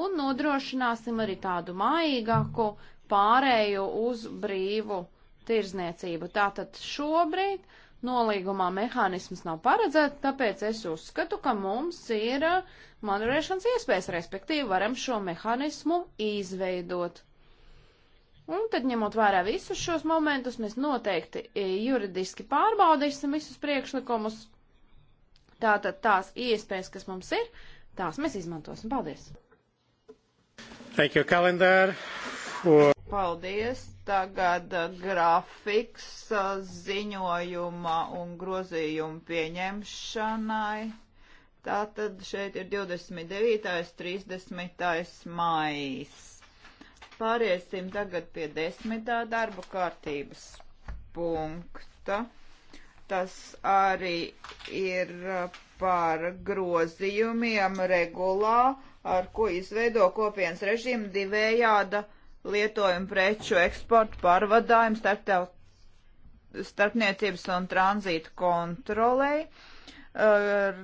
un nodrošināsim arī tādu mājīgāku pārēju uz brīvu tirzniecību. Tātad šobrīd nolīgumā mehānisms nav paredzēts, tāpēc es uzskatu, ka mums ir uh, manevrēšanas iespējas, respektīvi varam šo mehānismu izveidot. Un tad, ņemot vērā visus šos momentus, mēs noteikti e, juridiski pārbaudīsim visus priekšlikumus. Tātad tās iespējas, kas mums ir, tās mēs izmantosim. Paldies! Thank you, calendar, for... Paldies! Tagad uh, grafiks uh, ziņojuma un grozījuma pieņemšanai. Tātad šeit ir 29. 30. maijs. Pāriesim tagad pie desmitā darba kārtības punkta. Tas arī ir uh, par grozījumiem regulā, ar ko izveido kopienas režīmu divējāda lietojumu preču eksportu pārvadājumu starptaut, starpniecības un tranzītu kontrolei. Uh,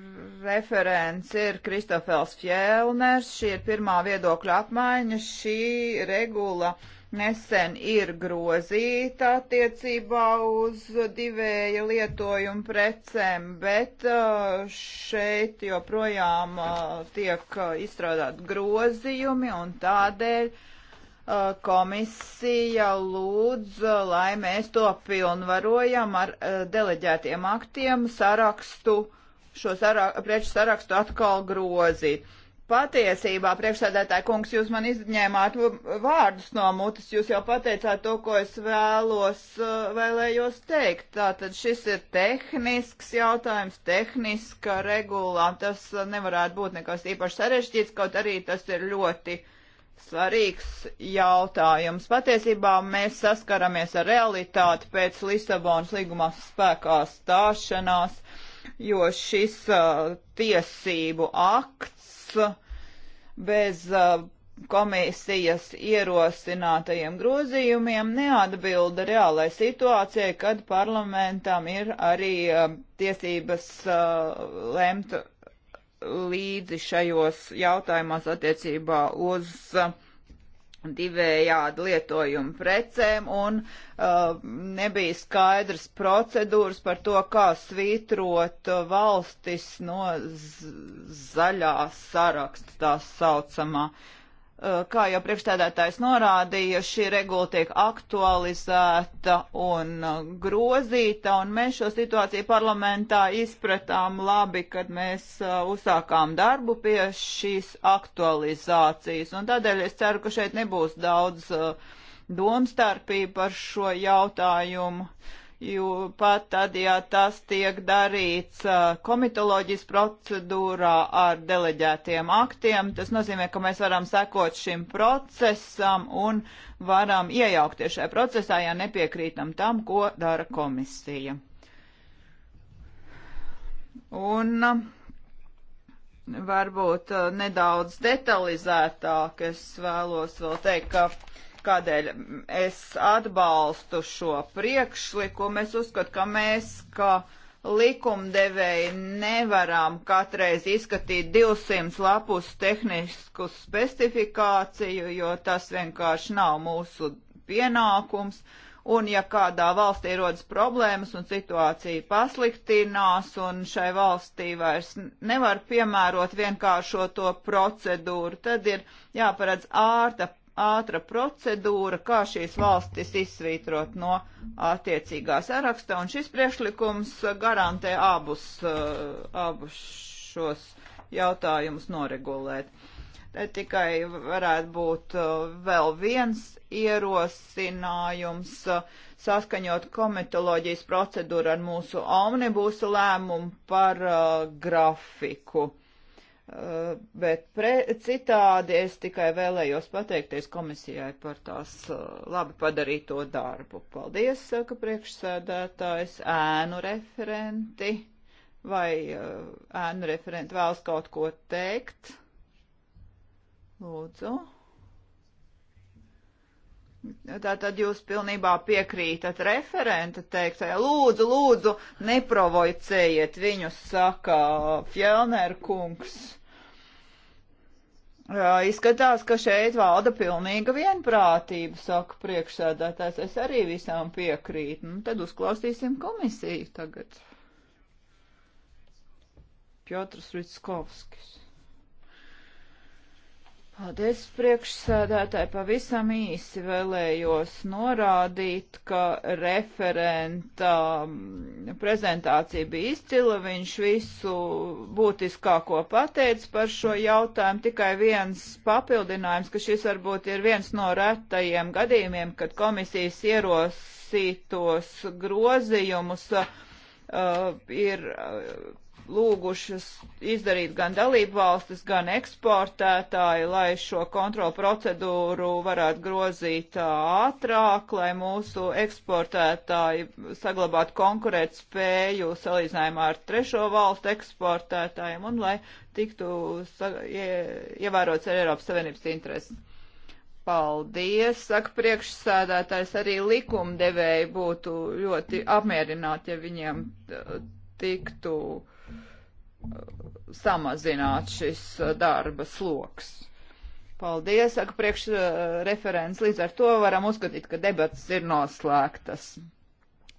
referents ir Kristofels Fjellners, šī ir pirmā viedokļa apmaiņa, šī regula nesen ir grozīta attiecībā uz divēja lietojumu precēm, bet uh, šeit joprojām uh, tiek uh, izstrādāt grozījumi un tādēļ Eh, komisija lūdz, eh, lai mēs to pilnvarojam ar eh, deleģētiem aktiem sarakstu, šo sarak, preču sarakstu atkal grozīt. Patiesībā, priekšsēdētāji kungs, jūs man izņēmāt vārdus no mutes, jūs jau pateicāt to, ko es vēlos, vēlējos teikt. Tātad šis ir tehnisks jautājums, tehniska regulā, tas nevarētu būt nekas īpaši sarežģīts, kaut arī tas ir ļoti uh, svarīgs jautājums. Patiesībā mēs saskaramies ar realitāti pēc Lisabonas līgumā spēkā stāšanās, jo šis uh, tiesību akts bez uh, komisijas ierosinātajiem grozījumiem neatbilda reālai situācijai, kad parlamentam ir arī uh, tiesības uh, lemt līdzi šajos jautājumos attiecībā uz uh, divējādi lietojumu precēm un uh, nebija skaidrs procedūras par to, kā svītrot uh, valstis no zaļā saraksta tā saucamā. Uh, Eh, kā jau priekšstādātājs norādīja, šī regula tiek aktualizēta un eh, grozīta, un mēs šo situāciju parlamentā izpratām labi, kad mēs eh, uzsākām darbu pie šīs aktualizācijas. Un tādēļ es ceru, ka šeit nebūs daudz domstarpību par šo jautājumu. Uh, jo pat tad, ja tas tiek darīts komitoloģijas procedūrā ar deleģētiem aktiem, tas nozīmē, ka mēs varam sekot šim procesam un varam iejaukties šajā procesā, ja nepiekrītam tam, ko dara komisija. Un varbūt nedaudz detalizētāk es vēlos vēl teikt, ka kādēļ es atbalstu šo priekšlikumu. Es uzskatu, ka mēs, kā likumdevēji, nevaram katreiz izskatīt 200 lapus tehnisku specifikāciju, jo tas vienkārši nav mūsu pienākums. Un ja kādā valstī rodas problēmas un situācija pasliktinās un šai valstī vairs nevar piemērot vienkāršo to procedūru, tad ir jāparedz ārta ātra procedūra, kā šīs valstis izsvītrot no attiecīgā saraksta, un šis priekšlikums garantē abus, eh, abus šos jautājumus noregulēt. Te tikai varētu būt eh, vēl viens ierosinājums eh, saskaņot komitoloģijas procedūru ar mūsu omnibusu lēmumu par grafiku. Uh, Eh, bet pre, citādi es tikai vēlējos pateikties komisijai par tās eh, labi padarīto darbu. Paldies, saka priekšsēdētājs, ēnu referenti. Vai eh, ēnu referenti vēlas kaut ko teikt? Lūdzu. Tātad jūs pilnībā piekrītat referenta teiktajā. Lūdzu, lūdzu, neprovocējiet viņus, saka Fjellner kungs. Izskatās, ka šeit valda pilnīga vienprātība, saka priekšsēdētājs. Es arī visām piekrītu. Nu, tad uzklausīsim komisiju tagad. Piotrs Ritskovskis. Paldies, priekšsēdētāji, pavisam īsi vēlējos norādīt, ka referenta mm, prezentācija bija izcila, viņš visu būtiskāko pateica par šo jautājumu, tikai viens papildinājums, ka šis varbūt ir viens no retajiem gadījumiem, kad komisijas ierosītos grozījumus uh, ir. Uh, lūgušas izdarīt gan dalību valstis, gan eksportētāji, lai šo kontrolu procedūru varētu grozīt uh, ātrāk, lai mūsu eksportētāji saglabātu konkurēt spēju salīdzinājumā ar trešo valstu eksportētājiem un lai tiktu ievērots ar Eiropas Savienības interesi. Paldies, saka priekšsēdētājs, arī likumdevēji būtu ļoti apmierināti, ja viņiem tiktu uh, samazināt šis eh, darba sloks. Paldies, saka priekšreferents. Eh, Līdz ar to varam uzskatīt, ka debatas ir noslēgtas.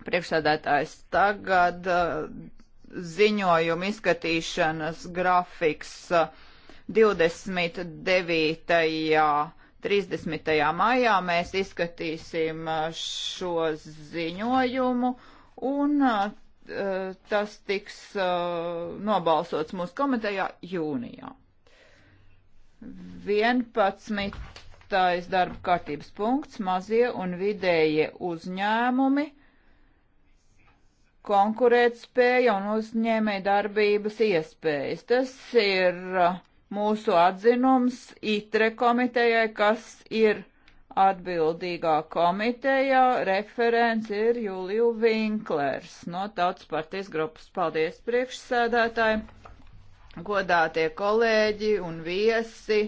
Priekšsēdētājs tagad eh, ziņojuma izskatīšanas grafiks 29. 30. maijā mēs izskatīsim šo ziņojumu un Eh, tas tiks eh, nobalsots mūsu komitejā jūnijā. 11. darba kārtības punkts - mazie un vidējie uzņēmumi, konkurētspēja un uzņēmēja darbības iespējas. Tas ir eh, mūsu atzinums ITRE komitejai, kas ir uh, atbildīgā komiteja referents ir Juliju Vinklers no Tautas partijas grupas. Paldies priekšsēdētāji, godātie kolēģi un viesi.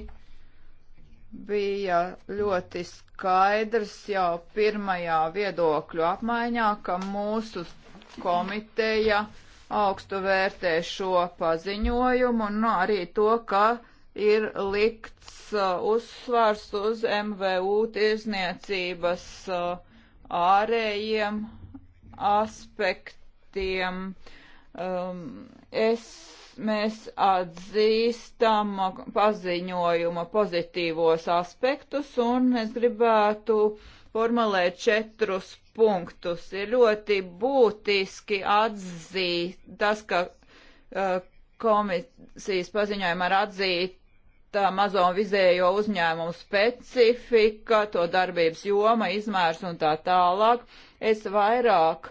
Bija ļoti skaidrs jau pirmajā viedokļu apmaiņā, ka mūsu komiteja augstu vērtē šo paziņojumu un nu, arī to, ka ir likts Uh, uzsvars uz MVU tirzniecības uh, ārējiem aspektiem. Um, es mēs atzīstam paziņojuma pozitīvos aspektus, un es gribētu formulēt četrus punktus. Ir ļoti būtiski atzīt tas, ka uh, komisijas paziņojumā ir atzīt tā mazo un vizējo uzņēmumu specifika, to darbības joma, izmērs un tā tālāk. Es vairāk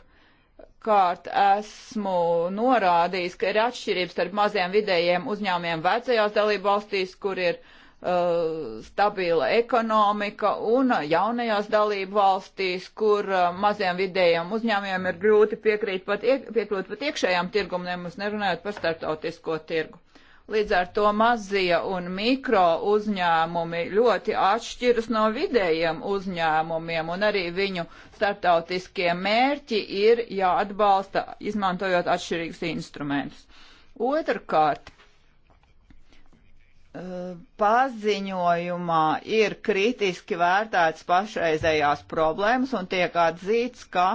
kārt esmu norādījis, ka ir atšķirības starp maziem vidējiem uzņēmumiem vecajās dalību valstīs, kur ir uh, stabila ekonomika un jaunajās dalību valstīs, kur uh, maziem vidējiem uzņēmumiem ir grūti piekrīt pat, iek, piekļūt pat iekšējām tirgumiem, nemaz nerunājot par starptautisko tirgu. Līdz ar to mazie un mikro uzņēmumi ļoti atšķiras no vidējiem uzņēmumiem, un arī viņu starptautiskie mērķi ir jāatbalsta, izmantojot atšķirīgus instrumentus. Otrkārt, eh, paziņojumā ir kritiski vērtēts pašreizējās problēmas un tiek atzīts, ka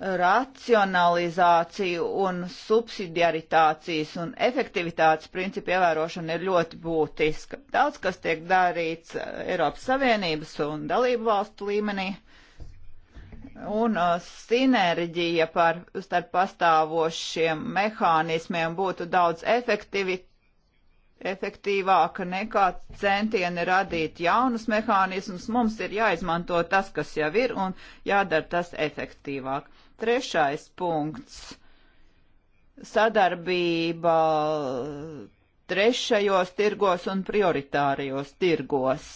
racionalizāciju un subsidiaritācijas un efektivitātes principu ievērošana ir ļoti būtiska. Daudz, kas tiek darīts eh, Eiropas Savienības un dalību valstu līmenī, un uh, sinerģija par, starp pastāvošiem mehānismiem būtu daudz efektivi, efektīvāka nekā centieni radīt jaunus mehānismus. Mums ir jāizmanto tas, kas jau ir, un jādara tas efektīvāk. Trešais punkts - sadarbība trešajos tirgos un prioritārijos tirgos.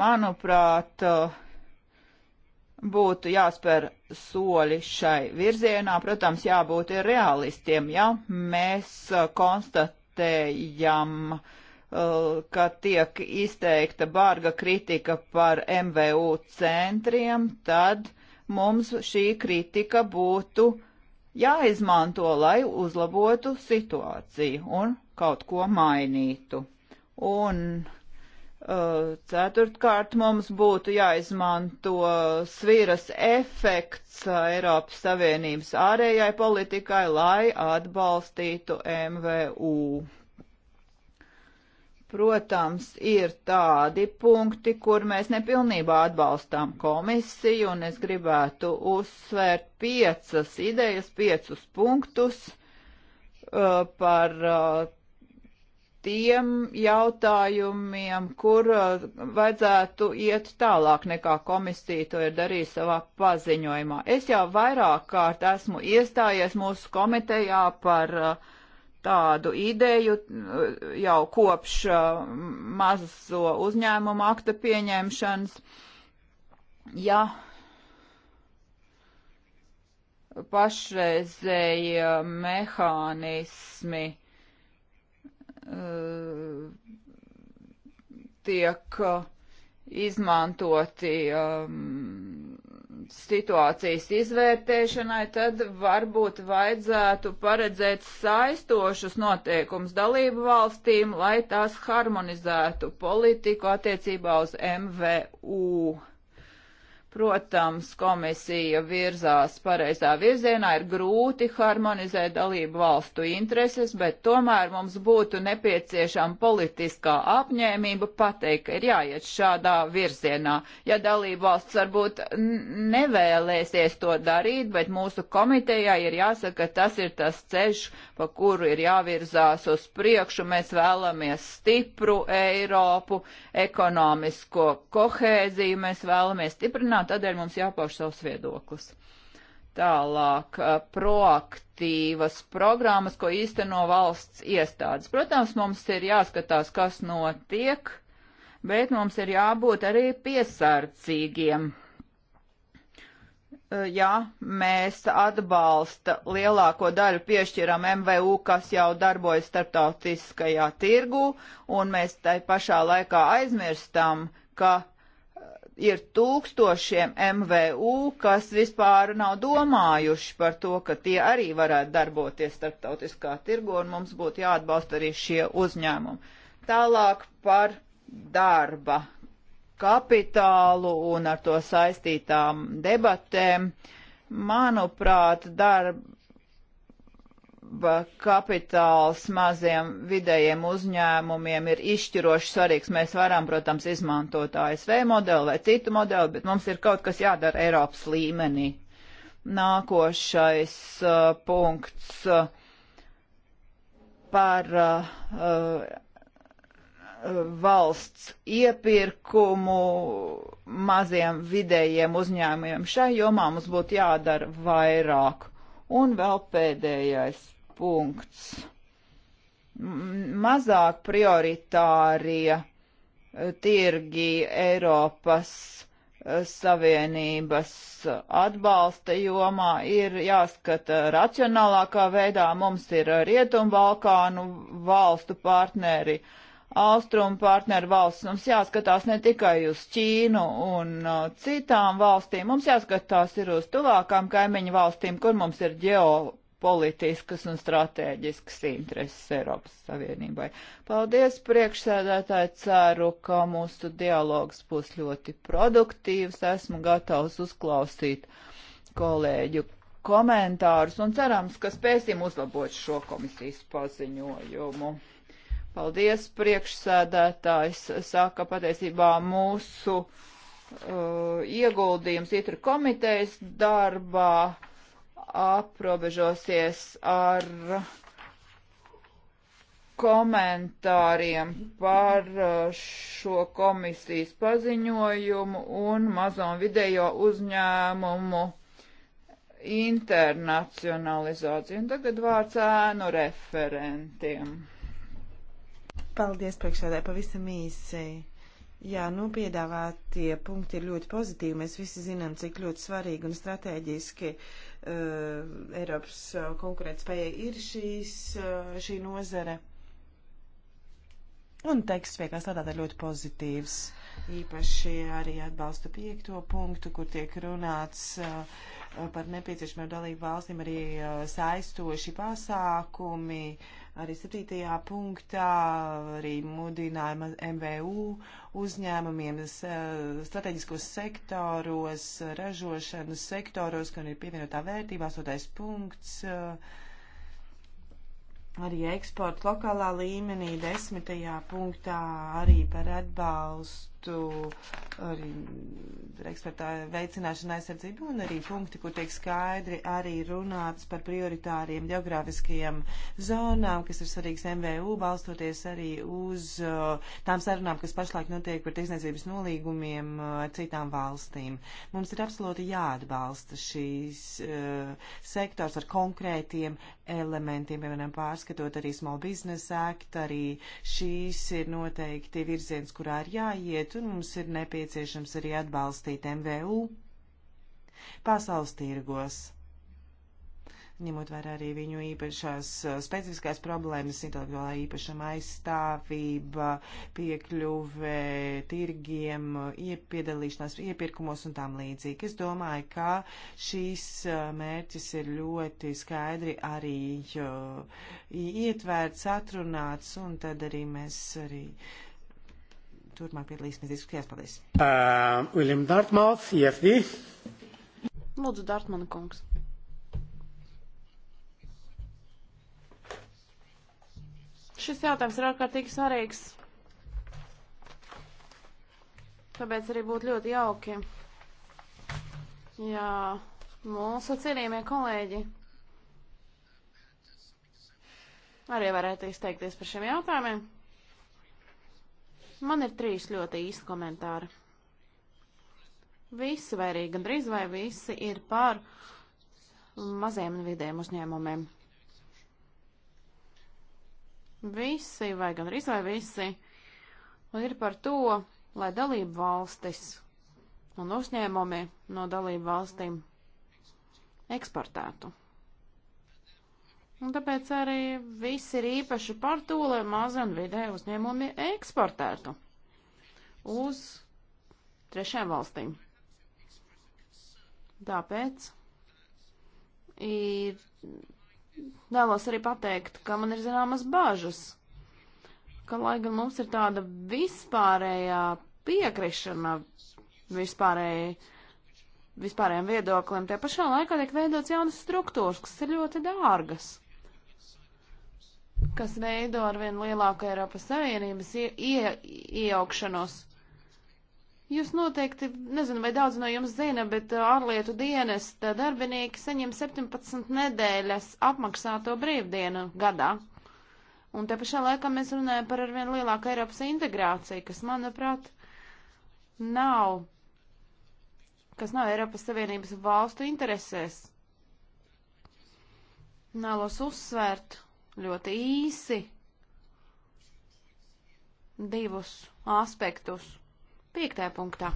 Manuprāt, būtu jāspēr soļi šai virzienā. Protams, jābūt ir realistiem, ja mēs konstatējam, ka tiek izteikta bārga kritika par MVU centriem, tad mums šī kritika būtu jāizmanto, lai uzlabotu situāciju un kaut ko mainītu. Un uh, ceturtkārt mums būtu jāizmanto sviras efekts uh, Eiropas Savienības ārējai politikai, lai atbalstītu MVU. Protams, ir tādi punkti, kur mēs nepilnībā atbalstām komisiju, un es gribētu uzsvērt piecas idejas, piecus punktus uh, par uh, tiem jautājumiem, kur uh, vajadzētu iet tālāk nekā komisija to ir darījusi savā paziņojumā. Es jau vairāk kārt esmu iestājies mūsu komitejā par uh, tādu ideju eh, jau kopš eh, mazo uzņēmumu akta pieņemšanas. Ja pašreizējie eh, mehānismi tiek izmantoti um, situācijas izvērtēšanai, tad varbūt vajadzētu paredzēt saistošus noteikumus dalību valstīm, lai tās harmonizētu politiku attiecībā uz MVU. Protams, komisija virzās pareizā virzienā, ir grūti harmonizēt dalību valstu intereses, bet tomēr mums būtu nepieciešama politiskā apņēmība pateikt, ka ir jāiet šādā virzienā. Ja dalību valsts varbūt nevēlēsies to darīt, bet mūsu komitejā ir jāsaka, ka tas ir tas ceļš, pa kuru ir jāvirzās uz priekšu. Mēs vēlamies stipru Eiropu, ekonomisko kohēziju, mēs vēlamies stiprināt tādēļ mums jāpauž savs viedoklis. Tālāk, proaktīvas programmas, ko īsteno valsts iestādes. Protams, mums ir jāskatās, kas notiek, bet mums ir jābūt arī piesardzīgiem. Ja mēs atbalsta lielāko daļu piešķiram MVU, kas jau darbojas starptautiskajā tirgu, un mēs tai pašā laikā aizmirstam, ka ir tūkstošiem MVU, kas vispār nav domājuši par to, ka tie arī varētu darboties starptautiskā tirgo, un mums būtu jāatbalsta arī šie uzņēmumi. Tālāk par darba kapitālu un ar to saistītām debatēm. Manuprāt, darba kapitāls maziem vidējiem uzņēmumiem ir izšķiroši svarīgs. Mēs varam, protams, izmantot ASV modeli vai citu modeli, bet mums ir kaut kas jādara Eiropas līmenī. Nākošais uh, punkts uh, par uh, uh valsts iepirkumu maziem vidējiem uzņēmumiem. Šai jomā mums būtu jādara vairāk. Un vēl pēdējais punkts. Mazāk prioritārie eh, tirgi Eiropas eh, Savienības atbalsta jomā ir jāskata racionālākā veidā. Mums ir Rietumbalkānu valstu partneri, Austrumu partneru valsts. Mums jāskatās ne tikai uz Ķīnu un eh, citām valstīm, mums jāskatās ir uz tuvākām kaimiņu valstīm, kur mums ir ģeo politiskas un strateģiskas intereses Eiropas Savienībai. Paldies, priekšsēdētāji, ceru, ka mūsu dialogs būs ļoti produktīvs. Esmu gatavs uzklausīt kolēģu komentārus un cerams, ka spēsim uzlabot šo komisijas paziņojumu. Paldies, priekšsēdētājs. Sāka patiesībā mūsu uh, ieguldījums itra komitejas darbā aprobežosies ar komentāriem par uh, šo komisijas paziņojumu un mazo un vidējo uzņēmumu internacionalizāciju. Un tagad vārds ēnu referentiem. Paldies, priekšsēdē, pavisam īsi. Jā, nu piedāvātie punkti ir ļoti pozitīvi. Mēs visi zinām, cik ļoti svarīgi un strateģiski uh, Eh, Eiropas eh, konkurētspējai ir šīs, eh, šī nozare. Un teksts pie kā strādāt ir ļoti pozitīvs. Īpaši arī atbalsta piekto punktu, kur tiek runāts par nepieciešamiem dalību valstīm arī saistoši pasākumi, uh, Arī 7. punktā arī mudinājuma MVU uzņēmumiem eh, strateģiskos sektoros, ražošanas sektoros, kur ir pievienotā vērtībā, 8. punkts. Eh, arī eksporta lokālā līmenī, desmitajā punktā arī par atbalstu punktu arī ekspertā veicināšana aizsardzību un arī punkti, kur tiek skaidri arī runāts par prioritāriem geogrāfiskajiem zonām, kas ir svarīgs MVU, balstoties arī uz uh, tām sarunām, kas pašlaik notiek par tiesniecības nolīgumiem uh, ar citām valstīm. Mums ir absolūti jāatbalsta šīs uh, sektors ar konkrētiem elementiem, piemēram, pārskatot arī Small Business Act, arī šīs ir noteikti virziens, kurā ir jāiet un mums ir nepieciešams arī atbalstīt MVU pasaules tirgos. Ņemot vērā arī viņu īpašās specifiskās problēmas, intelektuālā īpašuma aizstāvība, piekļuve tirgiem, iepiedalīšanās iepirkumos un tam līdzīgi. Es domāju, ka šīs mērķis ir ļoti skaidri arī ietverts, atrunāts, un tad arī mēs arī uh, turpmāk piedalīsimies diskusijās. Paldies! Uh, William Dartmouth, EFD. Lūdzu, Dartmana kungs. Šis jautājums ir ārkārtīgi svarīgs. Tāpēc arī būtu ļoti jauki, ja mūsu cienījamie kolēģi arī varētu izteikties par šiem jautājumiem. Man ir trīs ļoti īsti komentāri. Visi vai arī gandrīz vai visi ir par maziem un vidiem uzņēmumiem. Visi vai gandrīz vai visi ir par to, lai dalību valstis un uzņēmumi no dalību valstīm eksportētu. Un tāpēc arī viss ir īpaši par to, lai maza un vidē uzņēmumi eksportētu uz trešajām valstīm. Tāpēc ir, vēlos arī pateikt, ka man ir zināmas bāžas, ka lai gan mums ir tāda vispārējā piekrišana vispārēji, vispārējiem viedoklim, tie pašā laikā tiek veidots jaunas struktūras, kas ir ļoti dārgas kas veido ar vien lielāku Eiropas Savienības ie, ie, iejaukšanos. Jūs noteikti, nezinu, vai daudz no jums zina, bet uh, ārlietu dienesta darbinieki saņem 17 nedēļas apmaksāto brīvdienu gadā. Un te pašā laikā mēs runājam par arvien lielāku Eiropas integrāciju, kas, manuprāt, nav, kas nav Eiropas Savienības valstu interesēs. Nālos uzsvērt ļoti īsi divus aspektus. Piektā punktā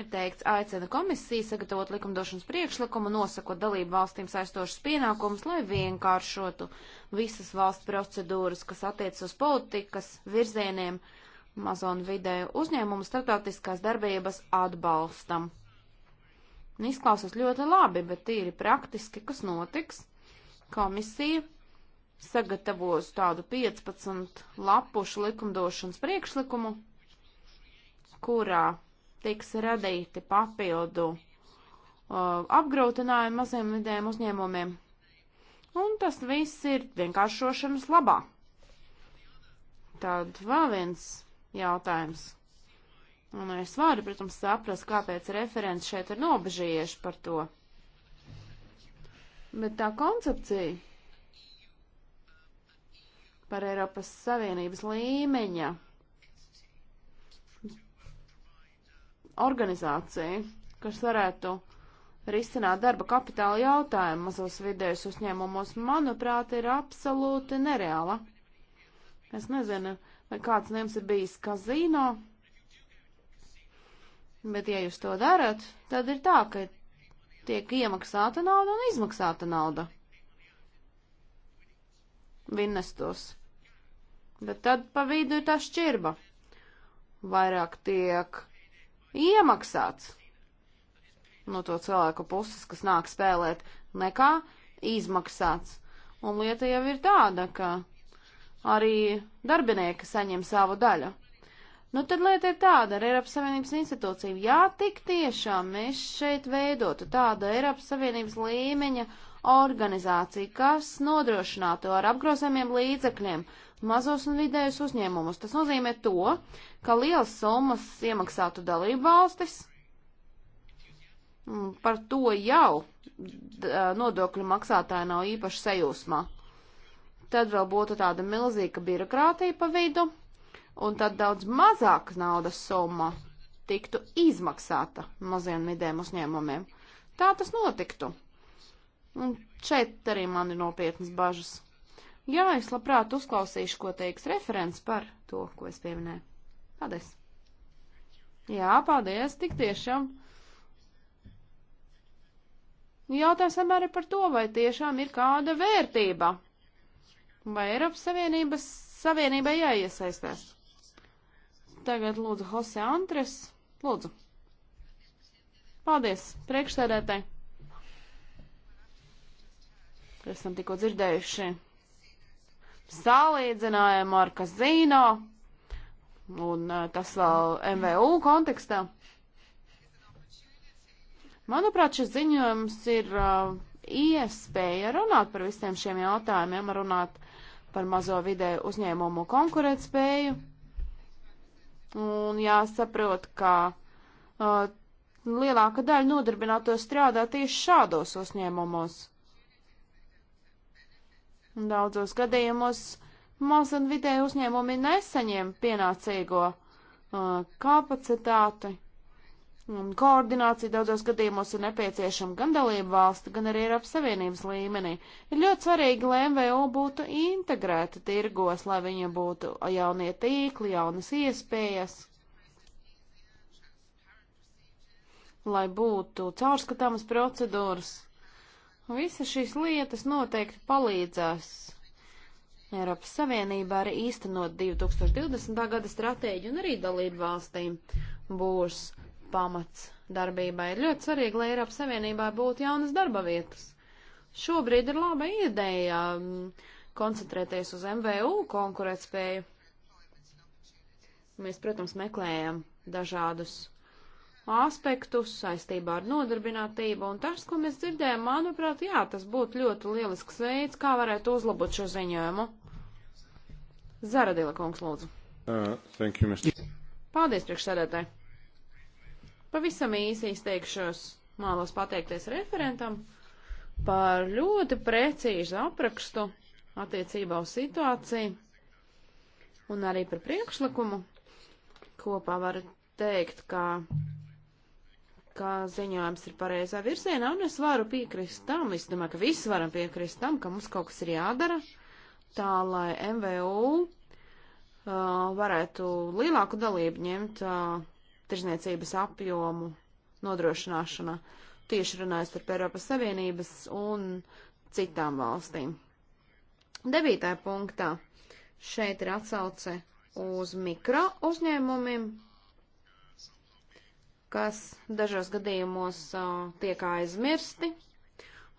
ir teikts, aicina komisiju sagatavot likumdošanas priekšlikumu, nosakot dalību valstīm saistošas pienākumus, lai vienkāršotu visas valsts procedūras, kas attiecas uz politikas virzieniem, mazo un vidēju uzņēmumu starptautiskās darbības atbalstam. Izklausās ļoti labi, bet tīri praktiski, kas notiks? Komisija sagatavos tādu 15 lapušu likumdošanas priekšlikumu, kurā tiks radīti papildu uh, apgrūtinājumi maziem vidējiem uzņēmumiem. Un tas viss ir vienkāršošanas labā. Tad vēl viens jautājums. Un es varu, protams, saprast, kāpēc referents šeit ir nobežījies par to. Bet tā koncepcija par Eiropas Savienības līmeņa organizāciju, kas varētu risināt darba kapitāla jautājumu mazos vidējos uzņēmumos, manuprāt, ir absolūti nereāla. Es nezinu, vai kāds no jums ir bijis kazino, bet ja jūs to darat, tad ir tā, ka tiek iemaksāta nauda un izmaksāta nauda. Vinnestos bet tad pa vidu ir tā šķirba. Vairāk tiek iemaksāts no to cilvēku puses, kas nāk spēlēt, nekā izmaksāts. Un lieta jau ir tāda, ka arī darbinieki saņem savu daļu. Nu, tad lieta ir tāda ar Eiropas Savienības institūciju. Jā, tik tiešām mēs šeit veidotu tādu Eiropas Savienības līmeņa organizāciju, kas nodrošinātu ar apgrozāmiem līdzekļiem uh, mazos un vidējos uzņēmumus. Tas nozīmē to, ka liels summas iemaksātu dalību valstis. Par to jau nodokļu maksātāji nav īpaši sajūsmā. Tad vēl būtu tāda milzīga birokrātija pa vidu, un tad daudz mazāk naudas summa tiktu izmaksāta maziem un vidējiem uzņēmumiem. Tā tas notiktu. Un šeit arī man ir nopietnas bažas. Jā, es labprāt uzklausīšu, ko teiks referents par to, ko es pieminēju. Paldies! Jā, paldies, tik tiešām! Jautājums vienmēr ir par to, vai tiešām ir kāda vērtība, vai Eiropas Savienības Savienībai jāiesaistās. Tagad lūdzu Hose Antres, lūdzu. Paldies, priekšsēdētāji. Esam tikko dzirdējuši salīdzinājumu ar kazīno, un eh, tas vēl MVU kontekstā. Manuprāt, šis ziņojums ir uh, iespēja runāt par visiem šiem jautājumiem, runāt par mazo vidēju uzņēmumu konkurētspēju. Un jāsaprot, ka uh, lielāka daļa nodarbināto strādā tieši šādos uzņēmumos. Un daudzos gadījumos maz un vidēji uzņēmumi nesaņem pienācīgo uh, kapacitāti. Un koordinācija daudzos gadījumos ir nepieciešama gan dalību valstu, gan arī Eiropas Savienības līmenī. Ir ļoti svarīgi, lai MVO būtu integrēta tirgos, lai viņiem būtu jaunie tīkli, jaunas iespējas, lai būtu caurskatāmas procedūras. Visas šīs lietas noteikti palīdzēs Eiropas Savienībā arī īstenot 2020. gada stratēģiju un arī dalību valstīm būs pamats darbībai. Ir ļoti svarīgi, lai Eiropas Savienībā būtu jaunas darba vietas. Šobrīd ir laba ideja mm, koncentrēties uz MVU konkurētspēju. Mēs, protams, meklējam dažādus aspektus saistībā ar nodarbinātību, un tas, ko mēs dzirdējām, manuprāt, jā, tas būtu ļoti lielisks veids, kā varētu uzlabot šo ziņojumu. Zaradila kungs, lūdzu. Uh, thank you, Mr. Paldies, priekšsēdētāji. Pavisam īsi izteikšos, mālos pateikties referentam par ļoti precīzu aprakstu attiecībā uz situāciju un arī par priekšlikumu. Kopā var teikt, ka ka ziņojums ir pareizā virzienā, un es varu piekrist tam, es domāju, ka visi varam piekrist tam, ka mums kaut kas ir jādara, tā lai MVU uh, varētu lielāku dalību ņemt uh, tirzniecības apjomu nodrošināšanā, tieši runājot par Eiropas Savienības un citām valstīm. Devītā punktā šeit ir atsauce uz mikro uzņēmumiem, kas dažos gadījumos uh, tiek aizmirsti.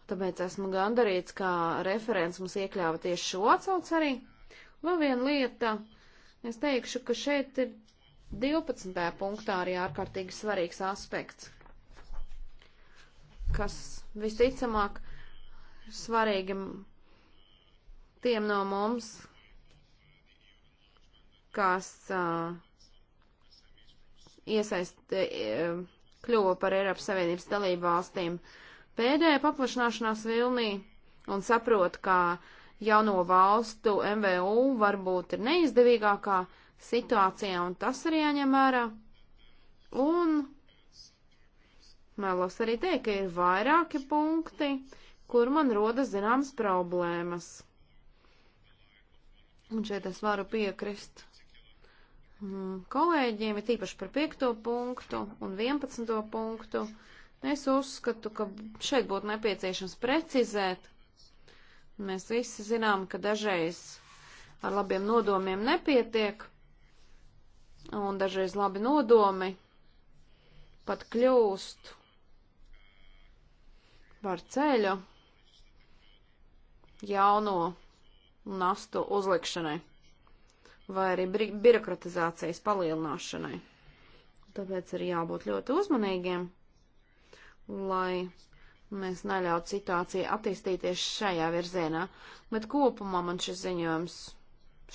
Tāpēc esmu gandarīts, ka referents mums iekļāva tieši šo atsauci arī. Vēl viena lieta, es teikšu, ka šeit ir 12. punktā arī ārkārtīgi svarīgs aspekts, kas visticamāk svarīgi tiem no mums, kas uh, iesaist, e, e, kļuva par Eiropas Savienības dalību valstīm pēdējā paplašanāšanās vilnī un saprot, ka jauno valstu MVU varbūt ir neizdevīgākā situācijā, un tas arī jāņem vērā. Un vēlos arī teikt, ka ir vairāki punkti, kur man rodas zināmas problēmas. Un šeit es varu piekrist Mm, kolēģiem, ir tīpaši par 5. punktu un 11. punktu. Es uzskatu, ka šeit būtu nepieciešams precizēt. Mēs visi zinām, ka dažreiz ar labiem nodomiem nepietiek, un dažreiz labi nodomi pat kļūst par ceļu jauno nastu uzlikšanai vai arī bi birokratizācijas palielināšanai. Tāpēc ir jābūt ļoti uzmanīgiem, lai mēs neļautu situāciju attīstīties šajā virzienā, bet kopumā man šis ziņojums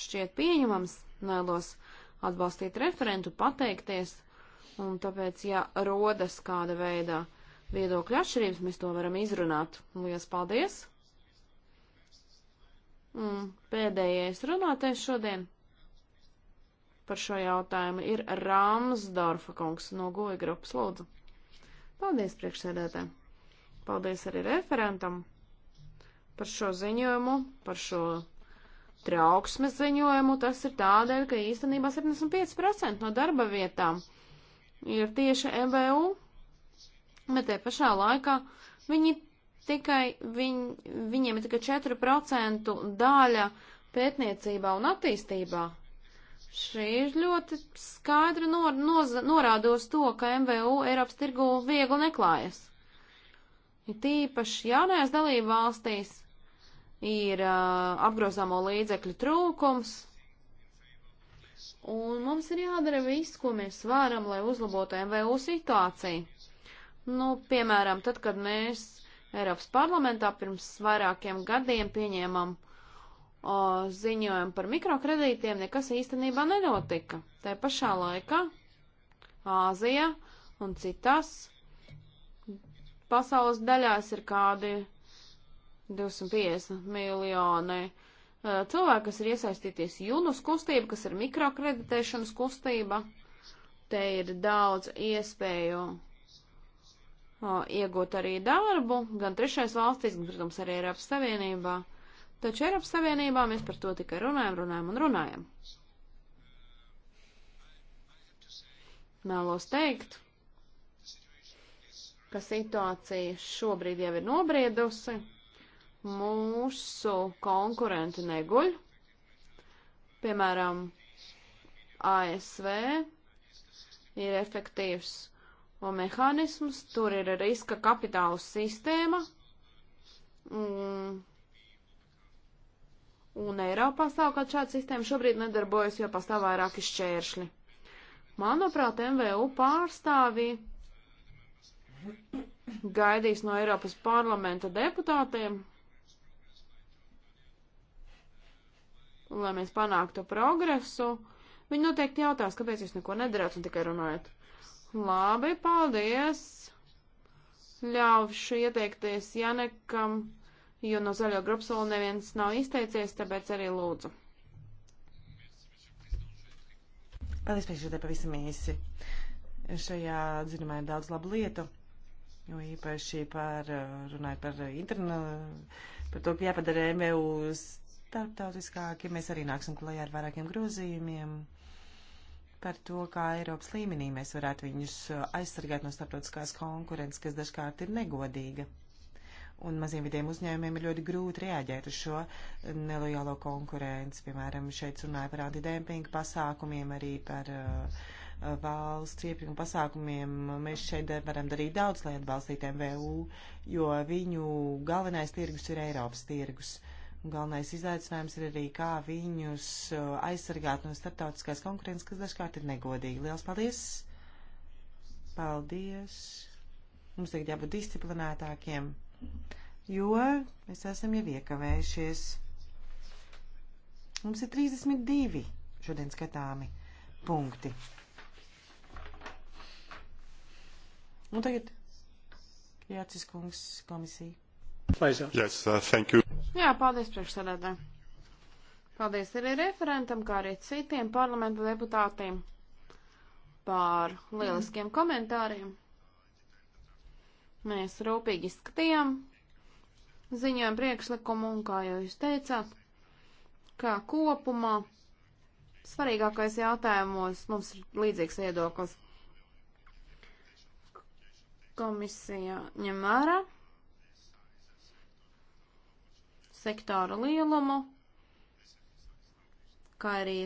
šķiet pieņemams, nelos atbalstīt referentu, pateikties, un tāpēc, ja rodas kāda veida viedokļa atšķirības, mēs to varam izrunāt. Lielas paldies! Un pēdējais runātais šodien par šo jautājumu ir Rāmsdorfa kungs no Goja grupas lūdzu. Paldies priekšsēdētē. Paldies arī referentam par šo ziņojumu, par šo trauksmes ziņojumu. Tas ir tādēļ, ka īstenībā 75% no darba vietām ir tieši EBU, bet te pašā laikā viņi tikai, viņ, viņiem ir tikai 4% daļa pētniecībā un attīstībā. Šī ir ļoti skaidra nor, noz, norādos to, ka MVU Eiropas tirgu viegli neklājas. Ir tīpaši jaunajās dalību valstīs ir uh, apgrozāmo līdzekļu trūkums, un mums ir jādara viss, ko mēs varam, lai uzlabotu MVU situāciju. Nu, piemēram, tad, kad mēs Eiropas parlamentā pirms vairākiem gadiem pieņēmām uh, o, ziņojumu par mikrokredītiem, nekas īstenībā nenotika. Tā pašā laikā Āzija un citās pasaules daļās ir kādi 250 miljoni e, cilvēki, kas ir iesaistīties Junus kustība, kas ir mikrokreditēšanas kustība. Te ir daudz iespēju o, iegūt arī darbu, gan trešais valstīs, gan, protams, arī Eiropas Savienībā. Taču Eiropas Savienībā mēs par to tikai runājam, runājam un runājam. Mēlos teikt, ka situācija šobrīd jau ir nobriedusi, mūsu konkurenti neguļ, piemēram, ASV ir efektīvs mehānisms, tur ir riska kapitāla sistēma. Mm Un Eiropā savukārt šāda sistēma šobrīd nedarbojas, jo pastāv vairāki šķēršļi. Manuprāt, MVU pārstāvji gaidīs no Eiropas parlamenta deputātiem, lai mēs panāktu progresu. Viņi noteikti jautās, kāpēc jūs neko nedarāt un tikai runājat. Labi, paldies! Ļaušu ieteikties Janekam jo no zaļo grupas vēl neviens nav izteicies, tāpēc arī lūdzu. Paldies, priekšredē, pavisam īsi. Šajā dzinumā ir daudz labu lietu, jo īpaši par, runājot par internu, par to, ka jāpadara MVU starptautiskāki, mēs arī nāksim klajā ar vairākiem grozījumiem par to, kā Eiropas līmenī mēs varētu viņus aizsargāt no starptautiskās konkurences, kas dažkārt ir negodīga un maziem vidiem uzņēmumiem ir ļoti grūti reaģēt uz šo nelojālo konkurenci. Piemēram, šeit runāja par antidempingu pasākumiem, arī par uh, uh valsts iepirkuma pasākumiem. Mēs šeit varam darīt daudz, lai atbalstītu MVU, jo viņu galvenais tirgus ir Eiropas tirgus. Galvenais izaicinājums ir arī, kā viņus uh, aizsargāt no starptautiskās konkurences, kas dažkārt ir negodīgi. Lielas paldies! Paldies! Mums tagad jābūt disciplinētākiem jo mēs esam jau iekavējušies. Mums ir 32 šodien skatāmi punkti. Un tagad Jācis Kungs komisija. Yes, uh, thank you. Jā, paldies priekšsēdētāji. Paldies arī referentam, kā arī citiem parlamentu deputātiem par lieliskiem komentāriem. Mēs rūpīgi skatījām ziņojumu priekšlikumu un, kā jau jūs teicāt, kā kopumā svarīgākais jautājumos mums ir līdzīgs viedoklis. Komisija ņem vērā sektora lielumu, kā arī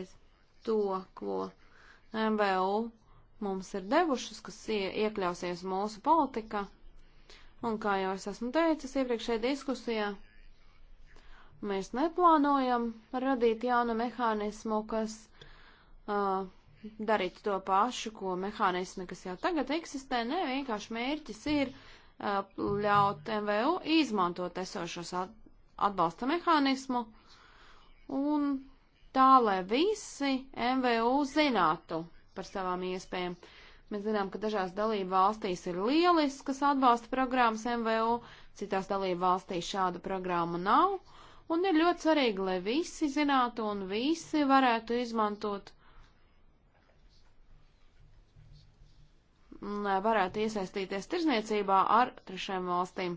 to, ko MVU mums ir devušas, kas iekļausies mūsu politika Un kā jau es esmu teicis iepriekšējā diskusijā, mēs neplānojam radīt jaunu mehānismu, kas uh, darītu to pašu, ko mehānismi, kas jau tagad eksistē. Nē, vienkārši mērķis ir uh, ļaut MVU izmantot esošos atbalsta mehānismu un tā, lai visi MVU zinātu par savām iespējām. Uh, Mēs zinām, ka dažās dalību valstīs ir lieliskas atbalsta programmas MVU, citās dalību valstīs šādu programmu nav. Un ir ļoti svarīgi, lai visi zinātu un visi varētu izmantot, lai varētu iesaistīties tirzniecībā ar trešajām valstīm.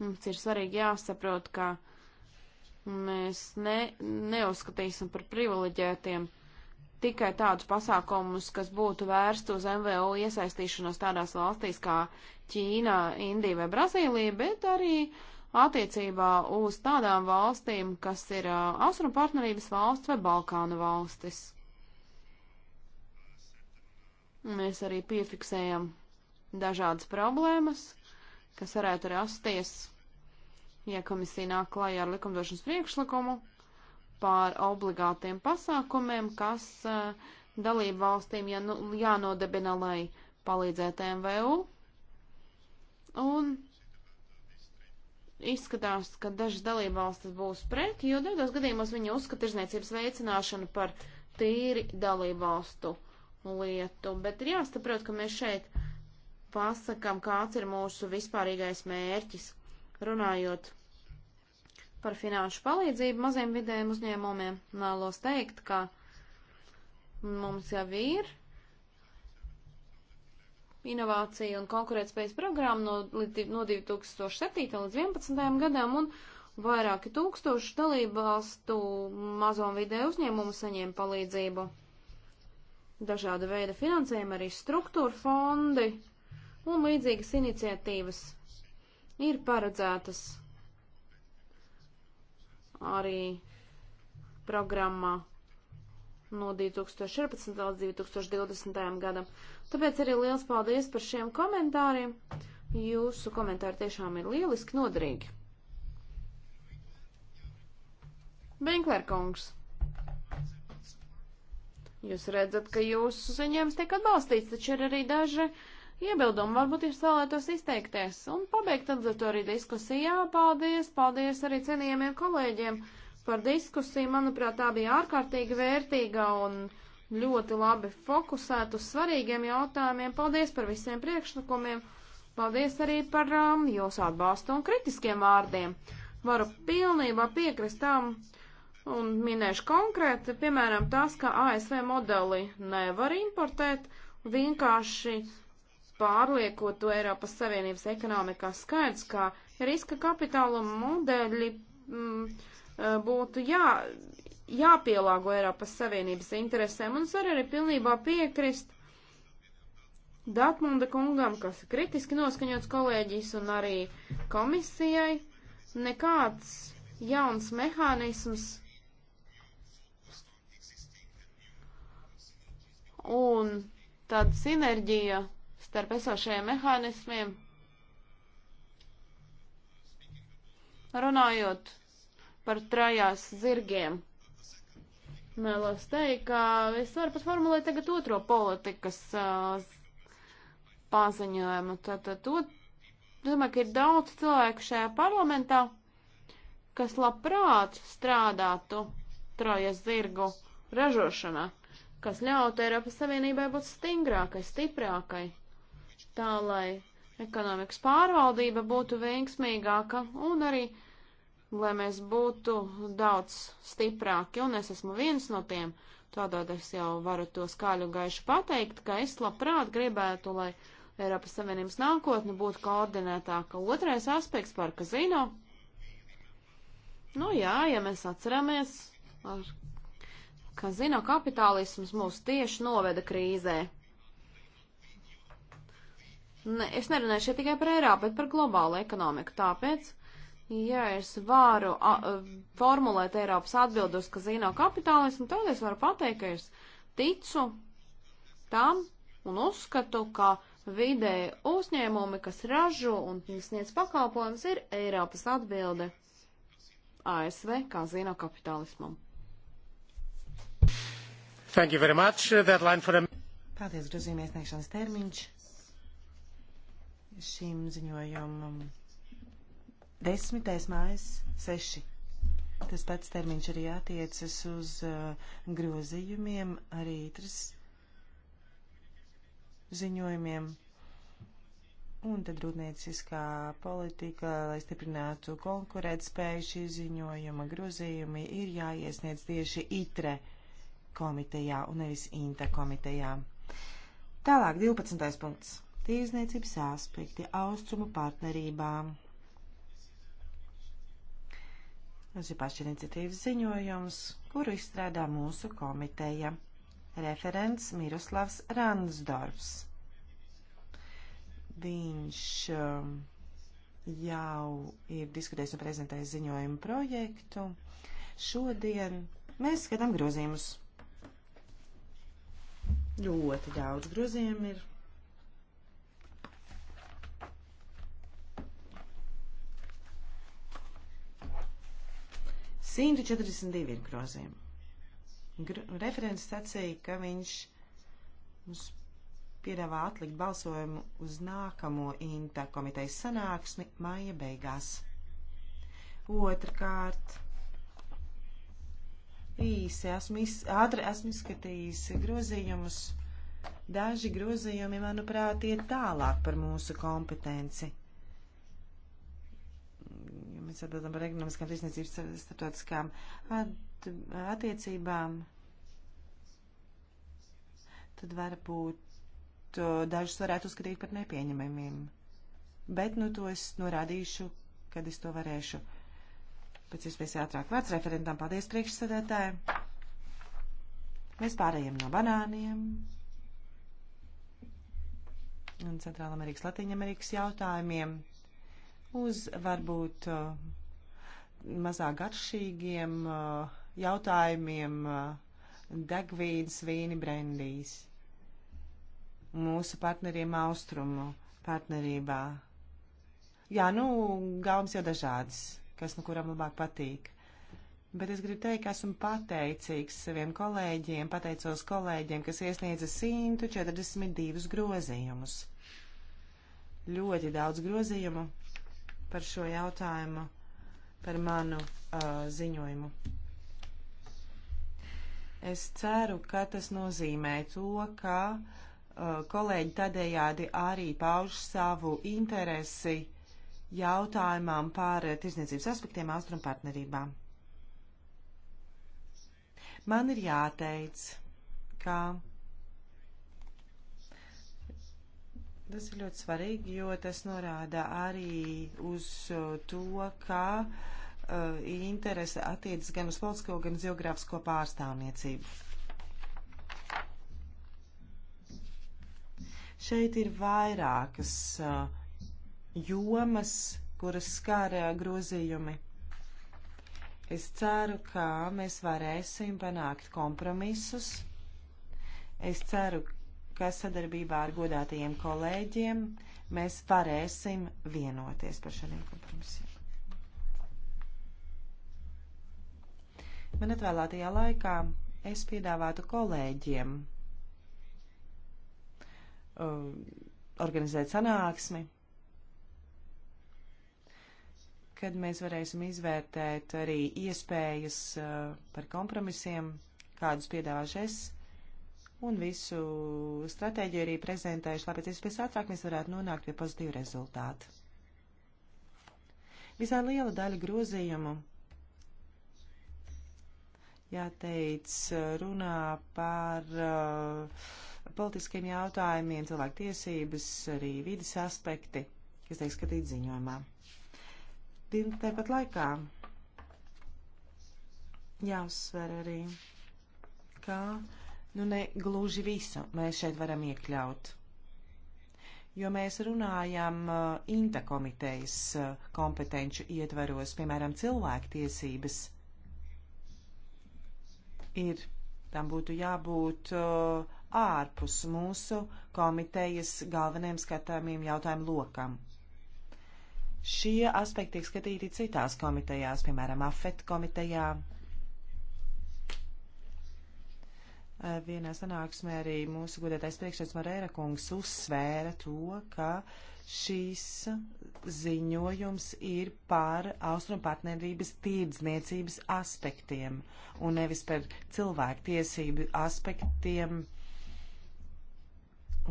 Mums ir svarīgi jāsaprot, ka mēs ne, neuzskatīsim par privileģētiem tikai tādus pasākumus, kas būtu vērst uz MVO iesaistīšanos tādās valstīs kā Ķīna, Indija vai Brazīlija, bet arī attiecībā uz tādām valstīm, kas ir Austrum partnerības valsts vai Balkānu valstis. Mēs arī piefiksējam dažādas problēmas, kas varētu rasties, ja komisija nāk klajā ar likumdošanas priekšlikumu, pār obligātiem pasākumiem, kas uh, dalību valstīm jā, nu, jānodebina, lai palīdzētu MVU. Un izskatās, ka dažas dalību valstis būs pret, jo daudzos gadījumos viņi uzskata tirzniecības veicināšanu par tīri dalību valstu lietu. Bet ir jāsaprot, ka mēs šeit pasakām, kāds ir mūsu vispārīgais mērķis, runājot par finanšu palīdzību maziem vidējiem uzņēmumiem. Nālos teikt, ka mums jau ir inovācija un konkurētspējas programma no, no 2007. līdz 2011. gadam, un vairāki tūkstoši dalībvalstu mazo un vidēju uzņēmumu saņēma palīdzību. Dažāda veida finansējuma arī struktūra fondi un līdzīgas iniciatīvas ir paredzētas arī programmā no 2014. līdz 2020. gadam. Tāpēc arī liels paldies par šiem komentāriem. Jūsu komentāri tiešām ir lieliski noderīgi. Vinklērkungs, jūs redzat, ka jūsu ziņojums tiek atbalstīts, taču ir arī daži uh, iebildumu, varbūt jūs vēlētos izteikties un pabeigt tad ar to arī diskusijā. Paldies, paldies arī cienījamiem kolēģiem par diskusiju. Manuprāt, tā bija ārkārtīgi vērtīga un ļoti labi fokusēta uz svarīgiem jautājumiem. Paldies par visiem priekšlikumiem. Paldies arī par um, jūsu atbalstu un kritiskiem vārdiem. Varu pilnībā piekrist tam un minēšu konkrēti, piemēram, tas, ka ASV modeli nevar importēt vienkārši pārliekot to Eiropas Savienības ekonomikā. Skaidrs, ka riska kapitāla modeļi m, mm, e, būtu jā, jāpielāgo Eiropas Savienības interesēm, un es varu arī pilnībā piekrist Datmunda kungam, kas ir kritiski noskaņots kolēģis, un arī komisijai. Nekāds jauns mehānisms un tāda sinerģija starp esošajiem mehānismiem. Runājot par trajās zirgiem, mēlos teikt, ka es varu pat formulēt tagad otro politikas uh, paziņojumu. Tātad, to, domāju, ka ir daudz cilvēku šajā parlamentā, kas labprāt strādātu trojas zirgu ražošanā kas ļautu Eiropas Savienībai būt stingrākai, stiprākai tā lai ekonomikas pārvaldība būtu veiksmīgāka un arī, lai mēs būtu daudz stiprāki, un es esmu viens no tiem. Tādēļ es jau varu to skaļu gaišu pateikt, ka es labprāt gribētu, lai Eiropas Savienības nākotne būtu koordinētāka. Otrais aspekts par kazino. Nu jā, ja mēs atceramies, ar kazino kapitālisms mūs tieši noveda krīzē. Ne, es nerunāju šeit tikai par Eiropu, bet par globālu ekonomiku. Tāpēc, ja es varu a, a, formulēt Eiropas atbildus, ka zinu kapitālismu, tad es varu pateikt, ka es ticu tam un uzskatu, ka vidēji uzņēmumi, kas ražo un sniedz pakalpojumus, ir Eiropas atbilde ASV kā zino kapitālismam. Thank you very much. Deadline for a... Paldies, grozījuma iesniegšanas termiņš šim ziņojumam. Desmitais mājas seši. Tas pats termiņš arī attiecas uz uh, grozījumiem, arī tris ziņojumiem. Un tad rūpnieciskā politika, lai stiprinātu konkurētspēju šī ziņojuma grozījumi, ir jāiesniedz tieši ITRE komitejā un nevis INTA komitejā. Tālāk, 12. punkts tīrzniecības aspekti austrumu partnerībām. Tas ir pašiniciatīvas ziņojums, kuru izstrādā mūsu komiteja. Referents Miroslavs Ransdorfs. Viņš um, jau ir diskutējis un prezentējis ziņojumu projektu. Šodien mēs skatām grozījumus. Ļoti daudz grozījumu ir 142 ir grozījumi. Gr referents sacīja, ka viņš mums piedāvā atlikt balsojumu uz nākamo INTA komitejas sanāksmi māja beigās. Otrakārt, īsi esmu, iz, ātri esmu izskatījis grozījumus. Daži grozījumi, manuprāt, iet tālāk par mūsu kompetenci. Mēs atbildam par ekonomiskām tirsniecības starptautiskām at attiecībām. Tad varbūt dažus varētu uzskatīt par nepieņemamiem. Bet, nu, to es norādīšu, kad es to varēšu. Pēc iespējas ātrāk vārds referentam. Paldies, priekšsēdētāji. Mēs pārējiem no banāniem un Centrālamerikas, Latīņamerikas jautājumiem uz varbūt uh, mazāk garšīgiem uh, jautājumiem uh, degvīdas, vīni, brendīs. Mūsu partneriem austrumu partnerībā. Jā, nu, gaumas jau dažādas, kas nu kuram labāk patīk. Bet es gribu teikt, ka esmu pateicīgs saviem kolēģiem, pateicos kolēģiem, kas iesniedza 142 grozījumus. Ļoti daudz grozījumu, par šo jautājumu, par manu uh, ziņojumu. Es ceru, ka tas nozīmē to, ka uh, kolēģi tādējādi arī pauž savu interesi jautājumam par tirsniecības aspektiem austrum partnerībā. Man ir jāteic, ka Tas ir ļoti svarīgi, jo tas norāda arī uz to, ka uh, interese attiecas gan uz politisko, gan uz geogrāfisko pārstāvniecību. Šeit ir vairākas uh, jomas, kuras skār uh, grozījumi. Es ceru, ka mēs varēsim panākt kompromisus. Es ceru, ka sadarbībā ar godātajiem kolēģiem mēs varēsim vienoties par šādiem kompromisiem. Man atvēlētajā laikā es piedāvātu kolēģiem uh, organizēt sanāksmi, kad mēs varēsim izvērtēt arī iespējas uh, par kompromisiem, kādus piedāvāšu es. Uh, un visu stratēģiju arī prezentējuši, lai pēc iespējas ātrāk mēs varētu nonākt pie pozitīvu rezultātu. Visā liela daļa grozījumu, jāteic, runā par uh, politiskiem jautājumiem, cilvēku tiesības, arī vidas aspekti, kas tiek skatīt ziņojumā. Tāpat laikā jāuzsver arī, ka uh, nu ne gluži visu mēs šeit varam iekļaut. Jo mēs runājam uh, INTA komitejas uh, kompetenču ietveros, piemēram, cilvēktiesības. Ir, tam būtu jābūt uh, ārpus mūsu komitejas galvenajiem skatāmiem jautājumu lokam. Šie aspekti tiek skatīti citās komitejās, piemēram, AFET komitejā, Eh, vienā sanāksmē arī mūsu godētais priekšsēdētājs Marēra kungs uzsvēra to, ka šīs ziņojums ir par austrumu partnerības tirdzniecības aspektiem un nevis par cilvēktiesību aspektiem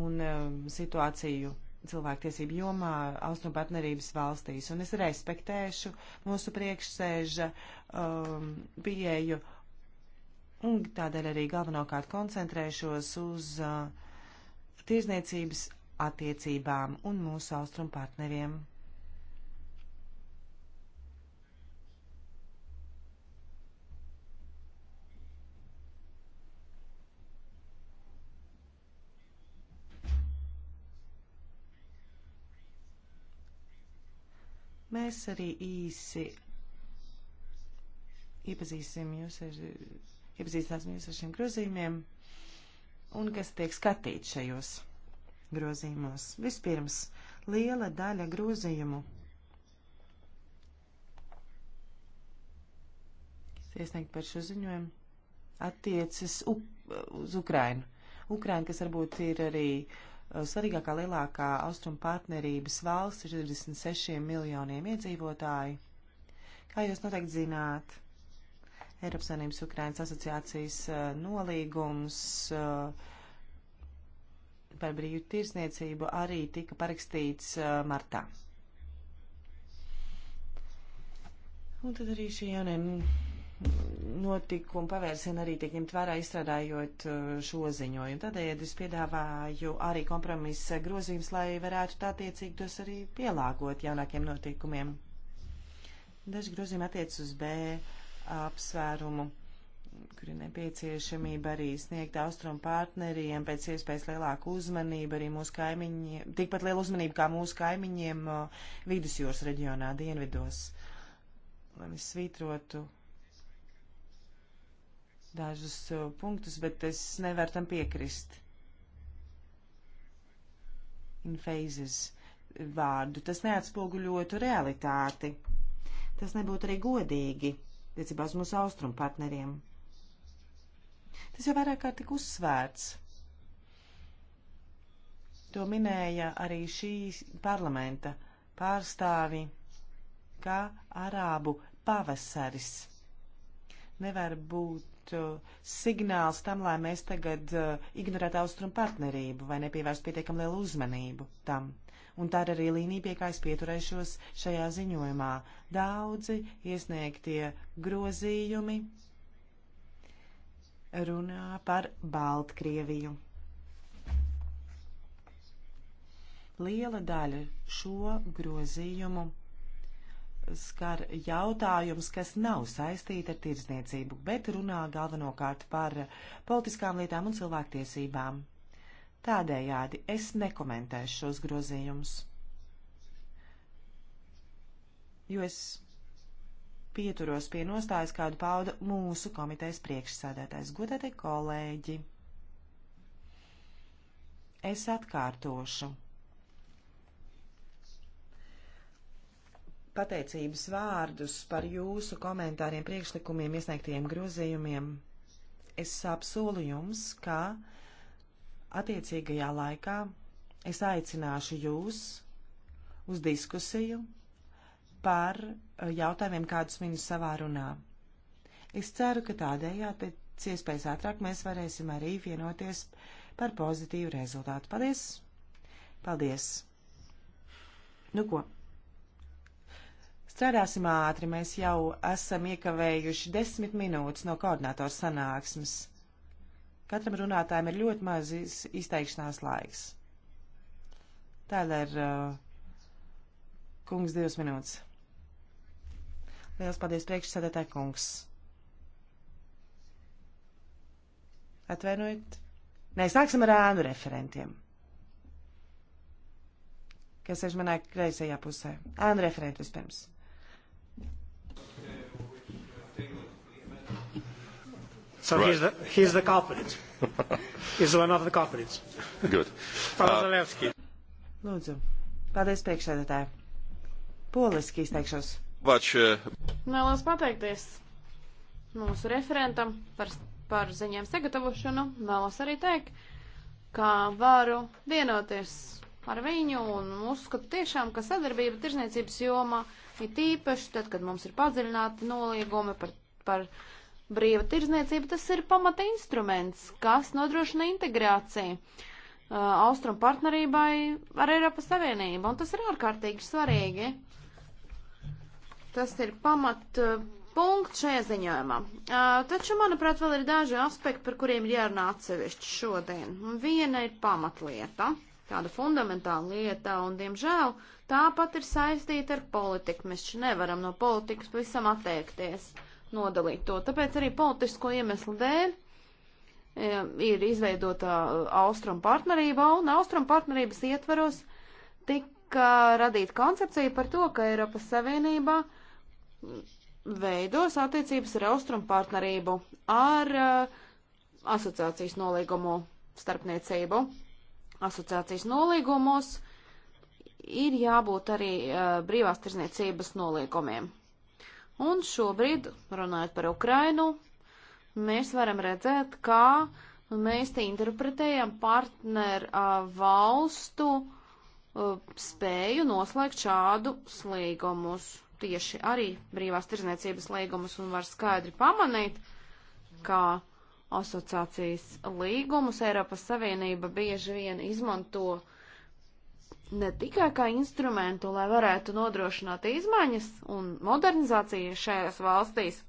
un um, situāciju cilvēktiesību jomā austrumu partnerības valstīs. Un es respektēšu mūsu priekšsēža um, pieeju Un tādēļ arī galvenokārt koncentrēšos uz uh, tirzniecības attiecībām un mūsu austrumu partneriem. Mēs arī īsi iepazīsim jūs ar iepazīstināsim jūs ar šiem grozījumiem un kas tiek skatīts šajos grozījumos. Vispirms, liela daļa grozījumu iesniegt par šo ziņojumu, attiecas u, uz Ukrainu. Ukraina, kas varbūt ir arī uh, svarīgākā lielākā austrumu partnerības valsts ar 46 miljoniem iedzīvotāju. Kā jūs noteikti zināt, Eiropas Savienības Ukrainas asociācijas eh, nolīgums eh, par brīvu tirsniecību arī tika parakstīts eh, martā. Un tad arī šie jaunie notikumi pavērsieni arī tiek ņemt vērā izstrādājot šo ziņojumu. Tādēļ es piedāvāju arī kompromisa grozījums, lai varētu tā tiecīgi tos arī pielāgot jaunākiem notikumiem. Daži grozījumi attiec uz B apsvērumu, kur ir nepieciešamība arī sniegt austrumu partneriem pēc iespējas lielāku uzmanību, arī mūsu kaimiņiem, tikpat lielu uzmanību kā mūsu kaimiņiem vidusjūras reģionā dienvidos, lai mēs svītrotu dažus punktus, bet es nevaru tam piekrist. In phases vārdu. Tas neatspoguļotu realitāti. Tas nebūtu arī godīgi tiecībā uz mūsu austrumu partneriem. Tas jau vairāk kārt tika uzsvērts. To minēja arī šīs parlamenta pārstāvi, kā arābu pavasaris nevar būt uh, signāls tam, lai mēs tagad uh, ignorētu austrumu partnerību vai nepievērstu pietiekam lielu uzmanību tam. Un tā ir arī līnija, pie kā es pieturēšos šajā ziņojumā. Daudzi iesniegtie grozījumi runā par Baltkrieviju. Liela daļa šo grozījumu skar jautājums, kas nav saistīti ar tirdzniecību, bet runā galvenokārt par politiskām lietām un cilvēktiesībām. Tādējādi es nekomentēšu šos grozījumus, jo es pieturos pie nostājas, kādu pauda mūsu komitejas priekšsēdētājs, godētie kolēģi. Es atkārtošu pateicības vārdus par jūsu komentāriem, priekšlikumiem, iesniegtiem grozījumiem. Es apsolu jums, ka attiecīgajā laikā es aicināšu jūs uz diskusiju par eh, jautājumiem, kādus minu savā runā. Es ceru, ka tādējādi pēc iespējas ātrāk mēs varēsim arī vienoties par pozitīvu rezultātu. Paldies! Paldies! Nu ko? Strādāsim ātri, mēs jau esam iekavējuši desmit minūtes no koordinātora sanāksmes. Katram runātājam ir ļoti maz izteikšanās laiks. Tēlēr, uh, kungs, divas minūtes. Liels paldies priekšsēdētāji, kungs. Atvainojiet. Nē, sāksim ar ēnu referentiem. Kas sēž manā kreisajā pusē? Ēnu referenti vispirms. So right. he's, the, he's the culprit. he's one of the culprits. Good. Palazalevski. Uh, Lūdzu. Paldies priekšsēdētāji. Poliski izteikšos. Vač. Uh, Vēlos pateikties mūsu referentam par, par ziņām sagatavošanu. Vēlos arī teikt, ka varu vienoties ar viņu un uzskatu tiešām, ka sadarbība tirzniecības jomā ir tīpaši tad, kad mums ir padziļināti nolīgumi par, par Brīva tirzniecība tas ir pamata instruments, kas nodrošina integrāciju uh, austrumu partnerībai ar Eiropas Savienību, un tas ir ārkārtīgi svarīgi. Tas ir pamat uh, punkts šajā ziņojumā. Uh, taču, manuprāt, vēl ir daži aspekti, par kuriem ir jārunā atsevišķi šodien. Viena ir pamatlieta, tāda fundamentāla lieta, un, diemžēl, tāpat ir saistīta ar politiku. Mēs šeit nevaram no politikas pavisam atteikties. Uh, nodalīt to. Tāpēc arī politisko iemeslu dēļ e, ir izveidota e, Austrum partnerība, un Austrum partnerības ietveros tika radīta koncepcija par to, ka Eiropas Savienībā veidos attiecības ar Austrum partnerību, ar uh, asociācijas nolīgumu starpniecību. Asociācijas nolīgumos ir jābūt arī uh, brīvās tirzniecības nolīgumiem. Un šobrīd, runājot par Ukrainu, mēs varam redzēt, kā mēs te interpretējam partneru valstu spēju noslēgt šādu slīgumus. Tieši arī brīvās tirzniecības līgumus un var skaidri pamanīt, ka asociācijas līgumus Eiropas Savienība bieži vien izmanto uh, ne tikai kā instrumentu, lai varētu nodrošināt izmaiņas un modernizāciju šajās valstīs,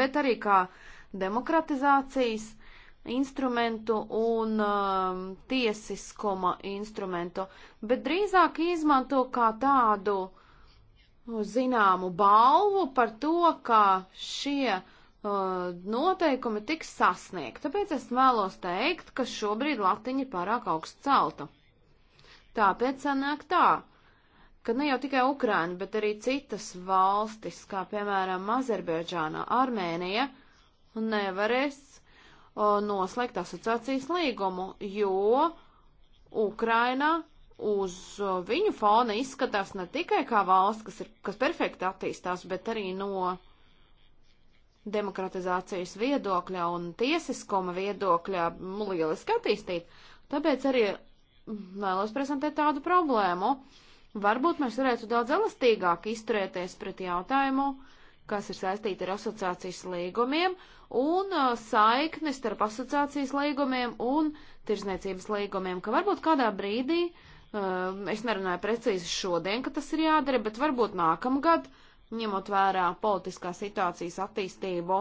bet arī kā demokratizācijas instrumentu un um, tiesiskuma instrumentu, bet drīzāk izmanto kā tādu zināmu balvu par to, kā šie uh, noteikumi tiks sasniegti. Tāpēc es vēlos teikt, ka šobrīd latiņa ir pārāk augsts celta. Tāpēc sanāk tā, ka ne jau tikai Ukraina, bet arī citas valstis, kā piemēram Azerbaidžāna, Armēnija, nevarēs o, noslēgt asociācijas līgumu, jo Ukraina uz viņu fona izskatās ne tikai kā valsts, kas, ir, kas perfekti attīstās, bet arī no demokratizācijas viedokļa un tiesiskuma viedokļa lieliski attīstīt. Tāpēc arī vēlos prezentēt tādu problēmu. Varbūt mēs varētu daudz elastīgāk izturēties pret jautājumu, kas ir saistīti ar asociācijas līgumiem un uh, saiknis starp asociācijas līgumiem un tirzniecības līgumiem, ka varbūt kādā brīdī, uh, es nerunāju precīzi šodien, ka tas ir jādara, bet varbūt nākamgad, ņemot vērā politiskā situācijas attīstību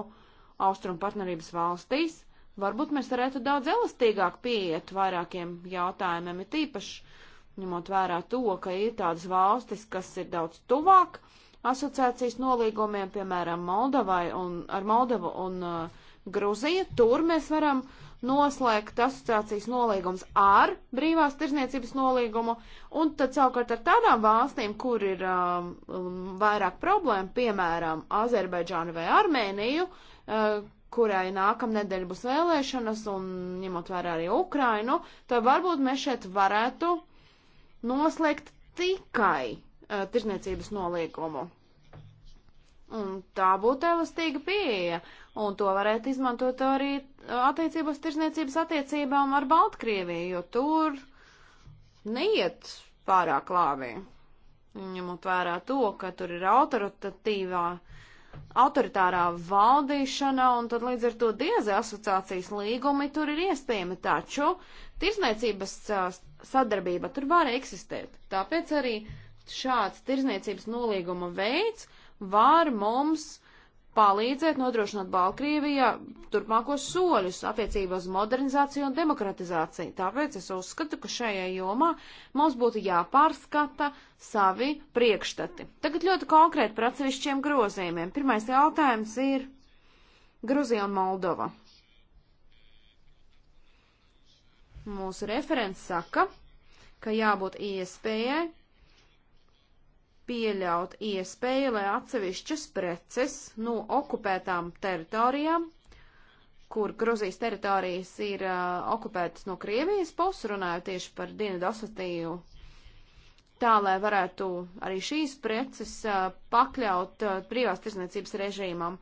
austrumu partnerības valstīs, Varbūt mēs varētu daudz elastīgāk pieiet vairākiem jautājumiem, it īpaši ņemot vērā to, ka ir tādas valstis, kas ir daudz tuvāk asociācijas nolīgumiem, piemēram, Moldavai un ar Moldavu un uh, Gruziju. Tur mēs varam noslēgt asociācijas nolīgums ar brīvās tirzniecības nolīgumu, un tad savukārt ar tādām valstīm, kur ir um, vairāk problēma, piemēram, Azerbaidžānu vai Armēniju, uh, kurai nākamnedēļ būs vēlēšanas, un ņemot vērā arī Ukrainu, tad varbūt mēs šeit varētu noslēgt tikai uh, tirzniecības noliegumu. Un tā būtu elastīga pieeja, un to varētu izmantot arī attiecības tirzniecības attiecībām ar Baltkrieviju, jo tur neiet pārāk labi. Ņemot vērā to, ka tur ir autoritatīvā uh, autoritārā valdīšana, un tad līdz ar to diezi asociācijas līgumi tur ir iespējami, taču tirzniecības sadarbība tur var eksistēt. Tāpēc arī šāds tirzniecības nolīguma veids var mums uh, palīdzēt nodrošināt Baltkrievijā turpmākos soļus attiecībā uz modernizāciju un demokratizāciju. Tāpēc es uzskatu, ka šajā jomā mums būtu jāpārskata savi priekšstati. Tagad ļoti konkrēti par atsevišķiem grozījumiem. Pirmais jautājums ir Gruzija un Moldova. Mūsu referents saka, ka jābūt iespējai pieļaut iespēju, lai atsevišķas preces no okupētām teritorijām, kur Gruzijas teritorijas ir uh, okupētas no Krievijas puses, runājot tieši par Dienvidu Osetiju, tā lai varētu arī šīs preces uh, pakļaut uh, privās tirzniecības režīmam.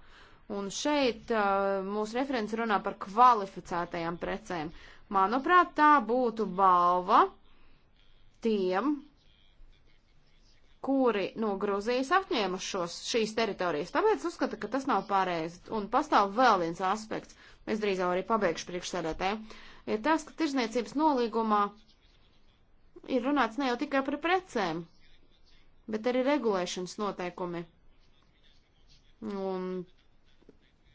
Un šeit uh, mūsu referents runā par kvalificētajām precēm. Manuprāt, tā būtu balva tiem, kuri no Gruzijas apņēma šos, šīs teritorijas. Tāpēc uzskata, ka tas nav pareizi. Un pastāv vēl viens aspekts, es drīz jau arī pabeigšu priekšsēdētē, ir tas, ka tirzniecības nolīgumā ir runāts ne jau tikai par precēm, bet arī regulēšanas noteikumi. Un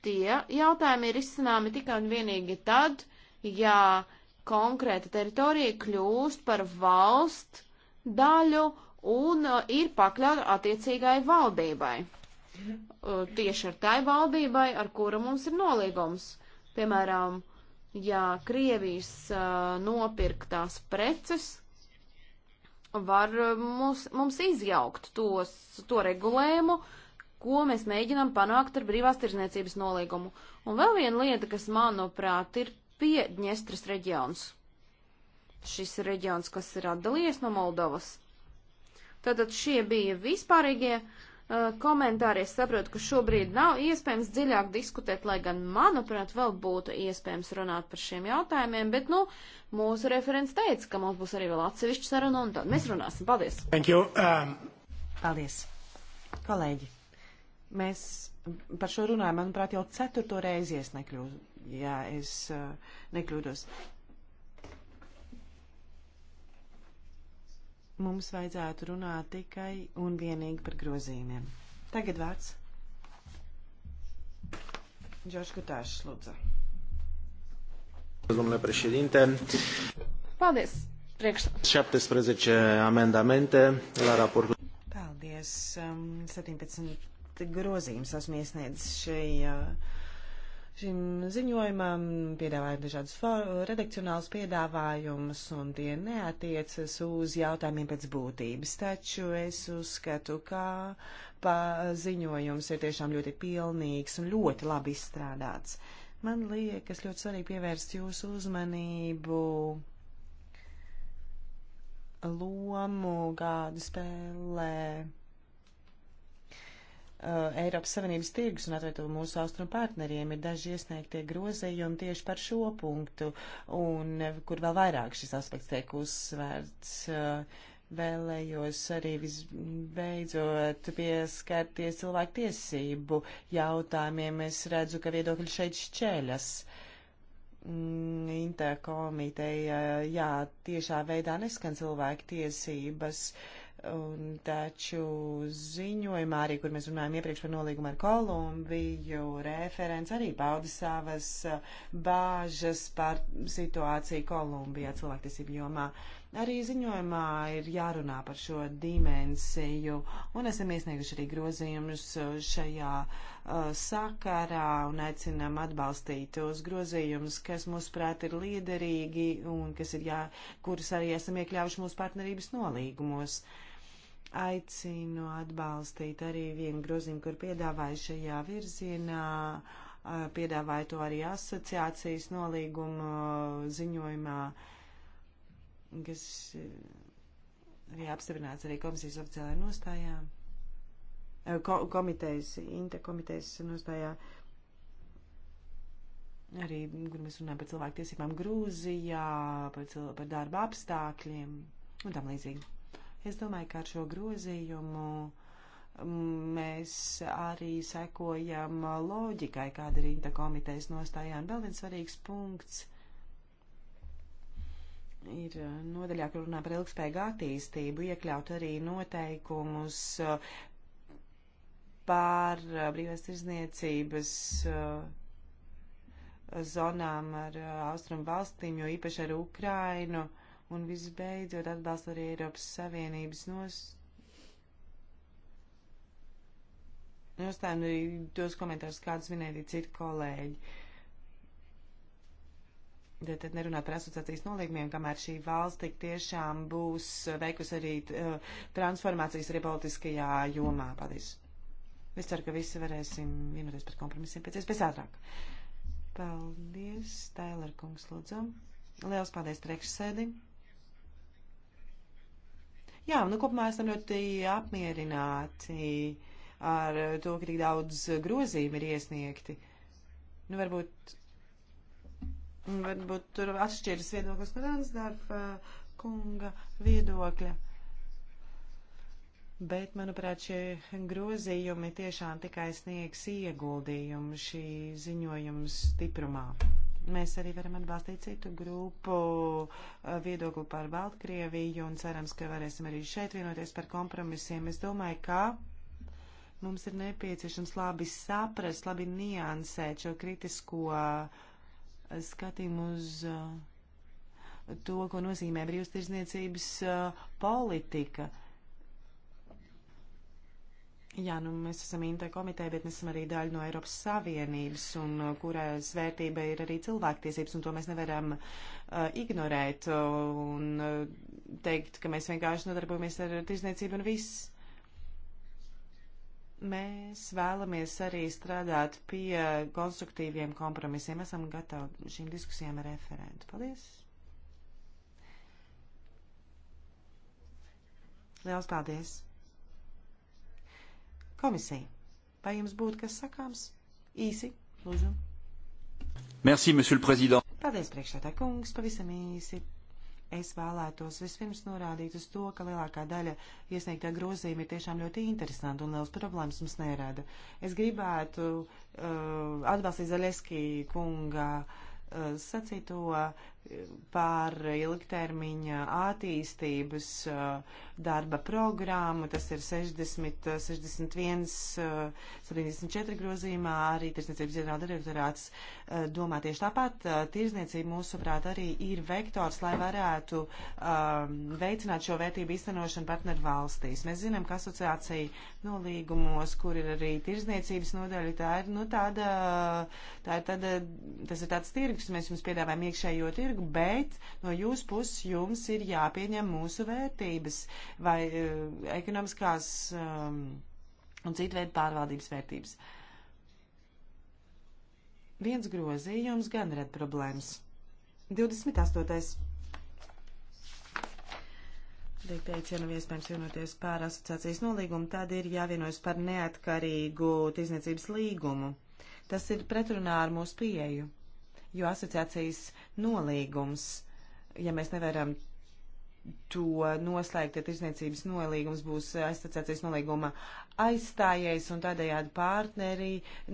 tie jautājumi ir izcināmi tikai un vienīgi tad, ja konkrēta teritorija kļūst par valstu daļu un uh, ir pakļauta attiecīgai valdībai. Uh, tieši ar tai valdībai, ar kura mums ir nolīgums. Piemēram, ja Krievijas uh, nopirktās preces var uh, mums, mums izjaukt tos, to regulējumu, ko mēs mēģinām panākt ar brīvās tirzniecības nolīgumu. Un vēl viena lieta, kas manuprāt ir pie Dņestras reģions. Šis reģions, kas ir atdalījies no Moldovas Tātad šie bija vispārīgie uh, komentāri. Es saprotu, ka šobrīd nav iespējams dziļāk diskutēt, lai gan, manuprāt, vēl būtu iespējams runāt par šiem jautājumiem, bet, nu, mūsu referents teica, ka mums būs arī vēl atsevišķa saruna, un tad mēs runāsim. Paldies! Thank you! Um... Paldies! Kolēģi, mēs par šo runājam, manuprāt, jau ceturto reizi, ja es nekļūdos. Jā, es uh, nekļūdos. mums vajadzētu runāt tikai un vienīgi par grozījumiem. Tagad vārds. Džošs Kutāšs, lūdzu. Domnule președinte. Paldies. Priekš... 17 amendamente la raportul. Paldies. 17 um, grozījums esmu iesniedzis šai uh, šim ziņojumam, piedāvājam dažādus redakcionālus piedāvājumus, un tie neatiecas uz jautājumiem pēc būtības. Taču es uzskatu, ka ziņojums ir tiešām ļoti pilnīgs un ļoti labi izstrādāts. Man liekas ļoti svarīgi pievērst jūsu uzmanību lomu, kādu spēlē uh, Eiropas Savienības tirgus un atvērto mūsu austrumu partneriem ir daži iesniegtie grozījumi tieši par šo punktu, un uh, kur vēl vairāk šis aspekts tiek uzsvērts. Uh, Vēlējos arī visbeidzot pieskarties cilvēku tiesību jautājumiem. Es redzu, ka viedokļi šeit šķēļas. Mm, Interkomiteja, jā, tiešā veidā neskan cilvēku tiesības. Uh, Un taču ziņojumā arī, kur mēs runājam iepriekš par nolīgumu ar Kolumbiju, referents arī pauda savas uh, bāžas par situāciju Kolumbijā cilvēktiesību jomā. Arī ziņojumā ir jārunā par šo dimensiju, un esam iesnieguši arī grozījumus uh, šajā uh, sakarā un aicinām atbalstīt tos grozījumus, kas mūsuprāt ir liederīgi un kas ir jā, kurus arī esam iekļāvuši mūsu partnerības nolīgumos. Uh, Aicinu atbalstīt arī vienu grozīmu, kur piedāvāju šajā virzienā, piedāvāju to arī asociācijas nolīguma ziņojumā, kas arī apstiprināts arī komisijas oficiālajā nostājā, ko, komitejas, interkomitejas nostājā. Arī, kur mēs runājam par cilvēku tiesībām Grūzijā, par, cil par darba apstākļiem un tam līdzīgi. Es domāju, ka ar šo grozījumu mēs arī sekojam loģikai, kāda ir Inta komitejas nostājā. Un vēl viens svarīgs punkts ir eh, nodaļā, kur runā par ilgspējīgu attīstību, iekļaut arī noteikumus eh, par eh, brīvās tirzniecības zonām ar austrumu valstīm, jo īpaši ar Ukrainu. Uh, Un visbeidzot atbalsta arī Eiropas Savienības nos. Nostājumi nu, tos komentārus, kādus minēja arī citi kolēģi. Tad, tad nerunā par asociācijas nolīgumiem, kamēr šī valsts tik tiešām būs veikusi arī uh, transformācijas arī politiskajā jomā. Paldies! Es ceru, ka visi varēsim vienoties par kompromisiem pēc iespējas ātrāk. Paldies, Tailer kungs, lūdzu. Liels paldies priekšsēdim! Jā, nu kopumā esam ļoti apmierināti ar to, ka tik daudz grozījumu ir iesniegti. Nu, varbūt, varbūt tur atšķiras viedoklis no Ransdārfa uh, kunga viedokļa. Bet, manuprāt, šie grozījumi tiešām tikai sniegs ieguldījumu šī ziņojuma stiprumā. Mēs arī varam atbalstīt citu grupu uh, viedokli par Baltkrieviju un cerams, ka varēsim arī šeit vienoties par kompromisiem. Es domāju, ka mums ir nepieciešams labi saprast, labi niansēt šo kritisko uh, skatījumu uz uh, to, ko nozīmē brīvstirdzniecības politika. Uh, Jā, nu mēs esam Inta komiteja, bet mēs esam arī daļa no Eiropas Savienības, un uh, kuras vērtība ir arī cilvēktiesības, un to mēs nevaram uh, ignorēt un uh, teikt, ka mēs vienkārši nodarbojamies ar tirzniecību un viss. Mēs vēlamies arī strādāt pie konstruktīviem kompromisiem. Esam gatavi šīm diskusijām ar referentu. Paldies! Liels paldies! Komisija, vai jums būtu kas sakāms? Īsi, lūdzu. Merci, monsieur le président. Paldies, priekšētā kungs, pavisam īsi. Es vēlētos vispirms norādīt uz to, ka lielākā daļa iesniegtā grozījuma ir tiešām ļoti interesanta un liels problēmas mums nerada. Es gribētu uh, atbalstīt Zaļeski kunga uh, sacīto, par ilgtermiņa attīstības uh, darba programmu. Tas ir 60, 61, 74 grozījumā. Arī Tirzniecības ģenerāla direktorāts uh, domā tieši tāpat. Uh, Tirzniecība, mūsuprāt, arī ir vektors, lai varētu um, veicināt šo vērtību izcenošanu partneru valstīs. Mēs zinām, ka asociācija nolīgumos, kur ir arī tirzniecības nodaļa, tā ir, nu, tāda, tā ir tāda, tas ir tāds tirgus, mēs jums piedāvājam iekšējo tirgu tirgu, bet no jūsu puses jums ir jāpieņem mūsu vērtības vai uh, ekonomiskās um, un citu veidu pārvaldības vērtības. Viens grozījums gan red problēmas. 28. Tiek teikts, ja nav iespējams vienoties pār asociācijas nolīgumu, tad ir jāvienojas par neatkarīgu tirzniecības līgumu. Tas ir pretrunā ar mūsu pieeju jo asociācijas nolīgums, ja mēs nevaram to noslēgt, ja tirsniecības nolīgums būs asociācijas nolīguma aizstājējs un tādējādi partneri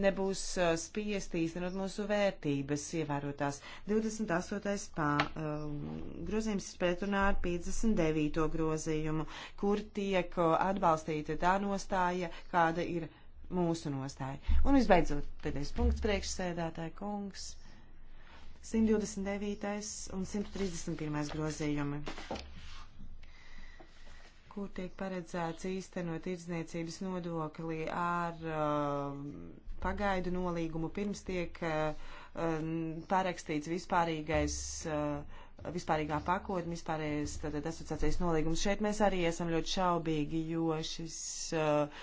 nebūs uh, spiesti īstenot mūsu vērtības ievērotās. 28. Pā, um, grozījums ir pretrunā ar 59. grozījumu, kur tiek uh, atbalstīta tā nostāja, kāda ir mūsu nostāja. Un visbeidzot, pēdējais punkts priekšsēdētāja kungs. 129. un 131. grozījumi, kur tiek paredzēts īstenot tirdzniecības nodokli ar uh, pagaidu nolīgumu pirms tiek uh, pārakstīts vispārīgais. Uh, vispārīgā pakotne, vispārējais tātad asociācijas nolīgums. Šeit mēs arī esam ļoti šaubīgi, jo šis uh,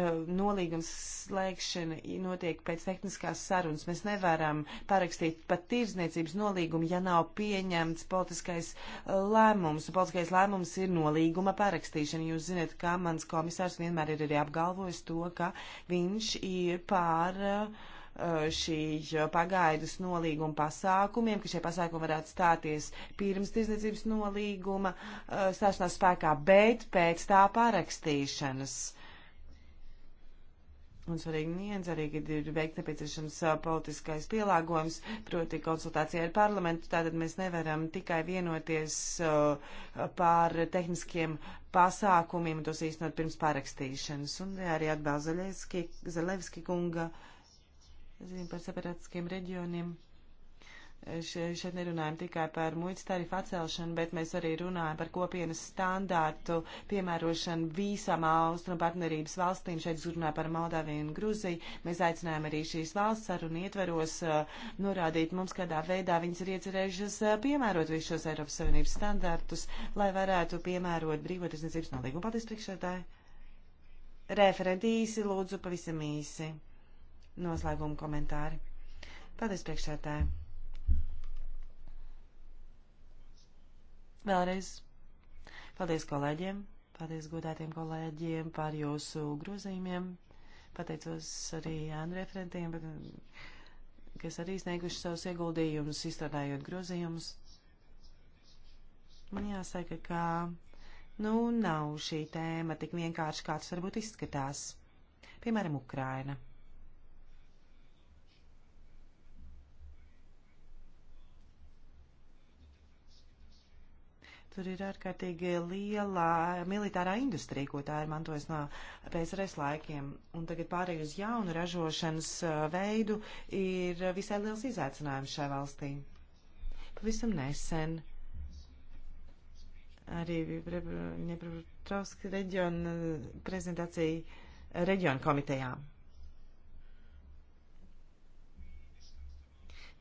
Eh, nolīgums slēgšana notiek pēc tehniskās sarunas. Mēs nevaram parakstīt pat tirzniecības nolīgumu, ja nav pieņemts politiskais eh, lēmums. Politiskais lēmums ir nolīguma parakstīšana. Jūs zināt, ka mans komisārs vienmēr ir arī apgalvojis to, ka viņš ir pār eh, šī pagaidus nolīguma pasākumiem, ka šie pasākumi varētu stāties pirms tirzniecības nolīguma stāšanās spēkā, bet pēc tā parakstīšanas. Uh, Un svarīgi niedz arī, kad ir veikt nepieciešams politiskais pielāgojums, proti konsultācija ar parlamentu, tātad mēs nevaram tikai vienoties pār tehniskiem pasākumiem, tos īstenot pirms pārakstīšanas. Un arī atbalsta Zalevski kunga ziņu par separatiskiem reģioniem šeit nerunājam tikai par muitas tarifu atcelšanu, bet mēs arī runājam par kopienas standārtu piemērošanu visām austrumu partnerības valstīm. Šeit es runāju par Moldaviju un Gruziju. Mēs aicinājām arī šīs valsts sarunu ietveros uh, norādīt mums, kādā veidā viņas ir iecerējušas uh, piemērot visus šos Eiropas Savienības standārtus, lai varētu piemērot brīvotiesniecības nolīgumu. Paldies, priekšsēdāji! Referenti īsi, lūdzu, pavisam īsi. Noslēguma komentāri. Paldies, priekšsēdāji! Vēlreiz paldies kolēģiem, paldies godētiem kolēģiem par jūsu grozījumiem. Pateicos arī Jānu referentiem, kas arī snieguši savus ieguldījumus, izstrādājot grozījumus. Man jāsaka, ka nu nav šī tēma tik vienkārši, kāds varbūt izskatās. Piemēram, Ukraina. Tur ir ārkārtīgi liela militārā industrija, ko tā ir mantojusi no PSRS laikiem. Un tagad pārēj uz jaunu ražošanas veidu ir visai liels izaicinājums šai valstī. Pavisam nesen arī Dņepropetrovska reģiona prezentācija reģiona komitejā.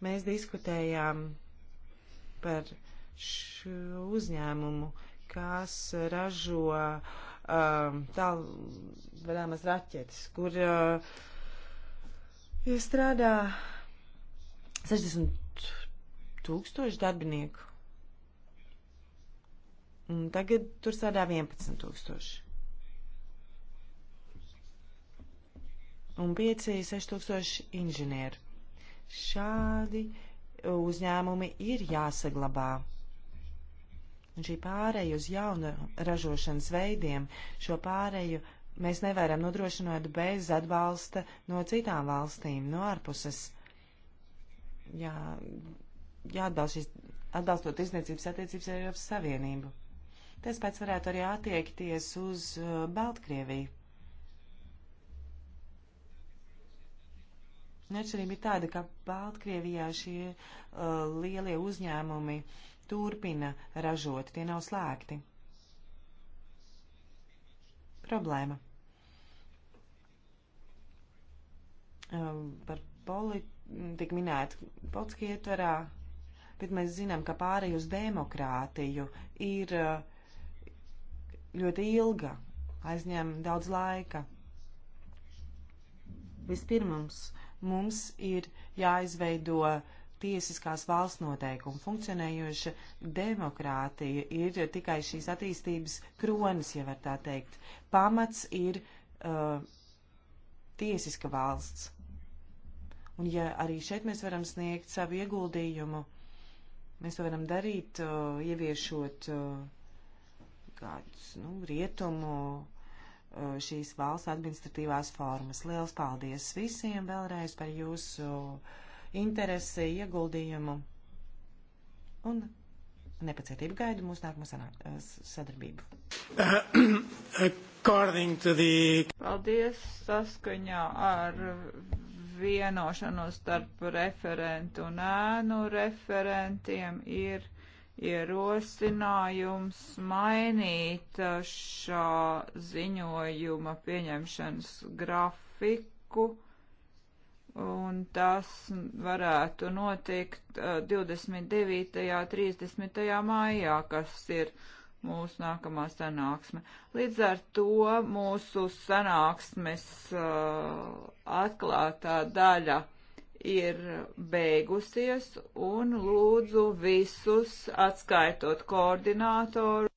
Mēs diskutējām par šo uzņēmumu, kas ražo uh, um, tālvadāmas raķetes, kur uh, strādā 60 tūkstoši darbinieku. Un tagad tur strādā 11 tūkstoši. Un 5-6 tūkstoši inženieru. Šādi uzņēmumi ir jāsaglabā Un šī pārēja uz jaunu ražošanas veidiem, šo pārēju mēs nevaram nodrošināt bez atbalsta no citām valstīm, no ārpuses. Jā, jāatbalst šīs, atbalstot izniecības attiecības ar Eiropas Savienību. Tas pēc varētu arī attiekties uz uh, Baltkrieviju. Atšķirība ir tāda, ka Baltkrievijā šie uh, lielie uzņēmumi uh, turpina ražot, tie nav slēgti. Problēma. Ehm, par politiku minēt politiski ietvarā, bet mēs zinām, ka pārēj uz demokrātiju ir eh, ļoti ilga, aizņem daudz laika. Vispirms mums ir jāizveido uh, tiesiskās valsts noteikumi, funkcionējoša demokrātija ir tikai šīs attīstības kronis, ja var tā teikt. Pamats ir uh, tiesiska valsts. Un ja arī šeit mēs varam sniegt savu ieguldījumu, mēs to varam darīt, uh, ieviešot uh, kādus, nu, rietumu uh, šīs valsts administratīvās formas. Liels paldies visiem vēlreiz par jūsu. Uh, interesi, ieguldījumu un nepacietību gaidu mūsu nākamo eh, sadarbību. The... Paldies saskaņā ar vienošanos starp referentu un ēnu referentiem ir ierosinājums mainīt eh, šā ziņojuma pieņemšanas grafiku un tas varētu notikt 29. 30. maijā, kas ir mūsu nākamā sanāksme. Līdz ar to mūsu sanāksmes atklātā daļa ir beigusies un lūdzu visus atskaitot koordinātoru.